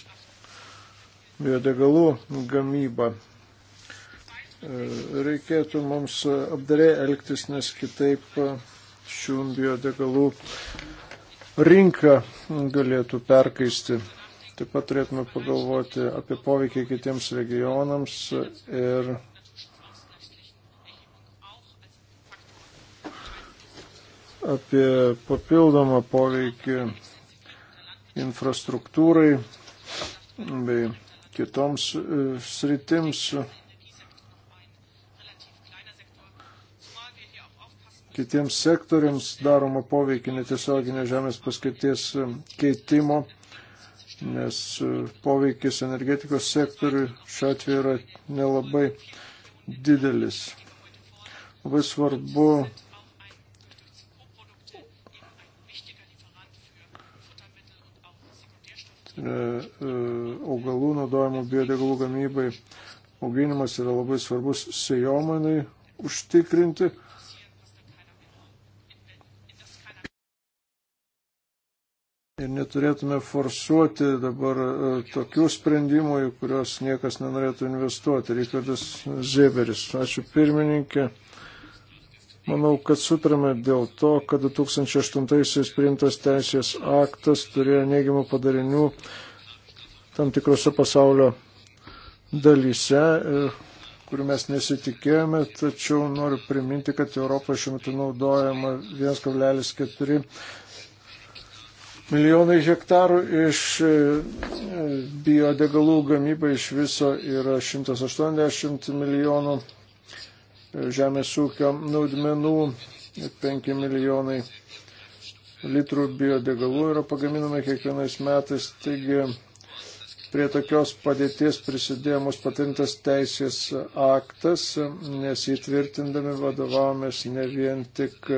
biodegalų gamybą. E, reikėtų mums apdarė elgtis, nes kitaip šių biodegalų rinka galėtų perkaisti. Taip pat turėtume pagalvoti apie poveikį kitiems regionams ir apie papildomą poveikį infrastruktūrai bei kitoms e, sritims kitiems sektoriams daroma poveikia netiesioginė žemės paskirties e, keitimo, nes e, poveikis energetikos sektoriui šiuo atveju yra nelabai didelis. Labai svarbu e, augalų naudojimų biodegalų gamybai auginimas yra labai svarbus sejomanai užtikrinti. ir neturėtume forsuoti dabar e, tokių sprendimų, į kuriuos niekas nenorėtų investuoti. Rikardas Zeberis, ačiū pirmininkė. Manau, kad sutarėme dėl to, kad 2008-aisiais priimtas teisės aktas turėjo neigiamų padarinių tam tikrose pasaulio dalyse, e, kurių mes nesitikėjome, tačiau noriu priminti, kad Europoje šiuo metu naudojama 1,4 Milijonai hektarų iš e, biodegalų gamyba iš viso yra 180 milijonų e, žemės ūkio naudmenų, 5 milijonai litrų biodegalų yra pagaminama kiekvienais metais. Taigi prie tokios padėties prisidėjo mūsų patentas teisės aktas, nes įtvirtindami vadovavomės ne vien tik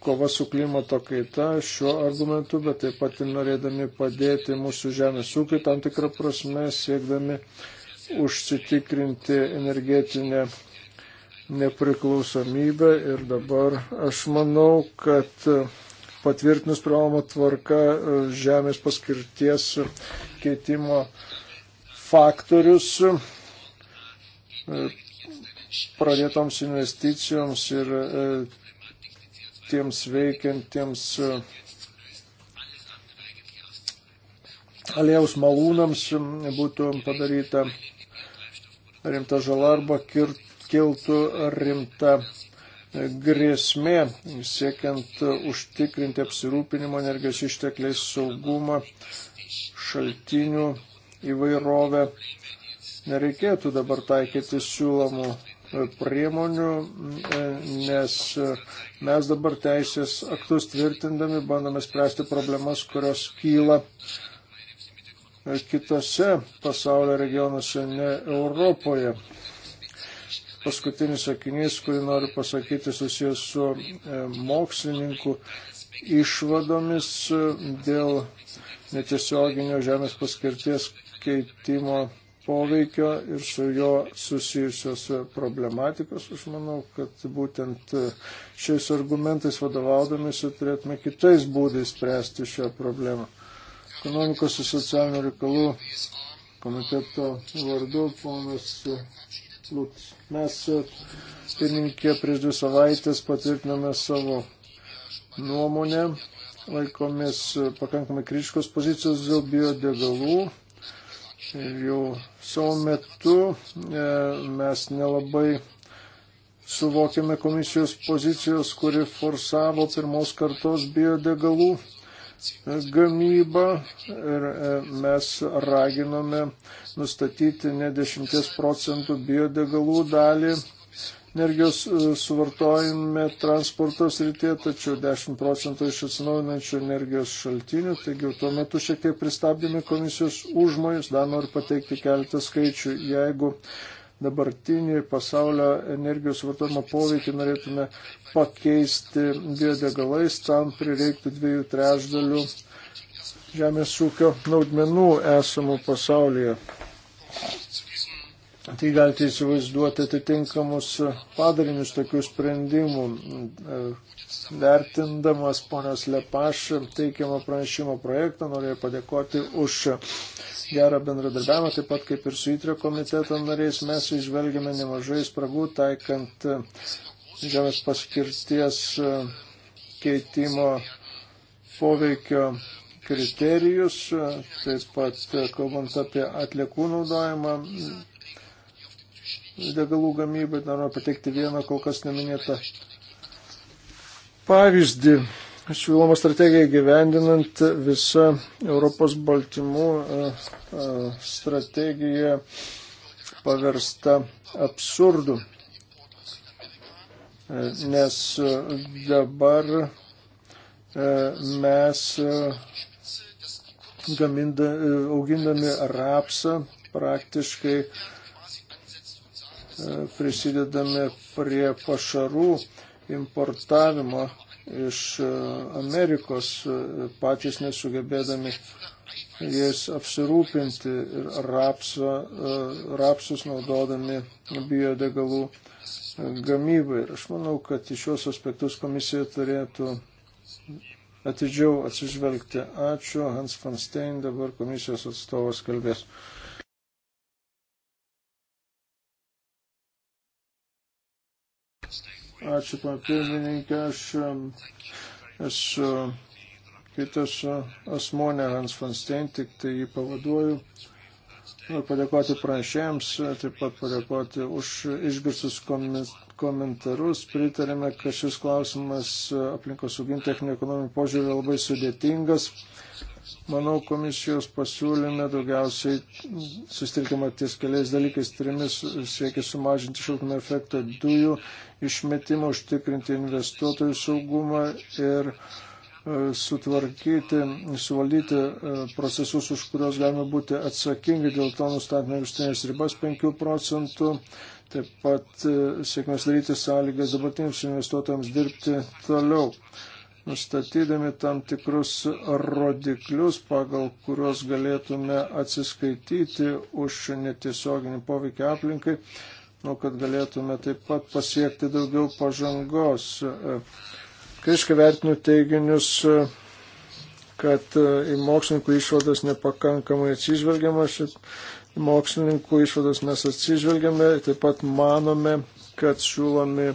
kova su klimato kaita šiuo argumentu, bet taip pat ir norėdami padėti mūsų žemės ūkiui tam tikrą prasme, siekdami užsitikrinti energetinę nepriklausomybę. Ir dabar aš manau, kad patvirtinus privalomą tvarką žemės paskirties keitimo faktorius pradėtoms investicijoms ir e, tiems veikiantiems e, aliejaus malūnams e, būtų padaryta rimta žala arba kiltų rimta e, grėsmė, siekiant užtikrinti apsirūpinimo energijos ištekliais saugumą, šaltinių įvairovę. Nereikėtų dabar taikyti siūlomų priemonių, nes mes dabar teisės aktus tvirtindami bandome spręsti problemas, kurios kyla kitose pasaulio regionuose, ne Europoje. Paskutinis sakinys, kurį noriu pasakyti, susijęs su e, mokslininkų išvadomis e, dėl netiesioginio žemės paskirties keitimo poveikio ir su jo susijusios problematikos. Aš manau, kad būtent e, šiais argumentais vadovaudomėsi turėtume kitais būdais spręsti šią problemą. Ekonomikos ir socialinių reikalų komiteto vardu ponas e, Lūks. Mes, e, pirmininkė, prieš dvi savaitės patvirtiname savo nuomonę, laikomės pakankamai kryškos pozicijos dėl biodegalų jau savo metu e, mes nelabai suvokėme komisijos pozicijos, kuri forsavo pirmos kartos biodegalų e, gamybą ir e, mes raginome nustatyti ne 10 procentų biodegalų dalį energijos e, suvartojame transporto srityje, tačiau 10 procentų iš atsinaujinančių energijos šaltinių, taigi tuo metu šiek tiek pristabdėme komisijos užmojus, dar noriu pateikti keletą skaičių, jeigu dabartinį pasaulio energijos vartojimo poveikį norėtume pakeisti biodegalais, tam prireiktų dviejų trešdalių žemės ūkio naudmenų esamų pasaulyje. Tai galite įsivaizduoti atitinkamus padarinius tokių sprendimų. Vertindamas ponios Lepaš teikiamą pranešimo projektą, norėjau padėkoti už gerą bendradarbiavimą, taip pat kaip ir su įtrio komiteto nariais mes išvelgiame nemažai spragų, taikant žemės paskirties keitimo poveikio kriterijus, taip pat kalbant apie atliekų naudojimą degalų gamybai. Noriu pateikti vieną kol kas neminėtą pavyzdį. Siūloma strategija gyvendinant visą Europos baltymų e, e, strategiją paversta absurdu. E, nes dabar mes gaminda, augindami rapsą praktiškai E, prisidedame prie pašarų importavimo iš e, Amerikos, e, patys nesugebėdami jais apsirūpinti ir rapsą, rapsus naudodami biodegalų gamybai. Ir aš manau, kad į šios aspektus komisija turėtų atidžiau atsižvelgti. Ačiū, Hans van Stein dabar komisijos atstovas kalbės. Ačiū, pana pirmininkė. Aš esu kitas asmo, ne Hans van Stein, tik tai jį pavaduoju. Noriu padėkoti pranešėjams, taip pat padėkoti už išgirstus komentarus komentarus. Pritarėme, kad šis klausimas aplinkos augin techninio ekonominio požiūrį labai sudėtingas. Manau, komisijos pasiūlyme daugiausiai susitelkima ties keliais dalykais trimis siekia sumažinti šiltnamio efektą dujų išmetimą, užtikrinti investuotojų saugumą ir e, sutvarkyti, suvaldyti e, procesus, už kuriuos galime būti atsakingi, dėl to nustatome virštinės ribas 5 procentų Taip pat siekime sudaryti sąlygas dabartiniams investuotojams dirbti toliau, nustatydami tam tikrus rodiklius, pagal kuriuos galėtume atsiskaityti už netiesioginį poveikį aplinkai, nu, kad galėtume taip pat pasiekti daugiau pažangos. Kaiškai e, vertinu teiginius e, kad e, į mokslininkų išvadas nepakankamai atsižvelgiama mokslininkų išvadas mes atsižvelgiame, taip pat manome, kad siūlomi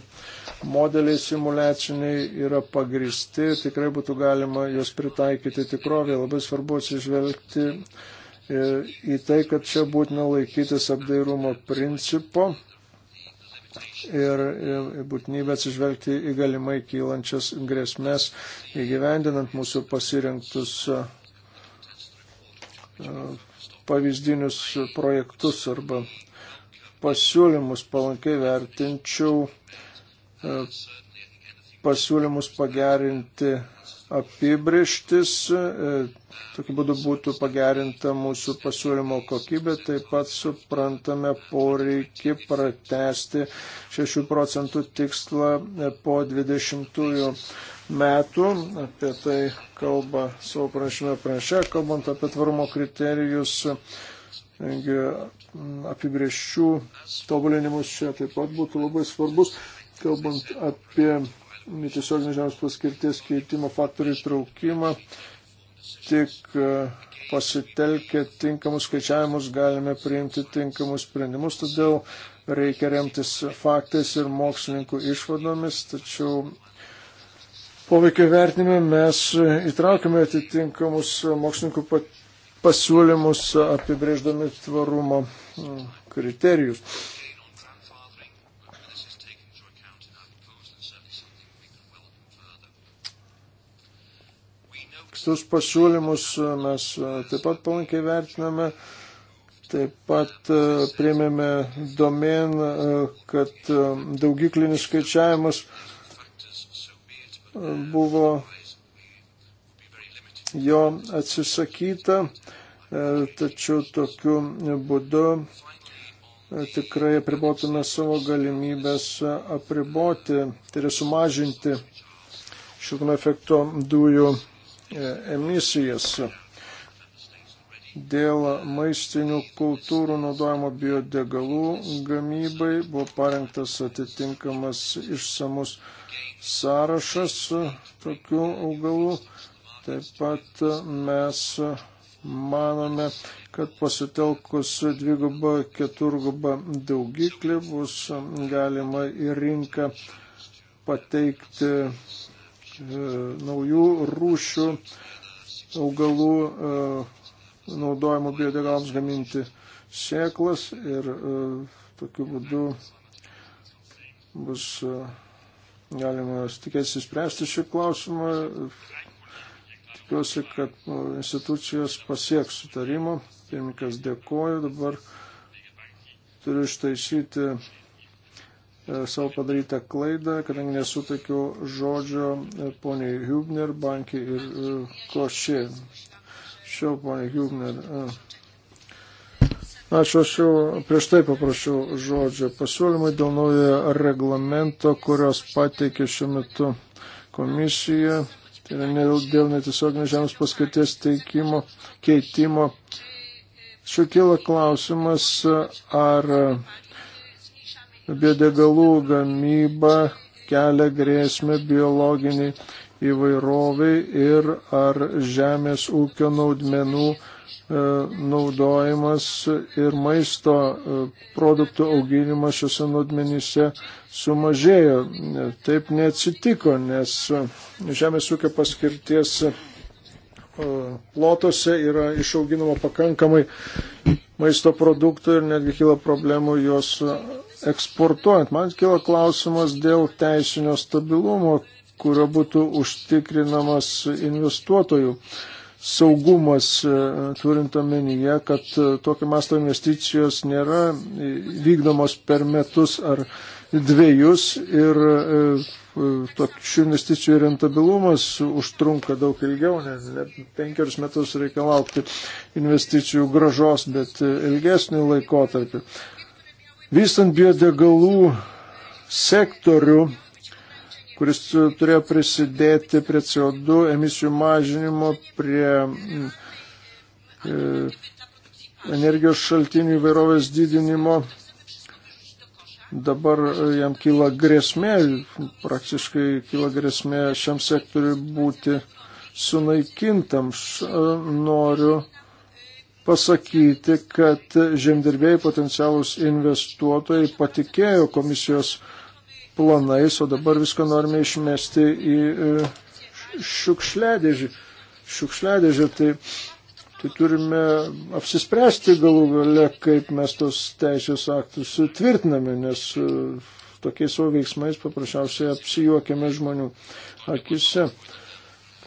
modeliai simulaciniai yra pagristi, tikrai būtų galima juos pritaikyti tikrovėje. Labai svarbu atsižvelgti e, į tai, kad čia būtina laikytis apdairumo principo ir būtinybę atsižvelgti į galimai kylančias grėsmės įgyvendinant mūsų pasirinktus e, pavyzdinius projektus arba pasiūlymus palankiai vertinčiau e, pasiūlymus pagerinti apibrištis, e, tokiu būdu būtų pagerinta mūsų pasiūlymo kokybė, taip pat suprantame poreikį pratesti 6 procentų tikslą po 20 metų, apie tai kalba savo pranešime pranešė, kalbant apie tvarumo kriterijus. Apibrieščių tobulinimus čia taip pat būtų labai svarbus, kalbant apie netiesioginės žemės paskirties keitimo faktorių įtraukimą. Tik e, pasitelkę tinkamus skaičiavimus galime priimti tinkamus sprendimus, todėl reikia remtis faktais ir mokslininkų išvadomis, tačiau poveikio vertinime mes įtraukime atitinkamus mokslininkų pasiūlymus apibrėždami tvarumo kriterijus. kitus pasiūlymus mes e, taip pat palankiai vertiname. Taip pat e, priemėme domen, e, kad daugiklinis skaičiavimas buvo jo atsisakyta, tačiau tokiu būdu tikrai apribotume savo galimybės apriboti, tai yra sumažinti šiltnamio efekto dujų E, emisijas. Dėl maistinių kultūrų naudojimo biodegalų gamybai buvo parengtas atitinkamas išsamus sąrašas tokių augalų. Taip pat mes manome, kad pasitelkus dvigubą, keturgubą daugiklį bus galima į rinką pateikti E, naujų rūšių augalų e, naudojimo biodegalams gaminti sėklas ir e, tokiu būdu bus galima tikėsi spręsti šį klausimą. Tikiuosi, kad institucijos pasieks sutarimo. Pirmininkas dėkoju. Dabar turiu ištaisyti E, savo padarytą klaidą, kadangi nesuteikiau žodžio e, poniai Hubner, bankį ir košė. E, Šiau, poniai Hubner. Ačiū, aš jau prieš tai paprašiau žodžio pasiūlymai dėl naujo reglamento, kurios pateikė šiuo metu komisija. Tai yra ne dėl netiesioginės žemės paskirties teikimo, keitimo. Šiuo kilo klausimas, ar biodegalų gamyba kelia grėsmę biologiniai įvairoviai ir ar žemės ūkio naudmenų e, naudojimas ir maisto e, produktų auginimas šiuose nuodmenyse sumažėjo. Taip neatsitiko, nes e, žemės ūkio paskirties plotose yra išauginama pakankamai maisto produktų ir netgi kyla problemų juos eksportuojant. Man kilo klausimas dėl teisinio stabilumo, kurio būtų užtikrinamas investuotojų saugumas, e, turint omenyje, kad e, tokio masto investicijos nėra e, vykdomos per metus ar dviejus ir šių investicijų rentabilumas užtrunka daug ilgiau, nes penkerius metus reikia laukti investicijų gražos, bet ilgesnį laikotarpį. Vystant biodegalų sektorių, kuris turėjo prisidėti prie CO2 emisijų mažinimo, prie mm, e, energijos šaltinių įvairovės didinimo. Dabar e, jam kyla grėsmė, praktiškai kyla grėsmė šiam sektoriui būti sunaikintam. E, noriu pasakyti, kad žemdirbėjai potencialus investuotojai patikėjo komisijos planais, o dabar viską norime išmesti į e, šiukšliadėžį. Šiukšliadėžį tai, tai turime apsispręsti galų gale, kaip mes tos teisės aktus tvirtiname, nes e, tokiais savo veiksmais paprasčiausiai apsijuokiame žmonių akise.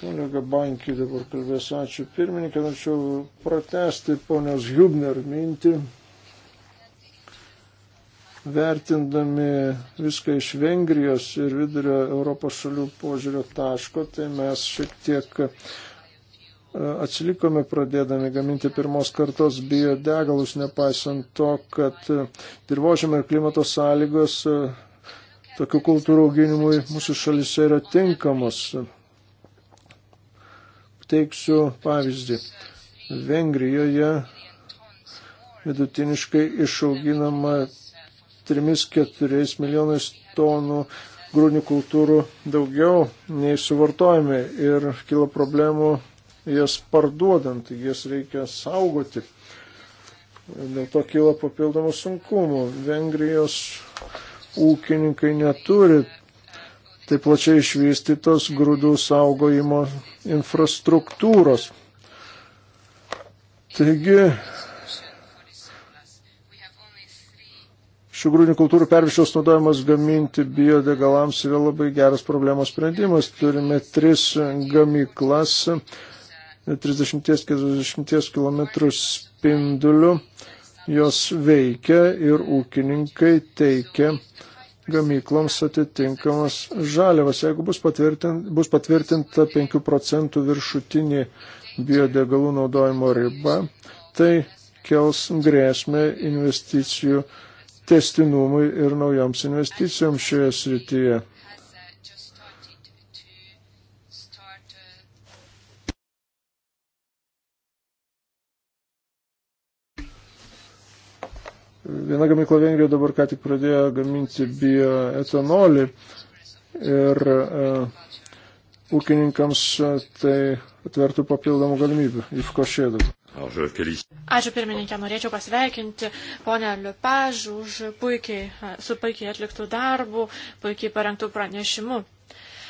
Kolega Bankį dabar kalbės, ačiū pirmininkai, norėčiau pratesti ponios Hubner mintį, vertindami viską iš Vengrijos ir vidurio Europos šalių požiūrio taško, tai mes šiek tiek e, atsilikome pradėdami gaminti pirmos kartos biodegalus, nepaisant to, kad e, dirbožėmio ir klimato sąlygos e, tokių kultūrų auginimui mūsų šalise yra tinkamos. Pateiksiu pavyzdį. Vengrijoje vidutiniškai išauginama 3-4 milijonais tonų grūdinių kultūrų daugiau nei suvartojame ir kilo problemų jas parduodant, jas reikia saugoti. Dėl to kilo papildomų sunkumų. Vengrijos ūkininkai neturi taip plačiai išvystytos grūdų saugojimo infrastruktūros. Taigi, šių grūdinių kultūrų pervišiaus naudojimas gaminti biodegalams yra labai geras problemos sprendimas. Turime tris gamyklas 30-40 km spinduliu. Jos veikia ir ūkininkai teikia gamykloms atitinkamas žaliavas. Jeigu bus, patvirtint, bus patvirtinta 5 procentų viršutinė biodegalų naudojimo riba, tai kels grėsmę investicijų testinumui ir naujoms investicijoms šioje srityje. viena gamykla Vengrijoje dabar ką tik pradėjo gaminti bioetanolį ir uh, ūkininkams tai atvertų papildomų galimybių. Ifkošėdų. Ačiū pirmininkė, norėčiau pasveikinti ponę Liupaž už puikiai, e, su puikiai atliktų darbų, puikiai parengtų pranešimų.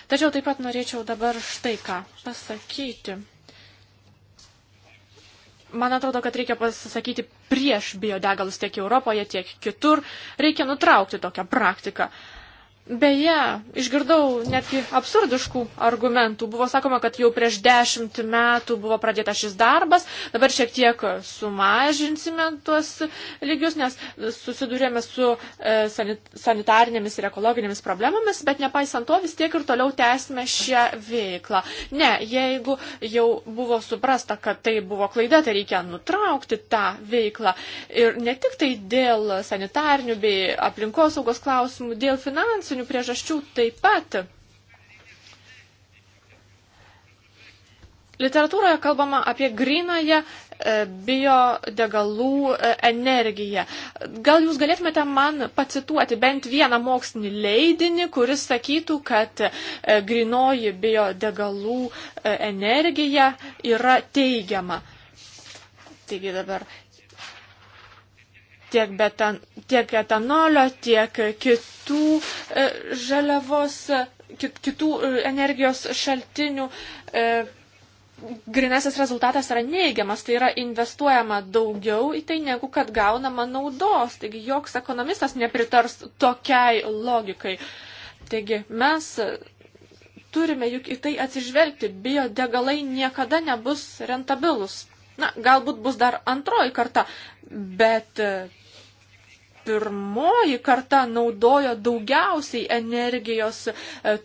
Tačiau taip pat norėčiau dabar štai ką pasakyti. Man atrodo, kad reikia pasisakyti prieš biodegalus tiek Europoje, tiek kitur. Reikia nutraukti tokią praktiką. Beje, išgirdau netgi absurdiškų argumentų. Buvo sakoma, kad jau prieš dešimt metų buvo pradėtas šis darbas, dabar šiek tiek sumažinsime tuos lygius, nes susidūrėme su e, sanitarnėmis ir ekologinėmis problemomis, bet nepaisant to vis tiek ir toliau tęsime šią veiklą. Ne, jeigu jau buvo suprasta, kad tai buvo klaida, tai reikia nutraukti tą veiklą. Ir ne tik tai dėl sanitarnių bei aplinkosaugos klausimų, dėl finansų teisinių priežasčių taip pat. Literatūroje kalbama apie grinąją e, biodegalų e, energiją. Gal jūs galėtumėte man pacituoti bent vieną mokslinį leidinį, kuris sakytų, kad e, grinoji biodegalų energija yra teigiama. Taigi dabar tiek, betan, tiek etanolio, tiek kitų e, žaliavos, e, kit, kitų e, energijos šaltinių. Grinasis rezultatas yra neigiamas, tai yra investuojama daugiau į tai, negu kad gaunama naudos. Taigi joks ekonomistas nepritars tokiai logikai. Taigi mes turime juk į tai atsižvelgti. Biodegalai niekada nebus rentabilus. Na, galbūt bus dar antroji karta, bet pirmoji karta naudojo daugiausiai energijos e, e,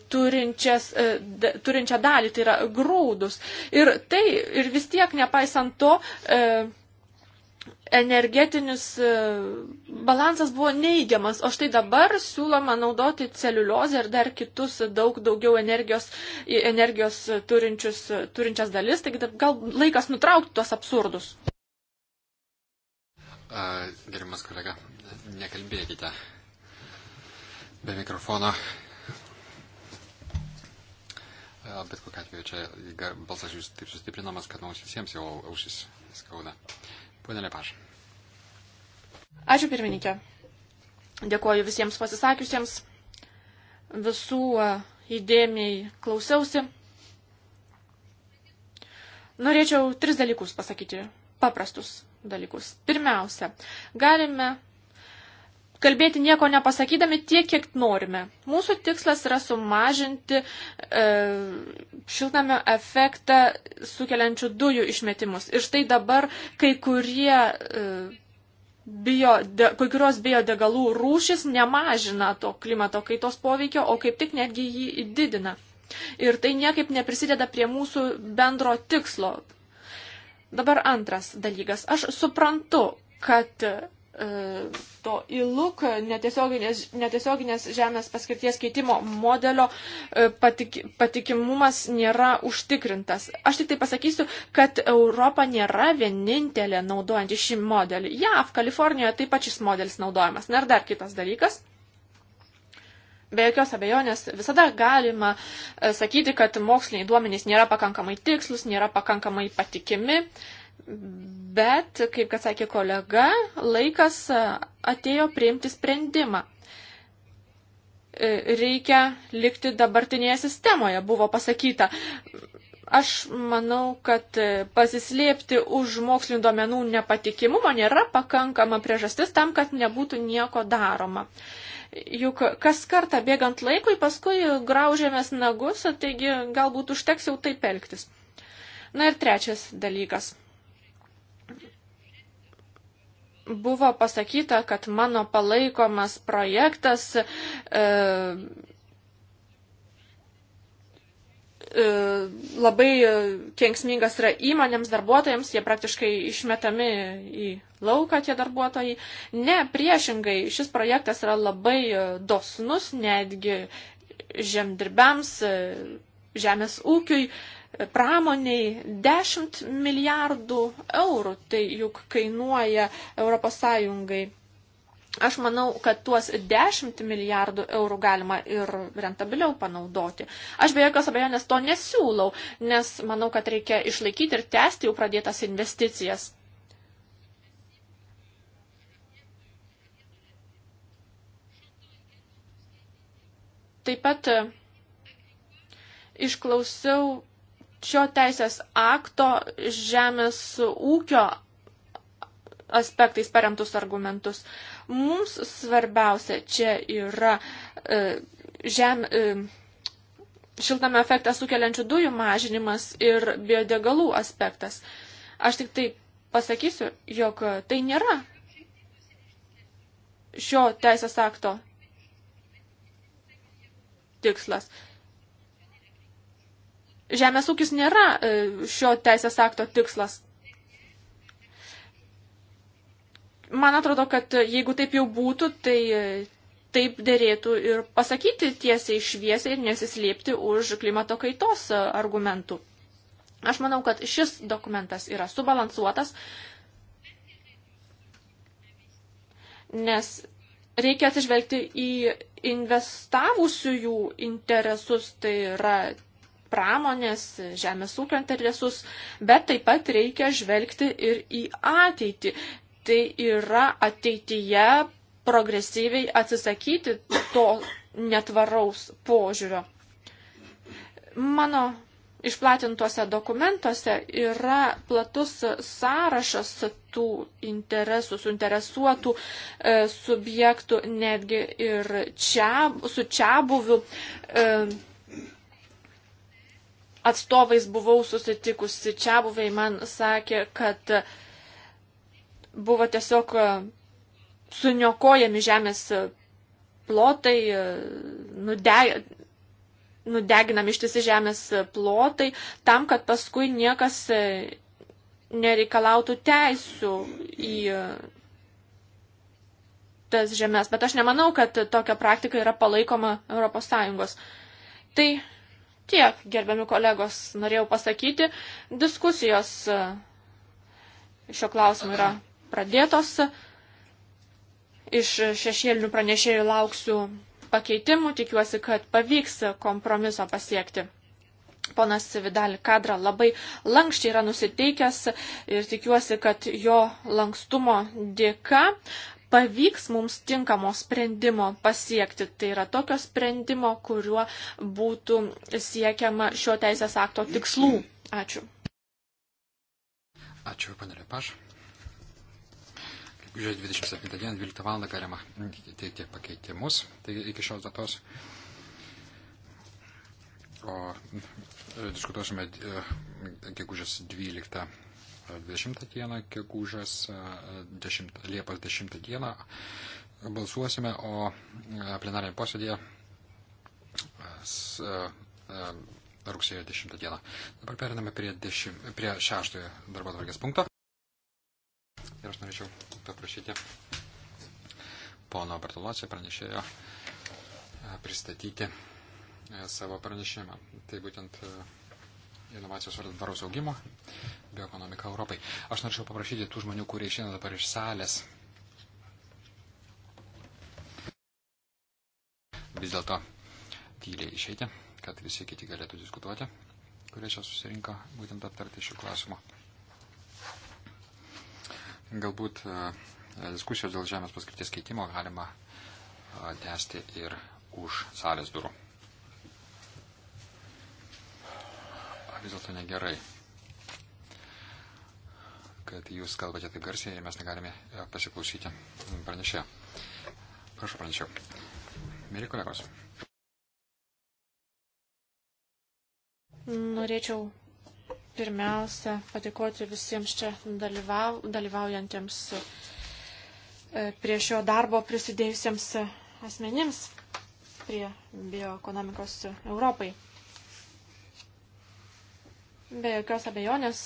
turinčią dalį, tai yra grūdus. Ir tai ir vis tiek, nepaisant to, e, energetinis balansas buvo neigiamas, o štai dabar siūloma naudoti celiuliozę ir dar kitus daug daugiau energijos, energijos turinčius, turinčias dalis, taigi gal laikas nutraukti tuos absurdus. Gerimas kolega, nekalbėkite be mikrofono. Bet kokia atveju čia balsas jūs taip sustiprinamas, kad mums visiems jau ausis skauda. Pone Lepaš. Ačiū pirmininkė. Dėkuoju visiems pasisakiusiems. Visų įdėmiai klausiausi. Norėčiau tris dalykus pasakyti. Paprastus dalykus. Pirmiausia, galime kalbėti nieko nepasakydami tiek, kiek norime. Mūsų tikslas yra sumažinti e, šiltnamio efektą sukeliančių dujų išmetimus. Ir štai dabar kai kurie. E, Bio, de, kai kurios biodegalų rūšis nemažina to klimato kaitos poveikio, o kaip tik netgi jį didina. Ir tai niekaip neprisideda prie mūsų bendro tikslo Dabar antras dalykas. Aš suprantu, kad e, to įluk netiesioginės, netiesioginės žemės paskirties keitimo modelio e, patik, patikimumas nėra užtikrintas. Aš tik tai pasakysiu, kad Europa nėra vienintelė naudojanti šį modelį. JAV, Kalifornijoje taip pat šis modelis naudojamas. Na ir dar kitas dalykas be jokios abejonės visada galima e, sakyti, kad moksliniai duomenys nėra pakankamai tikslus, nėra pakankamai patikimi, bet, kaip kad sakė kolega, laikas e, atėjo priimti sprendimą. E, reikia likti dabartinėje sistemoje, buvo pasakyta. Aš manau, kad pasislėpti už mokslinių duomenų nepatikimumo nėra pakankama priežastis tam, kad nebūtų nieko daroma. Uh, Juk kas kartą bėgant laikui paskui graužėmės nagus, taigi galbūt užteks jau taip elgtis. Na ir trečias dalykas. Buvo pasakyta, kad mano palaikomas projektas e, E, labai e, kenksmingas yra įmonėms, darbuotojams, jie praktiškai išmetami į lauką tie darbuotojai. Ne, priešingai, šis projektas yra labai e, dosnus netgi žemdirbiams, žemės ūkiui, pramoniai 10 milijardų eurų, tai juk kainuoja ES Aš manau, kad tuos 10 milijardų eurų galima ir rentabiliau panaudoti. Aš be jokios abejonės to nesiūlau, nes manau, kad reikia išlaikyti ir tęsti jau pradėtas investicijas. Taip pat e, išklausiau šio teisės akto žemės ūkio aspektais paremtus argumentus. Mums svarbiausia čia yra e, žem, e, šiltame efektą sukeliančių dujų mažinimas ir biodegalų aspektas. Aš tik tai pasakysiu, jog tai nėra šio teisės akto tikslas. Žemės ūkis nėra e, šio teisės akto tikslas. man atrodo, kad jeigu taip jau būtų, tai e, taip dėrėtų ir pasakyti tiesiai šviesiai ir nesislėpti už klimato kaitos argumentų. Aš manau, kad šis dokumentas yra subalansuotas, nes reikia atsižvelgti į investavusiųjų interesus, tai yra pramonės, žemės ūkio interesus, bet taip pat reikia žvelgti ir į ateitį tai yra ateityje progresyviai atsisakyti to netvaraus požiūrio. Mano išplatintuose dokumentuose yra platus sąrašas tų interesų, suinteresuotų e, subjektų, netgi ir čia, su čia buviu. E, atstovais buvau susitikusi, čia buvai man sakė, kad buvo tiesiog e, suniokojami žemės e, plotai, e, nude, nudeginami ištisi žemės plotai, tam, kad paskui niekas nereikalautų teisų į tas žemės. Bet aš nemanau, kad tokia praktika yra palaikoma ES. Tai tiek, gerbiami kolegos, norėjau pasakyti. Diskusijos šio klausimu yra pradėtos. Iš šešėlinių pranešėjų lauksiu pakeitimų, tikiuosi, kad pavyks kompromiso pasiekti. Ponas Vidali Kadra labai lankščiai yra nusiteikęs ir tikiuosi, kad jo lankstumo dėka pavyks mums tinkamo sprendimo pasiekti. Tai yra tokio sprendimo, kuriuo būtų siekiama šio teisės akto tikslų. Ačiū. Ačiū, panelė Paša. Gegužės 27 dieną 12 val. galima teikti pakeitimus, tai iki šios datos. O e, diskutuosime e, gegužės 12-20 e, dieną, gegužės 10, Liepos 10 dieną balsuosime, o plenarinėje posėdėje rugsėjo 10 dieną. Dabar periname prie, dešim, prie šeštojo darbo tvarkės punkto. Ir aš norėčiau paprašyti pono Bartolocio pranešėjo e, pristatyti e, savo pranešimą. Tai būtent e, inovacijos vardan tvaraus augimo, bioekonomika Europai. Aš norėčiau paprašyti tų žmonių, kurie išeina dabar iš salės. Vis dėlto tyliai išeiti, kad visi kiti galėtų diskutuoti, kurie čia susirinko būtent aptarti šių klausimų. Galbūt e, diskusijos dėl žemės paskirties keitimo galima e, tęsti ir už salės durų. Vis dėlto negerai, kad jūs kalbate taip garsiai ir mes negalime e, pasiklausyti pranešėjo. Prašau pranešiau. Mėly kolegos. Norėčiau pirmiausia padėkoti visiems čia dalyvau, dalyvaujantiems e, prie šio darbo prisidėjusiems e, asmenims prie bioekonomikos Europai. Be jokios abejonės,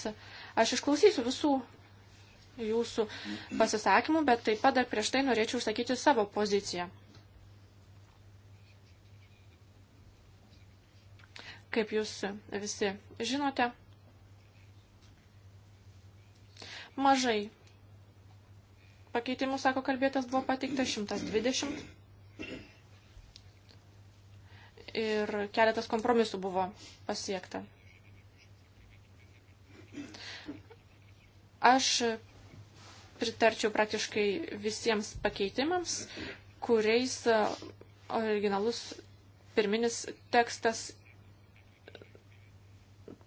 aš išklausysiu visų jūsų pasisakymų, bet taip pat dar prieš tai norėčiau užsakyti savo poziciją. Kaip jūs visi žinote, mažai. Pakeitimų, sako kalbėtas, buvo pateikta 120. Ir keletas kompromisų buvo pasiekta. Aš pritarčiau praktiškai visiems pakeitimams, kuriais originalus pirminis tekstas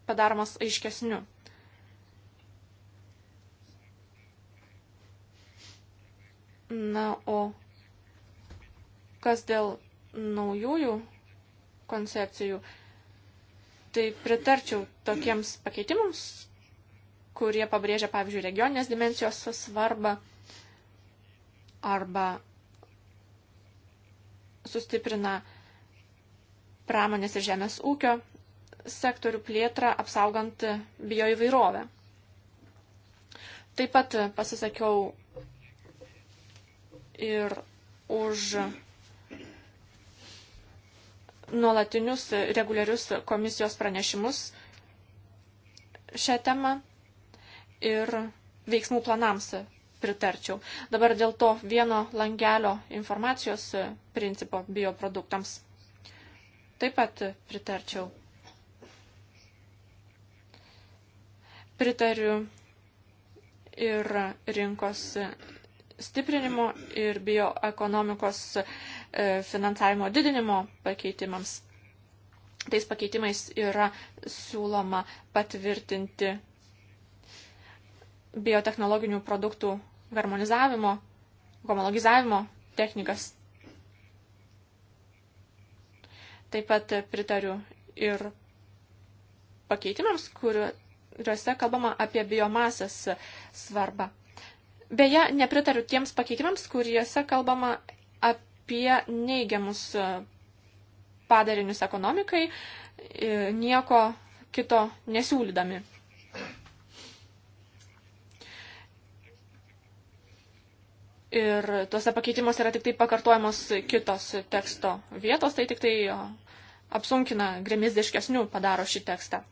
padaromas aiškesniu. Na, o kas dėl naujųjų koncepcijų, tai pritarčiau tokiems pakeitimams, kurie pabrėžia, pavyzdžiui, regioninės dimensijos svarbą arba sustiprina pramonės ir žemės ūkio sektorių plėtrą, apsaugant bioįvairovę. Taip pat pasisakiau ir už nuolatinius reguliarius komisijos pranešimus šią temą ir veiksmų planams pritarčiau. Dabar dėl to vieno langelio informacijos principo bioproduktams. Taip pat pritarčiau. Pritariu ir rinkos stiprinimo ir bioekonomikos e, finansavimo didinimo pakeitimams. Tais pakeitimais yra siūloma patvirtinti biotehnologinių produktų harmonizavimo, homologizavimo technikas. Taip pat pritariu ir pakeitimams, kuriuose kalbama apie biomasės svarbą. Beje, nepritariu tiems pakeitimams, kuriuose kalbama apie neigiamus e, padarinius ekonomikai, e, nieko kito nesiūlydami. Ir tuose pakeitimuose yra tik tai pakartojamos kitos teksto vietos, tai tik tai e, apsunkina, gremizdiškesnių padaro šį tekstą.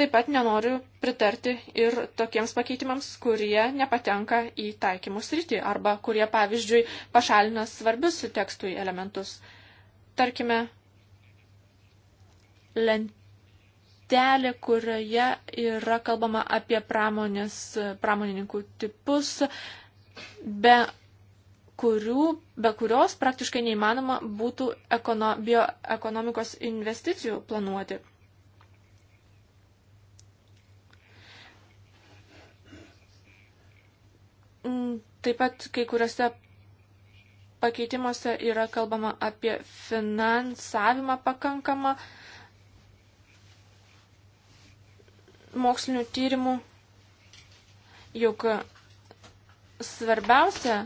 Taip pat nenoriu pritarti ir tokiems pakeitimams, kurie nepatenka į taikymų sritį arba kurie, pavyzdžiui, pašalina svarbius tekstui elementus. Tarkime, lentelė, kurioje yra kalbama apie pramonės, pramonininkų tipus, be, kurių, be kurios praktiškai neįmanoma būtų ekono, bioekonomikos investicijų planuoti. Mm, taip pat kai kuriuose pakeitimuose yra kalbama apie finansavimą pakankamą mokslinių tyrimų, juk svarbiausia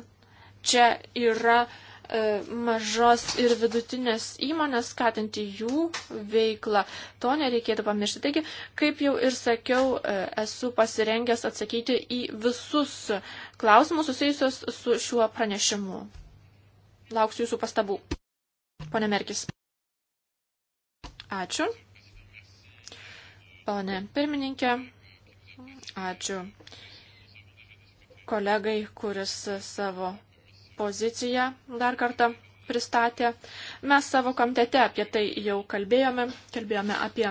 čia yra E, mažos ir vidutinės įmonės, skatinti jų veiklą. To nereikėtų pamiršti. Taigi, kaip jau ir sakiau, e, esu pasirengęs atsakyti į visus klausimus susijusios su šiuo pranešimu. Lauksiu jūsų pastabų. Pone Merkis. Ačiū. Pone pirmininkė. Ačiū kolegai, kuris savo poziciją dar kartą pristatė. Mes savo komitete apie tai jau kalbėjome, kalbėjome apie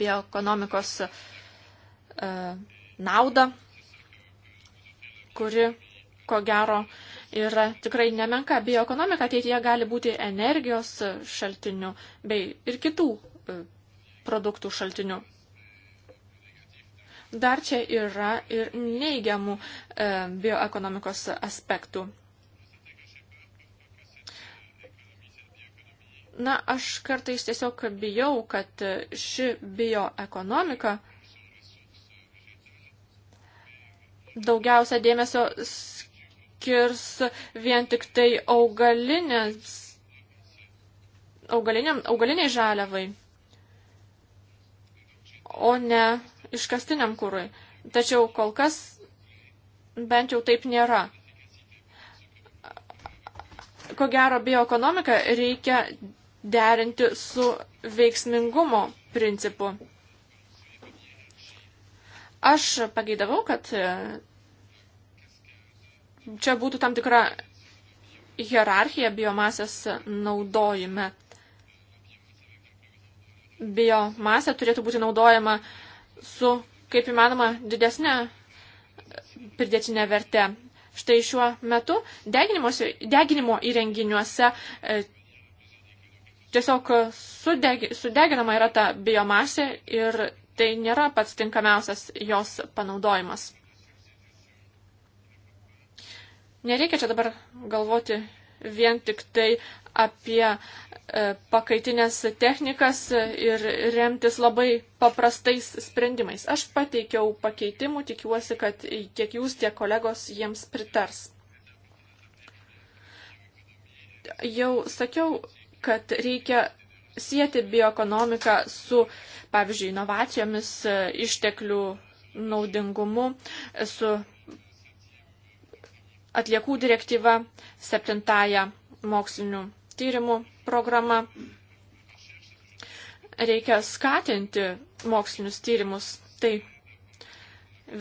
bioekonomikos e, naudą, kuri, ko gero, yra tikrai nemenka. Bioekonomika ateityje gali būti energijos šaltiniu bei ir kitų e, produktų šaltiniu. Dar čia yra ir neigiamų e, bioekonomikos aspektų. Na, aš kartais tiesiog bijau, kad ši bioekonomika daugiausia dėmesio skirs vien tik tai augalinės, augaliniam, augaliniai žaliavai, o ne iškastiniam kūrui. Tačiau kol kas bent jau taip nėra ko gero bioekonomiką reikia derinti su veiksmingumo principu. Aš pageidavau, kad e, čia būtų tam tikra hierarchija biomasės naudojime. Biomasė turėtų būti naudojama su, kaip įmanoma, didesnė pridėtinė vertė. Štai šiuo metu deginimo įrenginiuose e, tiesiog e, sudegi, sudeginama yra ta biomasė ir tai nėra pats tinkamiausias jos panaudojimas. Nereikia čia dabar galvoti vien tik tai apie e, pakaitinės technikas ir remtis labai paprastais sprendimais. Aš pateikiau pakeitimų, tikiuosi, kad tiek jūs, tiek kolegos jiems pritars. Jau sakiau kad reikia sieti bioekonomiką su, pavyzdžiui, inovacijomis, e, išteklių naudingumu, e, su atliekų direktyva, septintaja mokslinių tyrimų programa. Reikia skatinti mokslinius tyrimus. Tai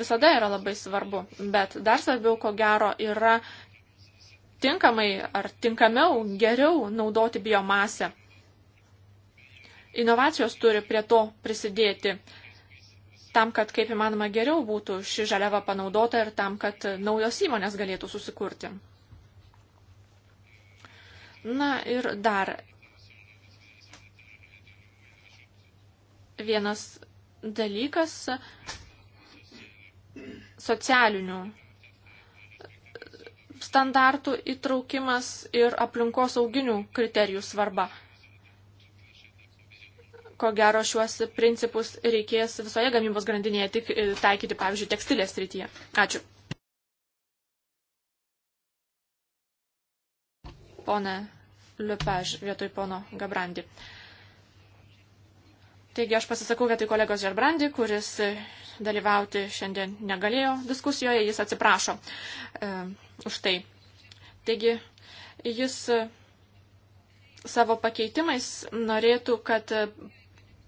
visada yra labai svarbu, bet dar svarbiau, ko gero, yra tinkamai ar tinkamiau, geriau naudoti biomasę. Inovacijos turi prie to prisidėti tam, kad kaip įmanoma geriau būtų ši žaliava panaudota ir tam, kad naujos įmonės galėtų susikurti. Na ir dar vienas dalykas socialinių standartų įtraukimas ir aplinkosauginių kriterijų svarba. Ko gero šiuos principus reikės visoje gamybos grandinėje tik e, taikyti, pavyzdžiui, tekstilės srityje. Ačiū. Pone Liupež vietoj pono Gabrandi. Taigi aš pasisakau vietoj kolegos Žerbrandi, kuris dalyvauti šiandien negalėjo diskusijoje, jis atsiprašo e, už tai. Taigi jis e, savo pakeitimais norėtų, kad e,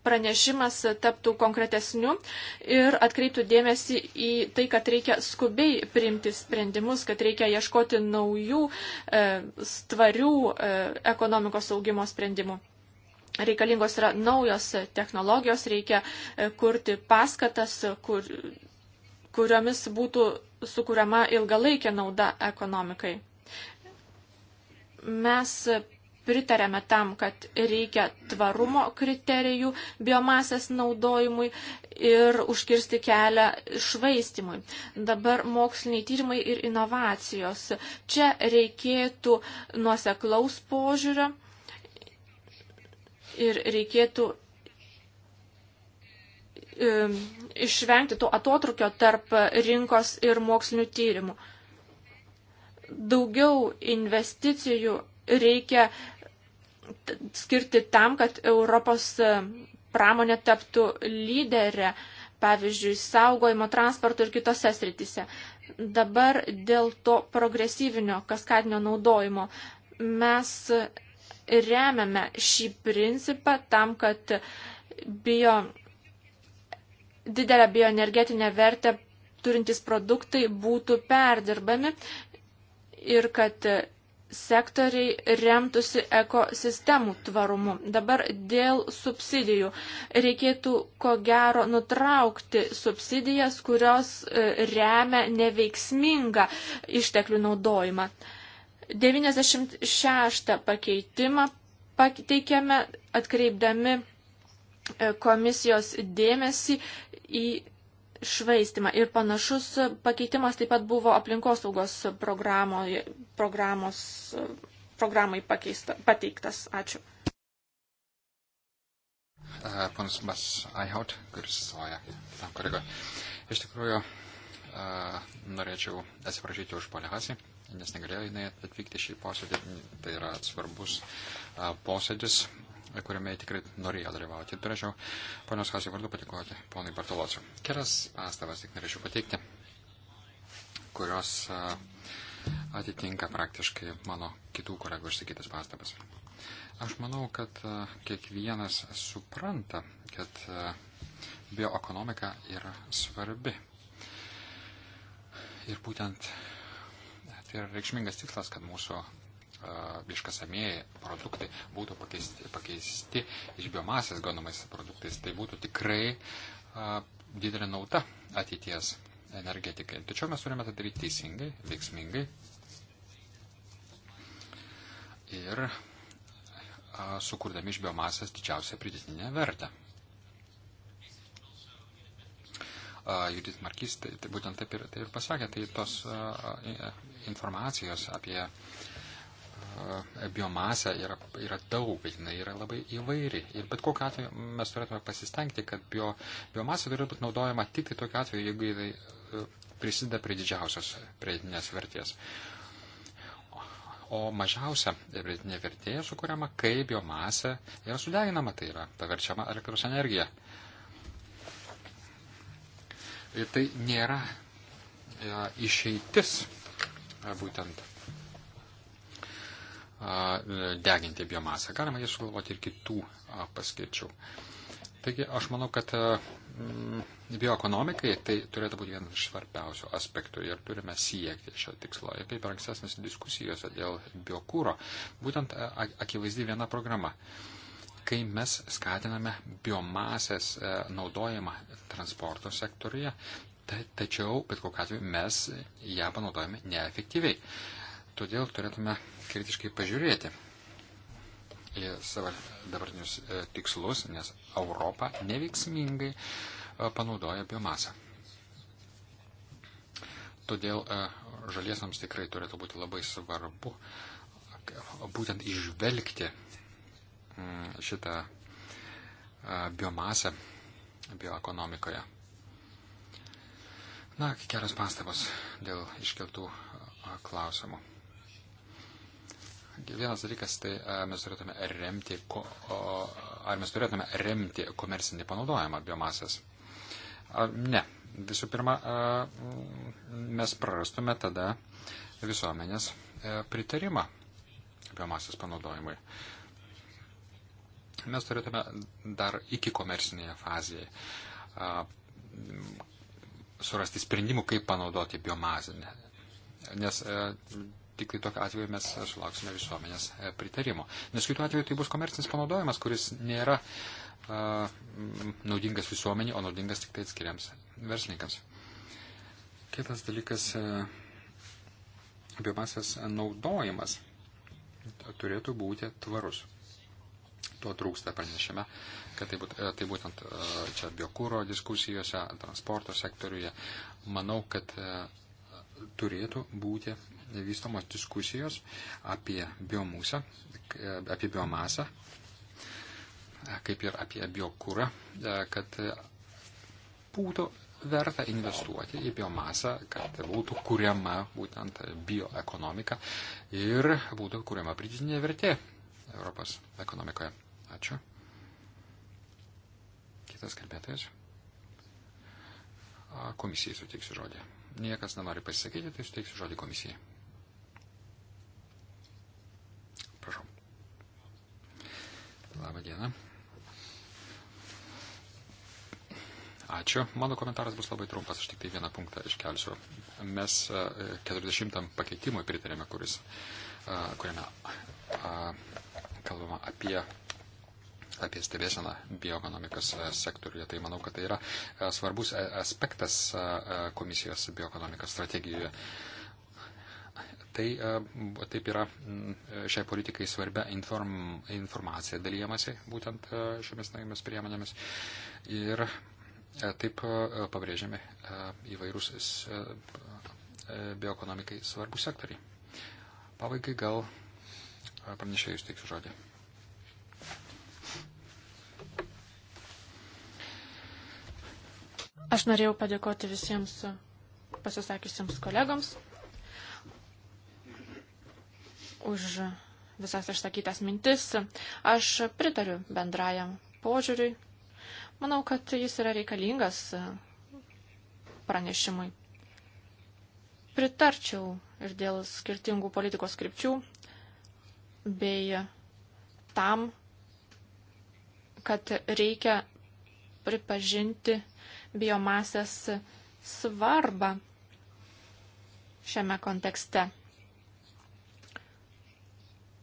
pranešimas taptų konkretesniu ir atkreiptų dėmesį į tai, kad reikia skubiai priimti sprendimus, kad reikia ieškoti naujų, e, tvarių e, ekonomikos augimo sprendimų reikalingos yra naujos technologijos, reikia e, kurti paskatas, kur, kuriomis būtų sukūriama ilgalaikė nauda ekonomikai. Mes pritarėme tam, kad reikia tvarumo kriterijų biomasės naudojimui ir užkirsti kelią švaistimui. Dabar moksliniai tyrimai ir inovacijos. Čia reikėtų nuoseklaus požiūrio ir reikėtų išvengti to atotrukio tarp rinkos ir mokslinių tyrimų. Daugiau investicijų reikia skirti tam, kad Europos pramonė taptų lyderę, pavyzdžiui, saugojimo, transporto ir kitose sritise. Dabar dėl to progresyvinio kaskadinio naudojimo mes remiame šį principą tam, kad bio, didelę bioenergetinę vertę turintys produktai būtų perdirbami ir kad sektoriai remtųsi ekosistemų tvarumu. Dabar dėl subsidijų. Reikėtų ko gero nutraukti subsidijas, kurios e, remia neveiksmingą išteklių naudojimą. 96 pakeitimą pateikėme atkreipdami e, komisijos dėmesį į švaistimą. Ir panašus pakeitimas taip pat buvo aplinkosaugos programos, e, programai pakeista, pateiktas. Ačiū. E, ponas Bas Aihaut, kuris soja tam koregoje. Iš tikrųjų, norėčiau atsiprašyti už polegasiją nes negalėjo jinai atvykti šį posėdį. Tai yra svarbus posėdis, kuriame tikrai norėjo dalyvauti. Ir turėčiau ponios Hasė vardu patikoti ponui Bartolosiu. Kelias pastabas tik norėčiau pateikti, kurios atitinka praktiškai mano kitų kolegų išsakytas pastabas. Aš manau, kad kiekvienas supranta, kad bioekonomika yra svarbi. Ir būtent tai yra reikšmingas tikslas, kad mūsų iškasamieji produktai būtų pakeisti, pakeisti iš biomasės gaunamais produktais, tai būtų tikrai a, didelė nauda ateities energetikai. Tačiau mes turime tai daryti teisingai, veiksmingai ir a, sukurdami iš biomasės didžiausią pridėtinę vertę. Judith Markys, tai, tai būtent taip ir, tai ir pasakė, tai tos a, informacijos apie a, biomasę yra, yra daug, bet jinai yra labai įvairi. Ir bet kokiu atveju mes turėtume pasistengti, kad bio, biomasė turėtų būti naudojama tik tai tokiu atveju, jeigu jinai prisideda prie didžiausios pridėtinės vertės. O mažiausia pridėtinė vertė sukuriama, kai biomasė yra sudeginama, tai yra paverčiama elektros energija. Uh, Ir e, tai nėra e, išeitis e, būtent deginti biomasą. Galima jas sugalvoti ir kitų paskirčių. Taigi aš manau, kad bioekonomikai tai turėtų būti vienas iš svarbiausių aspektų ir turime siekti šio tikslo. Ir kaip ir ankstesnės diskusijose dėl biokūro, būtent akivaizdi viena programa. Uh, kai mes skatiname biomasės e, naudojimą transporto sektoriuje, ta, tačiau bet kokiu atveju mes ją panaudojame neefektyviai. Todėl turėtume kritiškai pažiūrėti į savo dabartinius e, tikslus, nes Europa neveiksmingai e, panaudoja biomasą. Todėl žaliesiams tikrai turėtų būti labai svarbu būtent išvelgti šitą biomasę bioekonomikoje. Na, kelios pastabos dėl iškeltų klausimų. Vienas dalykas, tai mes turėtume remti, ar mes turėtume remti komercinį panaudojimą biomasės. Ne. Visų pirma, mes prarastume tada visuomenės e, pritarimą biomasės panaudojimui mes turėtume dar iki komercinėje fazėje surasti sprendimų, kaip panaudoti biomazinę. Nes e, tik tai tokiu atveju mes sulauksime visuomenės e, pritarimo. Nes kitu atveju tai bus komercinis panaudojimas, kuris nėra a, naudingas visuomenį, o naudingas tik tai atskiriams verslininkams. Kitas dalykas e, - biomasės naudojimas turėtų būti tvarus. To trūksta pranešime, kad tai, būt, e, tai būtent e, čia biokūro diskusijose, transporto sektoriuje. Manau, kad e, turėtų būti vystomos diskusijos apie biomusą, apie biomasą, kaip ir apie biokūrą, kad būtų verta investuoti į biomasą, kad būtų kuriama būtent bioekonomika ir būtų kuriama pridėtinė vertė Europos ekonomikoje. Ačiū. Kitas kalbėtojas. Komisijai suteiksiu žodį. Niekas nenori pasisakyti, tai suteiksiu žodį komisijai. Prašau. Labą dieną. Ačiū. Mano komentaras bus labai trumpas, aš tik tai vieną punktą iškelsiu. Mes 40 e, pakeitimui pritarėme, kuris, e, kuriame kalbama apie apie stebėseną bioekonomikos e, sektoriuje. Tai manau, kad tai yra e, svarbus e, aspektas komisijos bioekonomikos strategijoje. Tai taip yra šiai politikai svarbia inform, informacija dalyjamasi būtent šiomis naujomis priemonėmis. Ir taip pabrėžiami įvairūs bioekonomikai svarbus sektoriai. Pabaigai gal pranešėjai išteiksiu žodį. Aš norėjau padėkoti visiems pasisakiusiems kolegoms už visas išsakytas mintis. Aš pritariu bendrajam požiūriui. Manau, kad jis yra reikalingas pranešimui. Pritarčiau ir dėl skirtingų politikos skripčių, bei tam, kad reikia pripažinti biomasės svarbą šiame kontekste.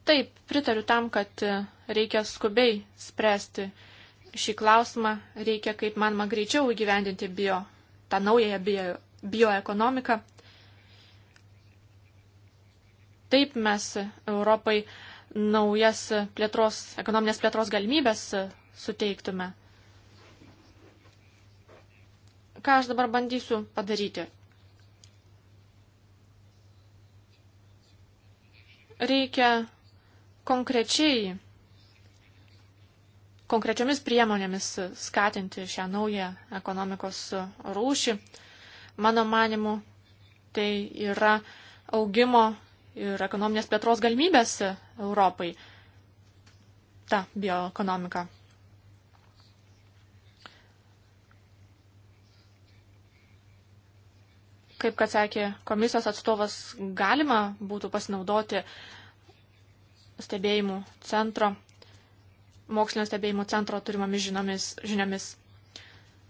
Taip, pritariu tam, kad reikia skubiai spręsti šį klausimą, reikia kaip manoma greičiau įgyvendinti bio, tą naująją bio, bioekonomiką. Taip mes Europai uh, naujas plėtros, ekonominės plėtros galimybės suteiktume. Ką aš dabar bandysiu padaryti? Reikia konkrečiai, konkrečiomis priemonėmis skatinti šią naują ekonomikos rūšį. Mano manimu, tai yra augimo ir ekonominės plėtros galimybės Europai. Ta bioekonomika. Kaip kad sakė komisijos atstovas, galima būtų pasinaudoti stebėjimų centro, mokslinio stebėjimų centro turimomis žinomis, žiniomis.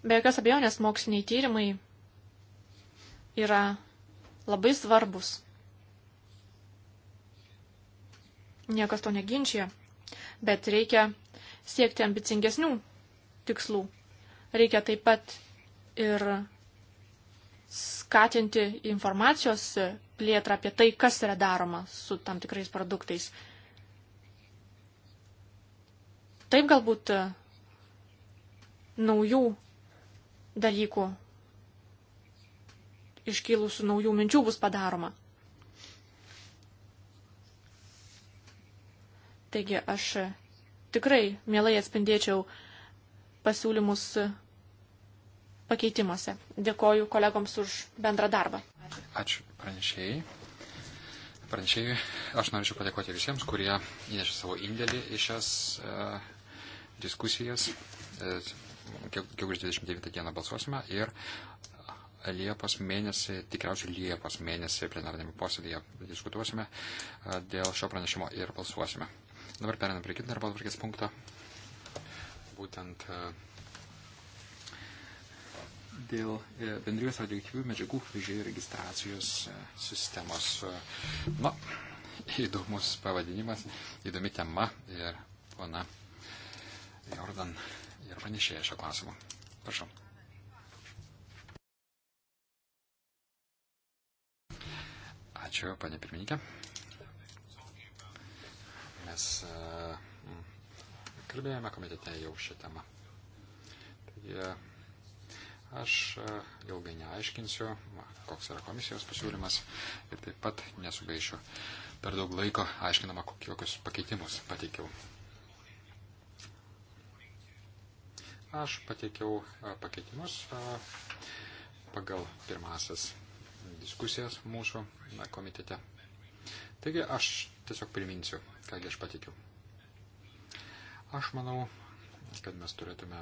Be jokios abejonės moksliniai tyrimai yra labai svarbus Niekas to neginčia. Bet reikia siekti ambicingesnių tikslų. Reikia taip pat ir skatinti informacijos plėtrą apie tai, kas yra daroma su tam tikrais produktais. Taip galbūt naujų dalykų iškilusių naujų minčių bus padaroma. Taigi aš tikrai mielai atspindėčiau pasiūlymus pakeitimuose. Dėkoju kolegoms už bendrą darbą. Ačiū pranešėjai. Pranešėjai, aš norėčiau padėkoti visiems, kurie įnešė savo indėlį į šias e, diskusijas. E, Gegužės 29 dieną balsuosime ir Liepos mėnesį, tikriausiai Liepos mėnesį plenarnėme posėdėje diskutuosime e, dėl šio pranešimo ir balsuosime. Dabar perinam prie kito darbo atvarkės punkto. Būtent e, dėl e, bendrijos radioaktyvių medžiagų vežėjų registracijos e, sistemos. Na, įdomus pavadinimas, įdomi tema ir pana Jordan ir pranešėja šio klausimo. Prašau. Ačiū, panė pirmininkė mes e, kalbėjome komitete jau šią temą. Taigi, aš e, ilgai neaiškinsiu, koks yra komisijos pasiūlymas ir taip pat nesugaišiu per daug laiko aiškinama, kokius pakeitimus pateikiau. Aš pateikiau e, pakeitimus pagal pirmasis diskusijas mūsų komitete. Taigi aš tiesiog priminsiu kągi aš patikiu. Aš manau, kad mes turėtume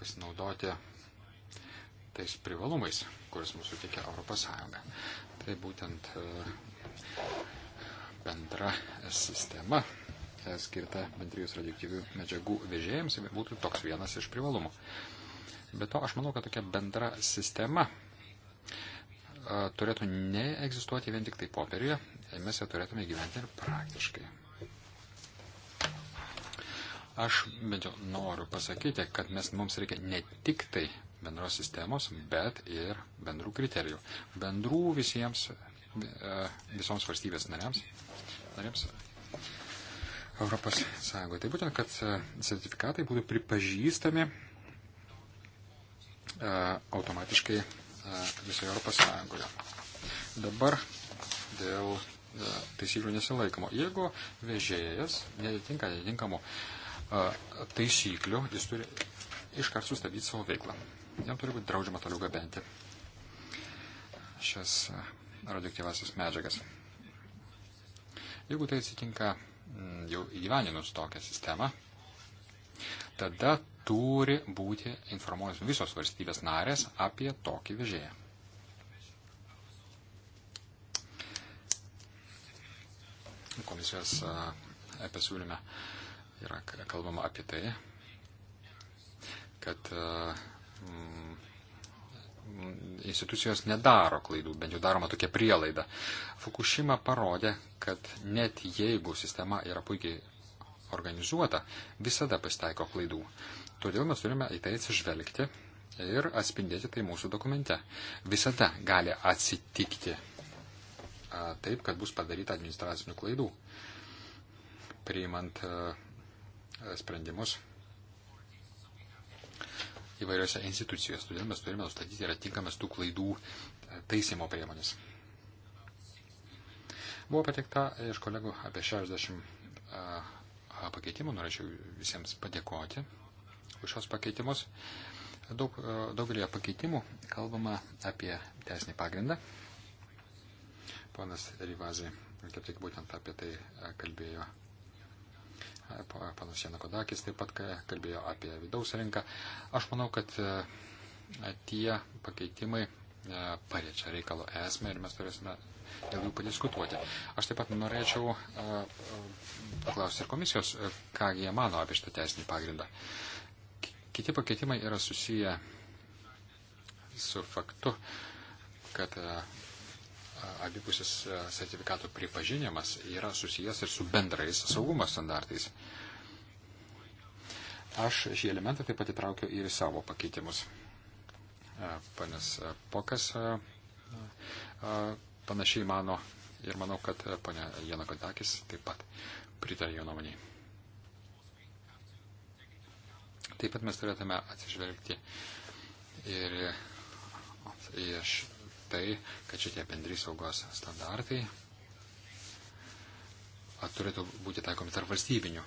pasinaudoti tais privalumais, kuris mūsų teikia Europos Sąjunga. Tai būtent e, bendra sistema e, skirta bendrijos radioaktyvių medžiagų vežėjams būtų toks vienas iš privalumų. Be to, aš manau, kad tokia bendra sistema turėtų neegzistuoti vien tik tai popieriuje, mes ją turėtume gyventi ir praktiškai. Aš bent jau noriu pasakyti, kad mes, mums reikia ne tik tai bendros sistemos, bet ir bendrų kriterijų. Bendrų visiems, visoms valstybės nariams, nariams Europos Sąjungoje. Tai būtent, kad sertifikatai būtų pripažįstami automatiškai E, visoje Europos Sąjungoje. Dabar dėl e, taisyklių nesilaikoma. Jeigu vežėjas netitinka netitinkamų e, taisyklių, jis turi iškart sustabdyti savo veiklą. Jam turi būti draudžiama toliau gabenti šias radioaktyvasis medžiagas. Jeigu tai atsitinka jau įgyvaninus tokią sistemą, tada turi būti informuojamas visos valstybės narės apie tokį vežėją. Komisijos e, pasiūlyme yra kalbama apie tai, kad institucijos nedaro klaidų, bent jau daroma tokia prielaida. Fukushima parodė, kad net jeigu sistema yra puikiai organizuota, visada pasitaiko klaidų. Todėl mes turime į tai atsižvelgti ir atspindėti tai mūsų dokumente. Visada gali atsitikti a, taip, kad bus padaryta administracinių klaidų, priimant a, sprendimus įvairiose institucijose. Todėl mes turime nustatyti ir atitinkamas tų klaidų taisymo priemonės. Buvo patikta iš kolegų apie 60 pakeitimų, norėčiau visiems padėkoti už šios pakeitimus. Daug, e, daugelį pakeitimų kalbama apie teisinį pagrindą. Ponas Rivazai kaip tik būtent apie tai e, kalbėjo. Panas Janakodakis taip pat e, kalbėjo apie vidaus rinką. Aš manau, kad tie pakeitimai paliečia reikalo esmę ir mes turėsime dėl jų padiskutuoti. Aš taip pat norėčiau e, e, paklausti ir komisijos, e, ką jie mano apie šitą teisinį pagrindą. Kiti pakeitimai yra susiję su faktu, kad abipusis sertifikatų pripažinimas yra susijęs ir su bendrais saugumo standartais. Aš šį elementą taip pat įtraukiu ir į savo pakeitimus. Panas Pokas panašiai mano ir manau, kad ponia Jana Kodakis taip pat pritarė jo nuomonėje. Taip pat mes turėtume atsižvelgti ir iš tai, kad šitie bendri saugos standartai turėtų būti taikomi tarp valstybinių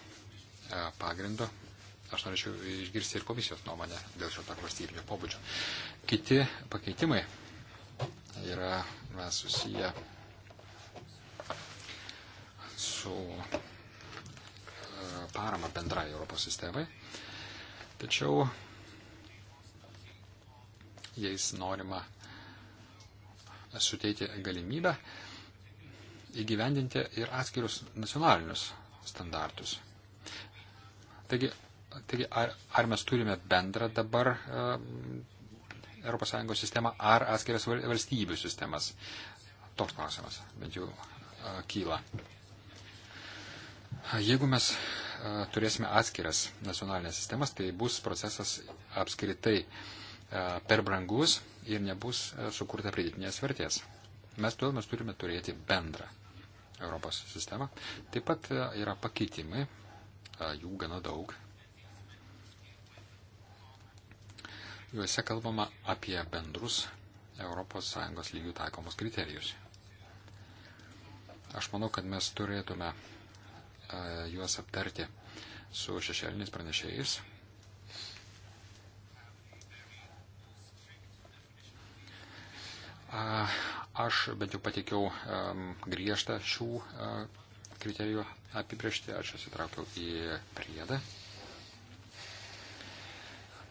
pagrindų. Aš norėčiau išgirsti ir komisijos nuomonę dėl šio tarp valstybinio pobūdžio. Kiti pakeitimai yra mes susiję su e, parama bendrai Europos sistemai. Tačiau jais norima suteikti galimybę įgyvendinti ir atskirius nacionalinius standartus. Taigi, taigi ar, ar mes turime bendrą dabar e, ES sistemą ar atskiras valstybių sistemas. Toks klausimas bent jau kyla. Jeigu mes turėsime atskiras nacionalinės sistemas, tai bus procesas apskritai per brangus ir nebus sukurta pridėtinės vertės. Mes todėl mes turime turėti bendrą Europos sistemą. Taip pat yra pakeitimai, jų gana daug Juose kalbama apie bendrus ES lygių taikomus kriterijus. Aš manau, kad mes turėtume e, juos aptarti su šešėliniais pranešėjais. Aš bent jau pateikiau griežtą šių e, kriterijų apibriežti, aš jas įtraukiau į priedą.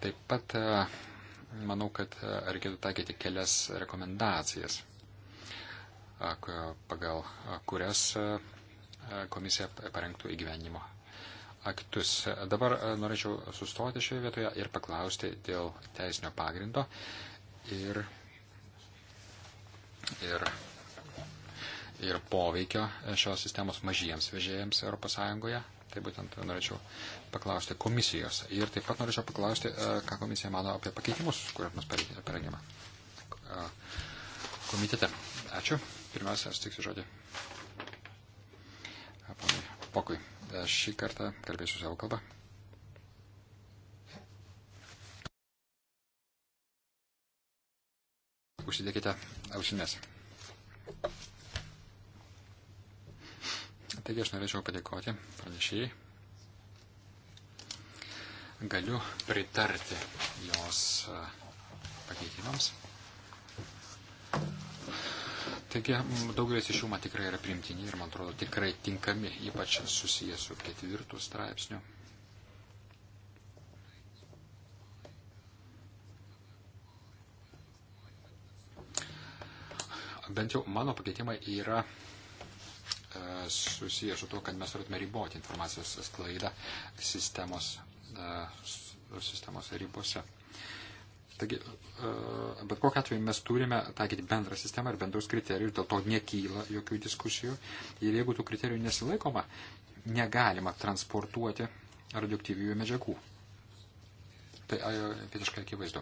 Taip pat e, manau, kad e, reikėtų taikyti kelias rekomendacijas, pagal kurias e, e, komisija parengtų įgyvenimo aktus. Dabar norėčiau sustoti šioje vietoje ir paklausti dėl teisinio pagrindo ir, ir ir poveikio šios sistemos mažiems vežėjams ES. Tai būtent norėčiau paklausti komisijos. Ir taip pat norėčiau paklausti, e, ką komisija mano apie pakeitimus, kuriuos mes parengėme e, komitete. Ačiū. Pirmiausia, aš tiksiu žodį. E, Pokui. Aš šį kartą kalbėsiu savo kalbą. Užsidėkite ausinės. Taigi aš norėčiau padėkoti pranešėjai. Galiu pritarti jos e, pakeitimams. Taigi daugelis iš jų man tikrai yra primtini ir man atrodo tikrai tinkami, ypač susijęs su ketvirtų straipsniu. Bent jau mano pakeitimai yra susijęs su to, kad mes turėtume riboti informacijos sklaidą sistemos, e, sistemos ribose. Taigi, e, bet kokiu atveju mes turime taikyti bendrą sistemą ir bendrus kriterijus, dėl to nekyla jokių diskusijų. Ir jeigu tų kriterijų nesilaikoma, negalima transportuoti radioaktyviųjų medžiagų. Tai visiškai akivaizdu.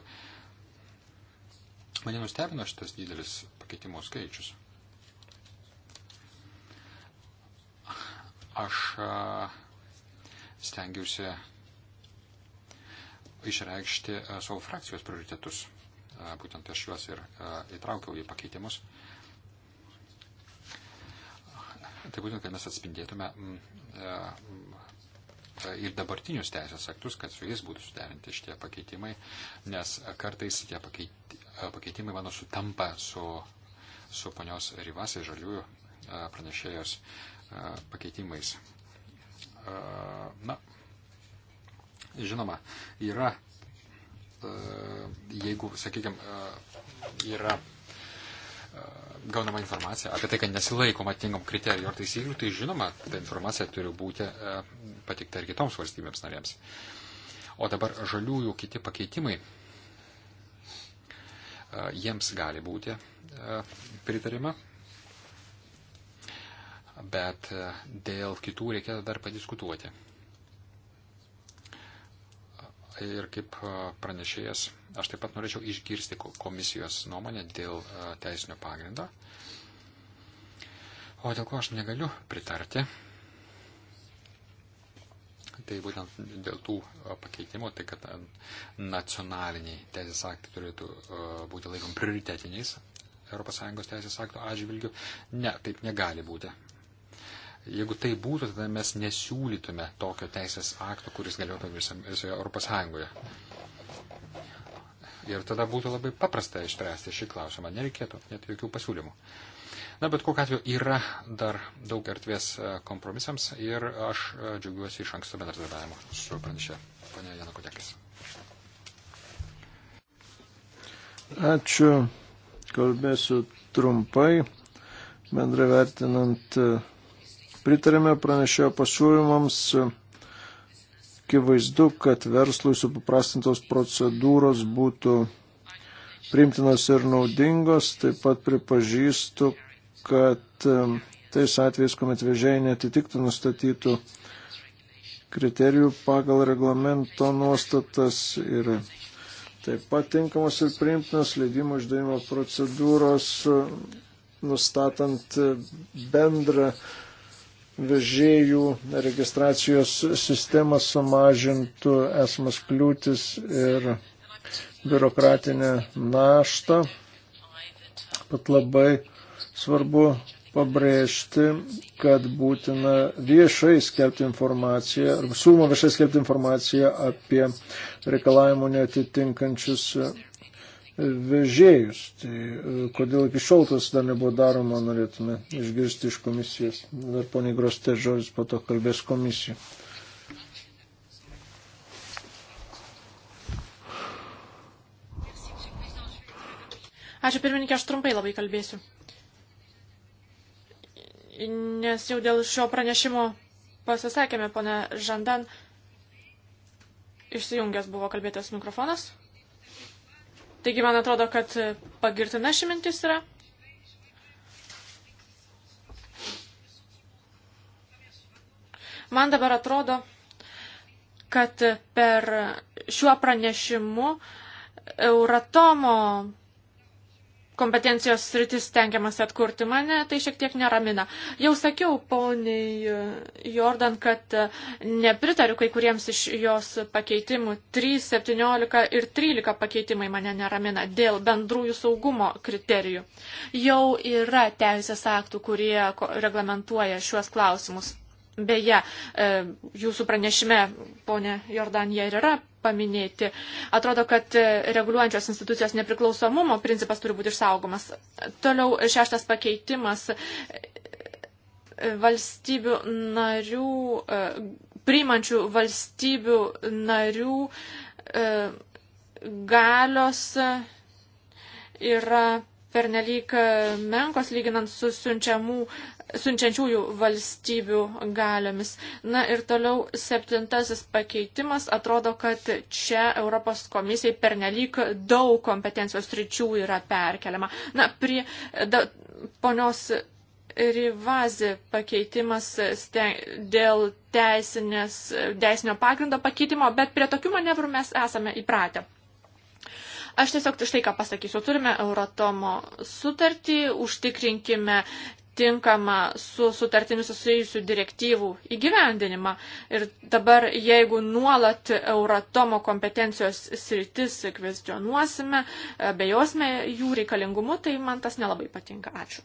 Mane nustebino šitas didelis pakeitimų skaičius. aš stengiuosi išreikšti savo frakcijos prioritetus. Būtent aš juos ir įtraukiau į pakeitimus. Tai būtent, kad mes atspindėtume ir dabartinius teisės aktus, kad su jais būtų suderinti šitie pakeitimai, nes kartais tie pakeitimai, mano, sutampa su, su ponios Rivasai žaliųjų pranešėjos E, pakeitimais. E, na, žinoma, yra, e, jeigu, sakykime, yra gaunama informacija apie tai, kad nesilaikoma tinkamų kriterijų ar taisyklių, tai žinoma, ta informacija turi būti patikta ir kitoms valstybėms narėms. O dabar žaliųjų kiti pakeitimai, jiems gali būti pritarima, bet e, dėl kitų reikėtų dar padiskutuoti. Ir kaip e, pranešėjas, aš taip pat norėčiau išgirsti komisijos nuomonę dėl e, teisinio pagrindo. O dėl ko aš negaliu pritarti, tai būtent dėl tų pakeitimų, tai kad nacionaliniai teisės aktai turėtų būti laikom prioritetiniais ES teisės aktų atžvilgių. Ne, taip negali būti. Jeigu tai būtų, tada mes nesiūlytume tokio teisės akto, kuris galėtų visoje Europos Sąjungoje. Ir tada būtų labai paprasta išspręsti šį klausimą. Nereikėtų net jokių pasiūlymų. Na, bet kokiu atveju yra dar daug erdvės e, kompromisams ir aš e, džiaugiuosi iš anksto bendradarbiavimu su pranešė ponė Jana Kodekis. Ačiū. Kalbėsiu trumpai, bendrai vertinant e, Pritarėme pranešėjo pasiūlymams. Kivaizdu, kad verslui supaprastintos procedūros būtų primtinos ir naudingos. Taip pat pripažįstu, kad tais atvejais, kuomet vežėjai netitiktų nustatytų kriterijų pagal reglamento nuostatas ir taip pat tinkamos ir priimtinos leidimo išdavimo procedūros nustatant bendrą vežėjų registracijos sistema sumažintų esmas kliūtis ir biurokratinę naštą. Pat labai svarbu pabrėžti, kad būtina viešai skelbti informaciją, arba siūloma viešai skelbti informaciją apie reikalavimų netitinkančius vežėjus. Tai e, kodėl iki šiol tas dar nebuvo daroma, norėtume išgirsti iš komisijos. Dar poniai Grostė žodis po to kalbės komisija. Ačiū pirmininkė, aš trumpai labai kalbėsiu. Nes jau dėl šio pranešimo pasisakėme, pone Žandan, išsijungęs buvo kalbėtas mikrofonas. Taigi, man atrodo, kad pagirtina ši mintis yra. Man dabar atrodo, kad per šiuo pranešimu Euratomo kompetencijos sritis tenkiamas atkurti. Mane tai šiek tiek neramina. Jau sakiau poniai e, Jordan, kad e, nepritariu kai kuriems iš jos pakeitimų. 3, 17 ir 13 pakeitimai mane neramina dėl bendrųjų saugumo kriterijų. Jau yra teisės aktų, kurie reglamentuoja šiuos klausimus. Beje, e, jūsų pranešime, ponė Jordan, jie ir yra paminėti. Atrodo, kad reguliuojančios institucijos nepriklausomumo principas turi būti išsaugomas. Toliau šeštas pakeitimas valstybių narių, priimančių valstybių narių e, galios yra pernelyg menkos lyginant su siunčiamų siunčiančiųjų valstybių galiomis. Na ir toliau septintasis pakeitimas. Atrodo, kad čia Europos komisijai pernelyg daug kompetencijos ryčių yra perkeliama. Na, prie da, ponios Rivazi pakeitimas steng, dėl teisinės, teisinio pagrindo pakeitimo, bet prie tokių manevrų mes esame įpratę. Aš tiesiog štai ką pasakysiu. Turime Euratomo sutartį, užtikrinkime atitinkamą su sutartimis susijusių direktyvų įgyvendinimą. Ir dabar, jeigu nuolat Euratomo kompetencijos sritis kvestionuosime, bejosime jų reikalingumu, tai man tas nelabai patinka. Ačiū.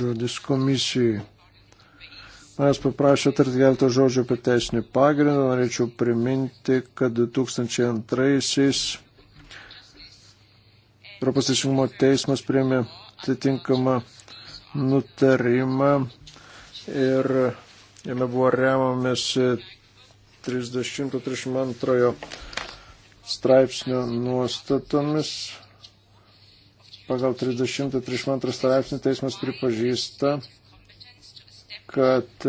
Žodis komisijai. Manęs paprašė tarti keletą žodžių apie teisinį pagrindą. Norėčiau priminti, kad 2002-aisiais Europos teisingumo teismas priėmė atitinkamą nutarimą ir jame buvo remiamas 332 straipsnio nuostatomis. Pagal 332 straipsnį teismas pripažįsta, kad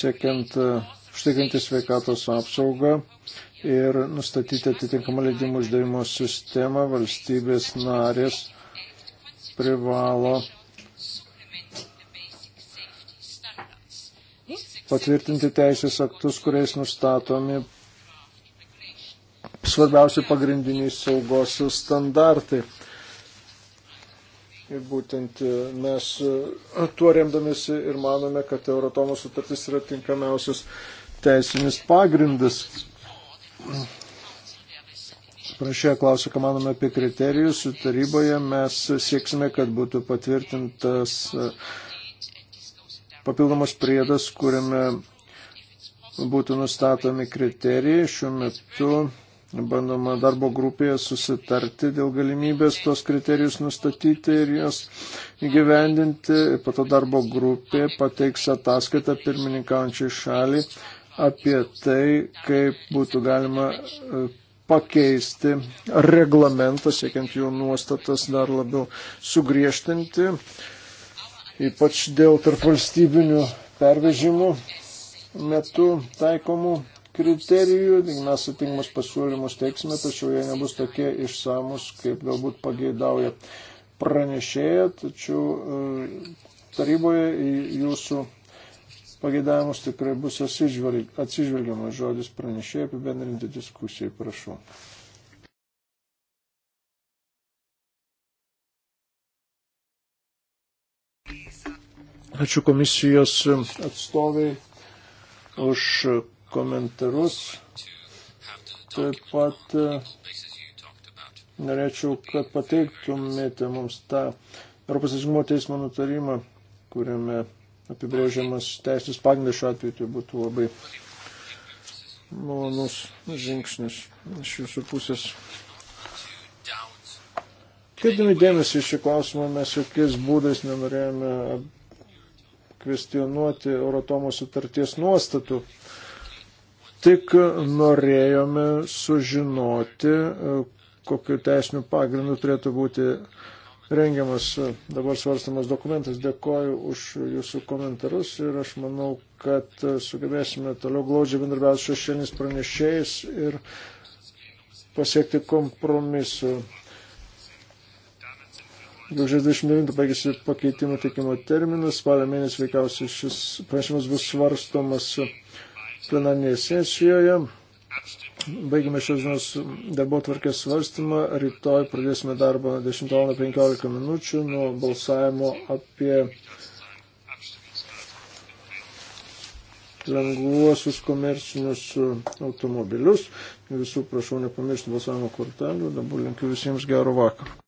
siekiant e, užtikrinti sveikatos apsaugą ir nustatyti atitinkamą leidimų uždavimo sistemą valstybės narės privalo patvirtinti teisės aktus, kuriais nustatomi svarbiausi pagrindiniai saugos standartai. Ir būtent e, mes e, tuo remdamėsi ir manome, kad Eurotomos sutartis yra tinkamiausias teisinis pagrindas. Pranešėja klausė, ką manome apie kriterijus. Taryboje mes sieksime, kad būtų patvirtintas e, papildomas priedas, kuriame būtų nustatomi kriterijai. Šiuo metu bandoma darbo grupėje susitarti dėl galimybės tos kriterijus nustatyti ir jos įgyvendinti. Po to darbo grupė pateiks ataskaitą pirmininkaujančiai šaliai apie tai, kaip būtų galima e, pakeisti reglamentą, siekiant jų nuostatas dar labiau sugriežtinti, ypač dėl tarpvalstybinių pervežimų metu taikomų kriterijų. Mes atitinkamus pasiūlymus teiksime, tačiau jie nebus tokie išsamus, kaip galbūt pageidauja pranešėja, tačiau e, taryboje jūsų pagėdavimus tikrai bus atsižvelgiama žodis pranešėjai apibendrinti diskusijai, prašau. Ačiū komisijos e, atstoviai už komentarus. Taip pat e, norėčiau, kad pateiktumėte mums tą Europos teisingumo teismo nutarimą, kuriame apibrėžiamas teisės pagrindas šiuo atveju, tai būtų labai malonus žingsnis iš jūsų pusės. Kėdami dėmesį į šį klausimą, mes jokiais būdais nenorėjome kvestionuoti Euratomo sutarties nuostatų. Tik norėjome sužinoti, kokiu teisiniu pagrindu turėtų būti rengiamas e, dabar svarstamas dokumentas. Dėkoju už jūsų komentarus ir aš manau, kad e, sugebėsime toliau glaudžiai bendrabiauti su šiandienis pranešėjais ir pasiekti kompromisu. Gegužės 29 baigėsi pakeitimo teikimo terminas, spalio mėnesį veikiausiai šis pranešimas bus svarstomas plenarinėje sesijoje. Baigime šios žinios darbo tvarkės svarstymą. Rytoj pradėsime darbą 10.15 minučių nuo balsavimo apie lengvuosius komercinius automobilius. Visų prašau nepamiršti balsavimo kortelių. Dabar linkiu visiems gero vakaro.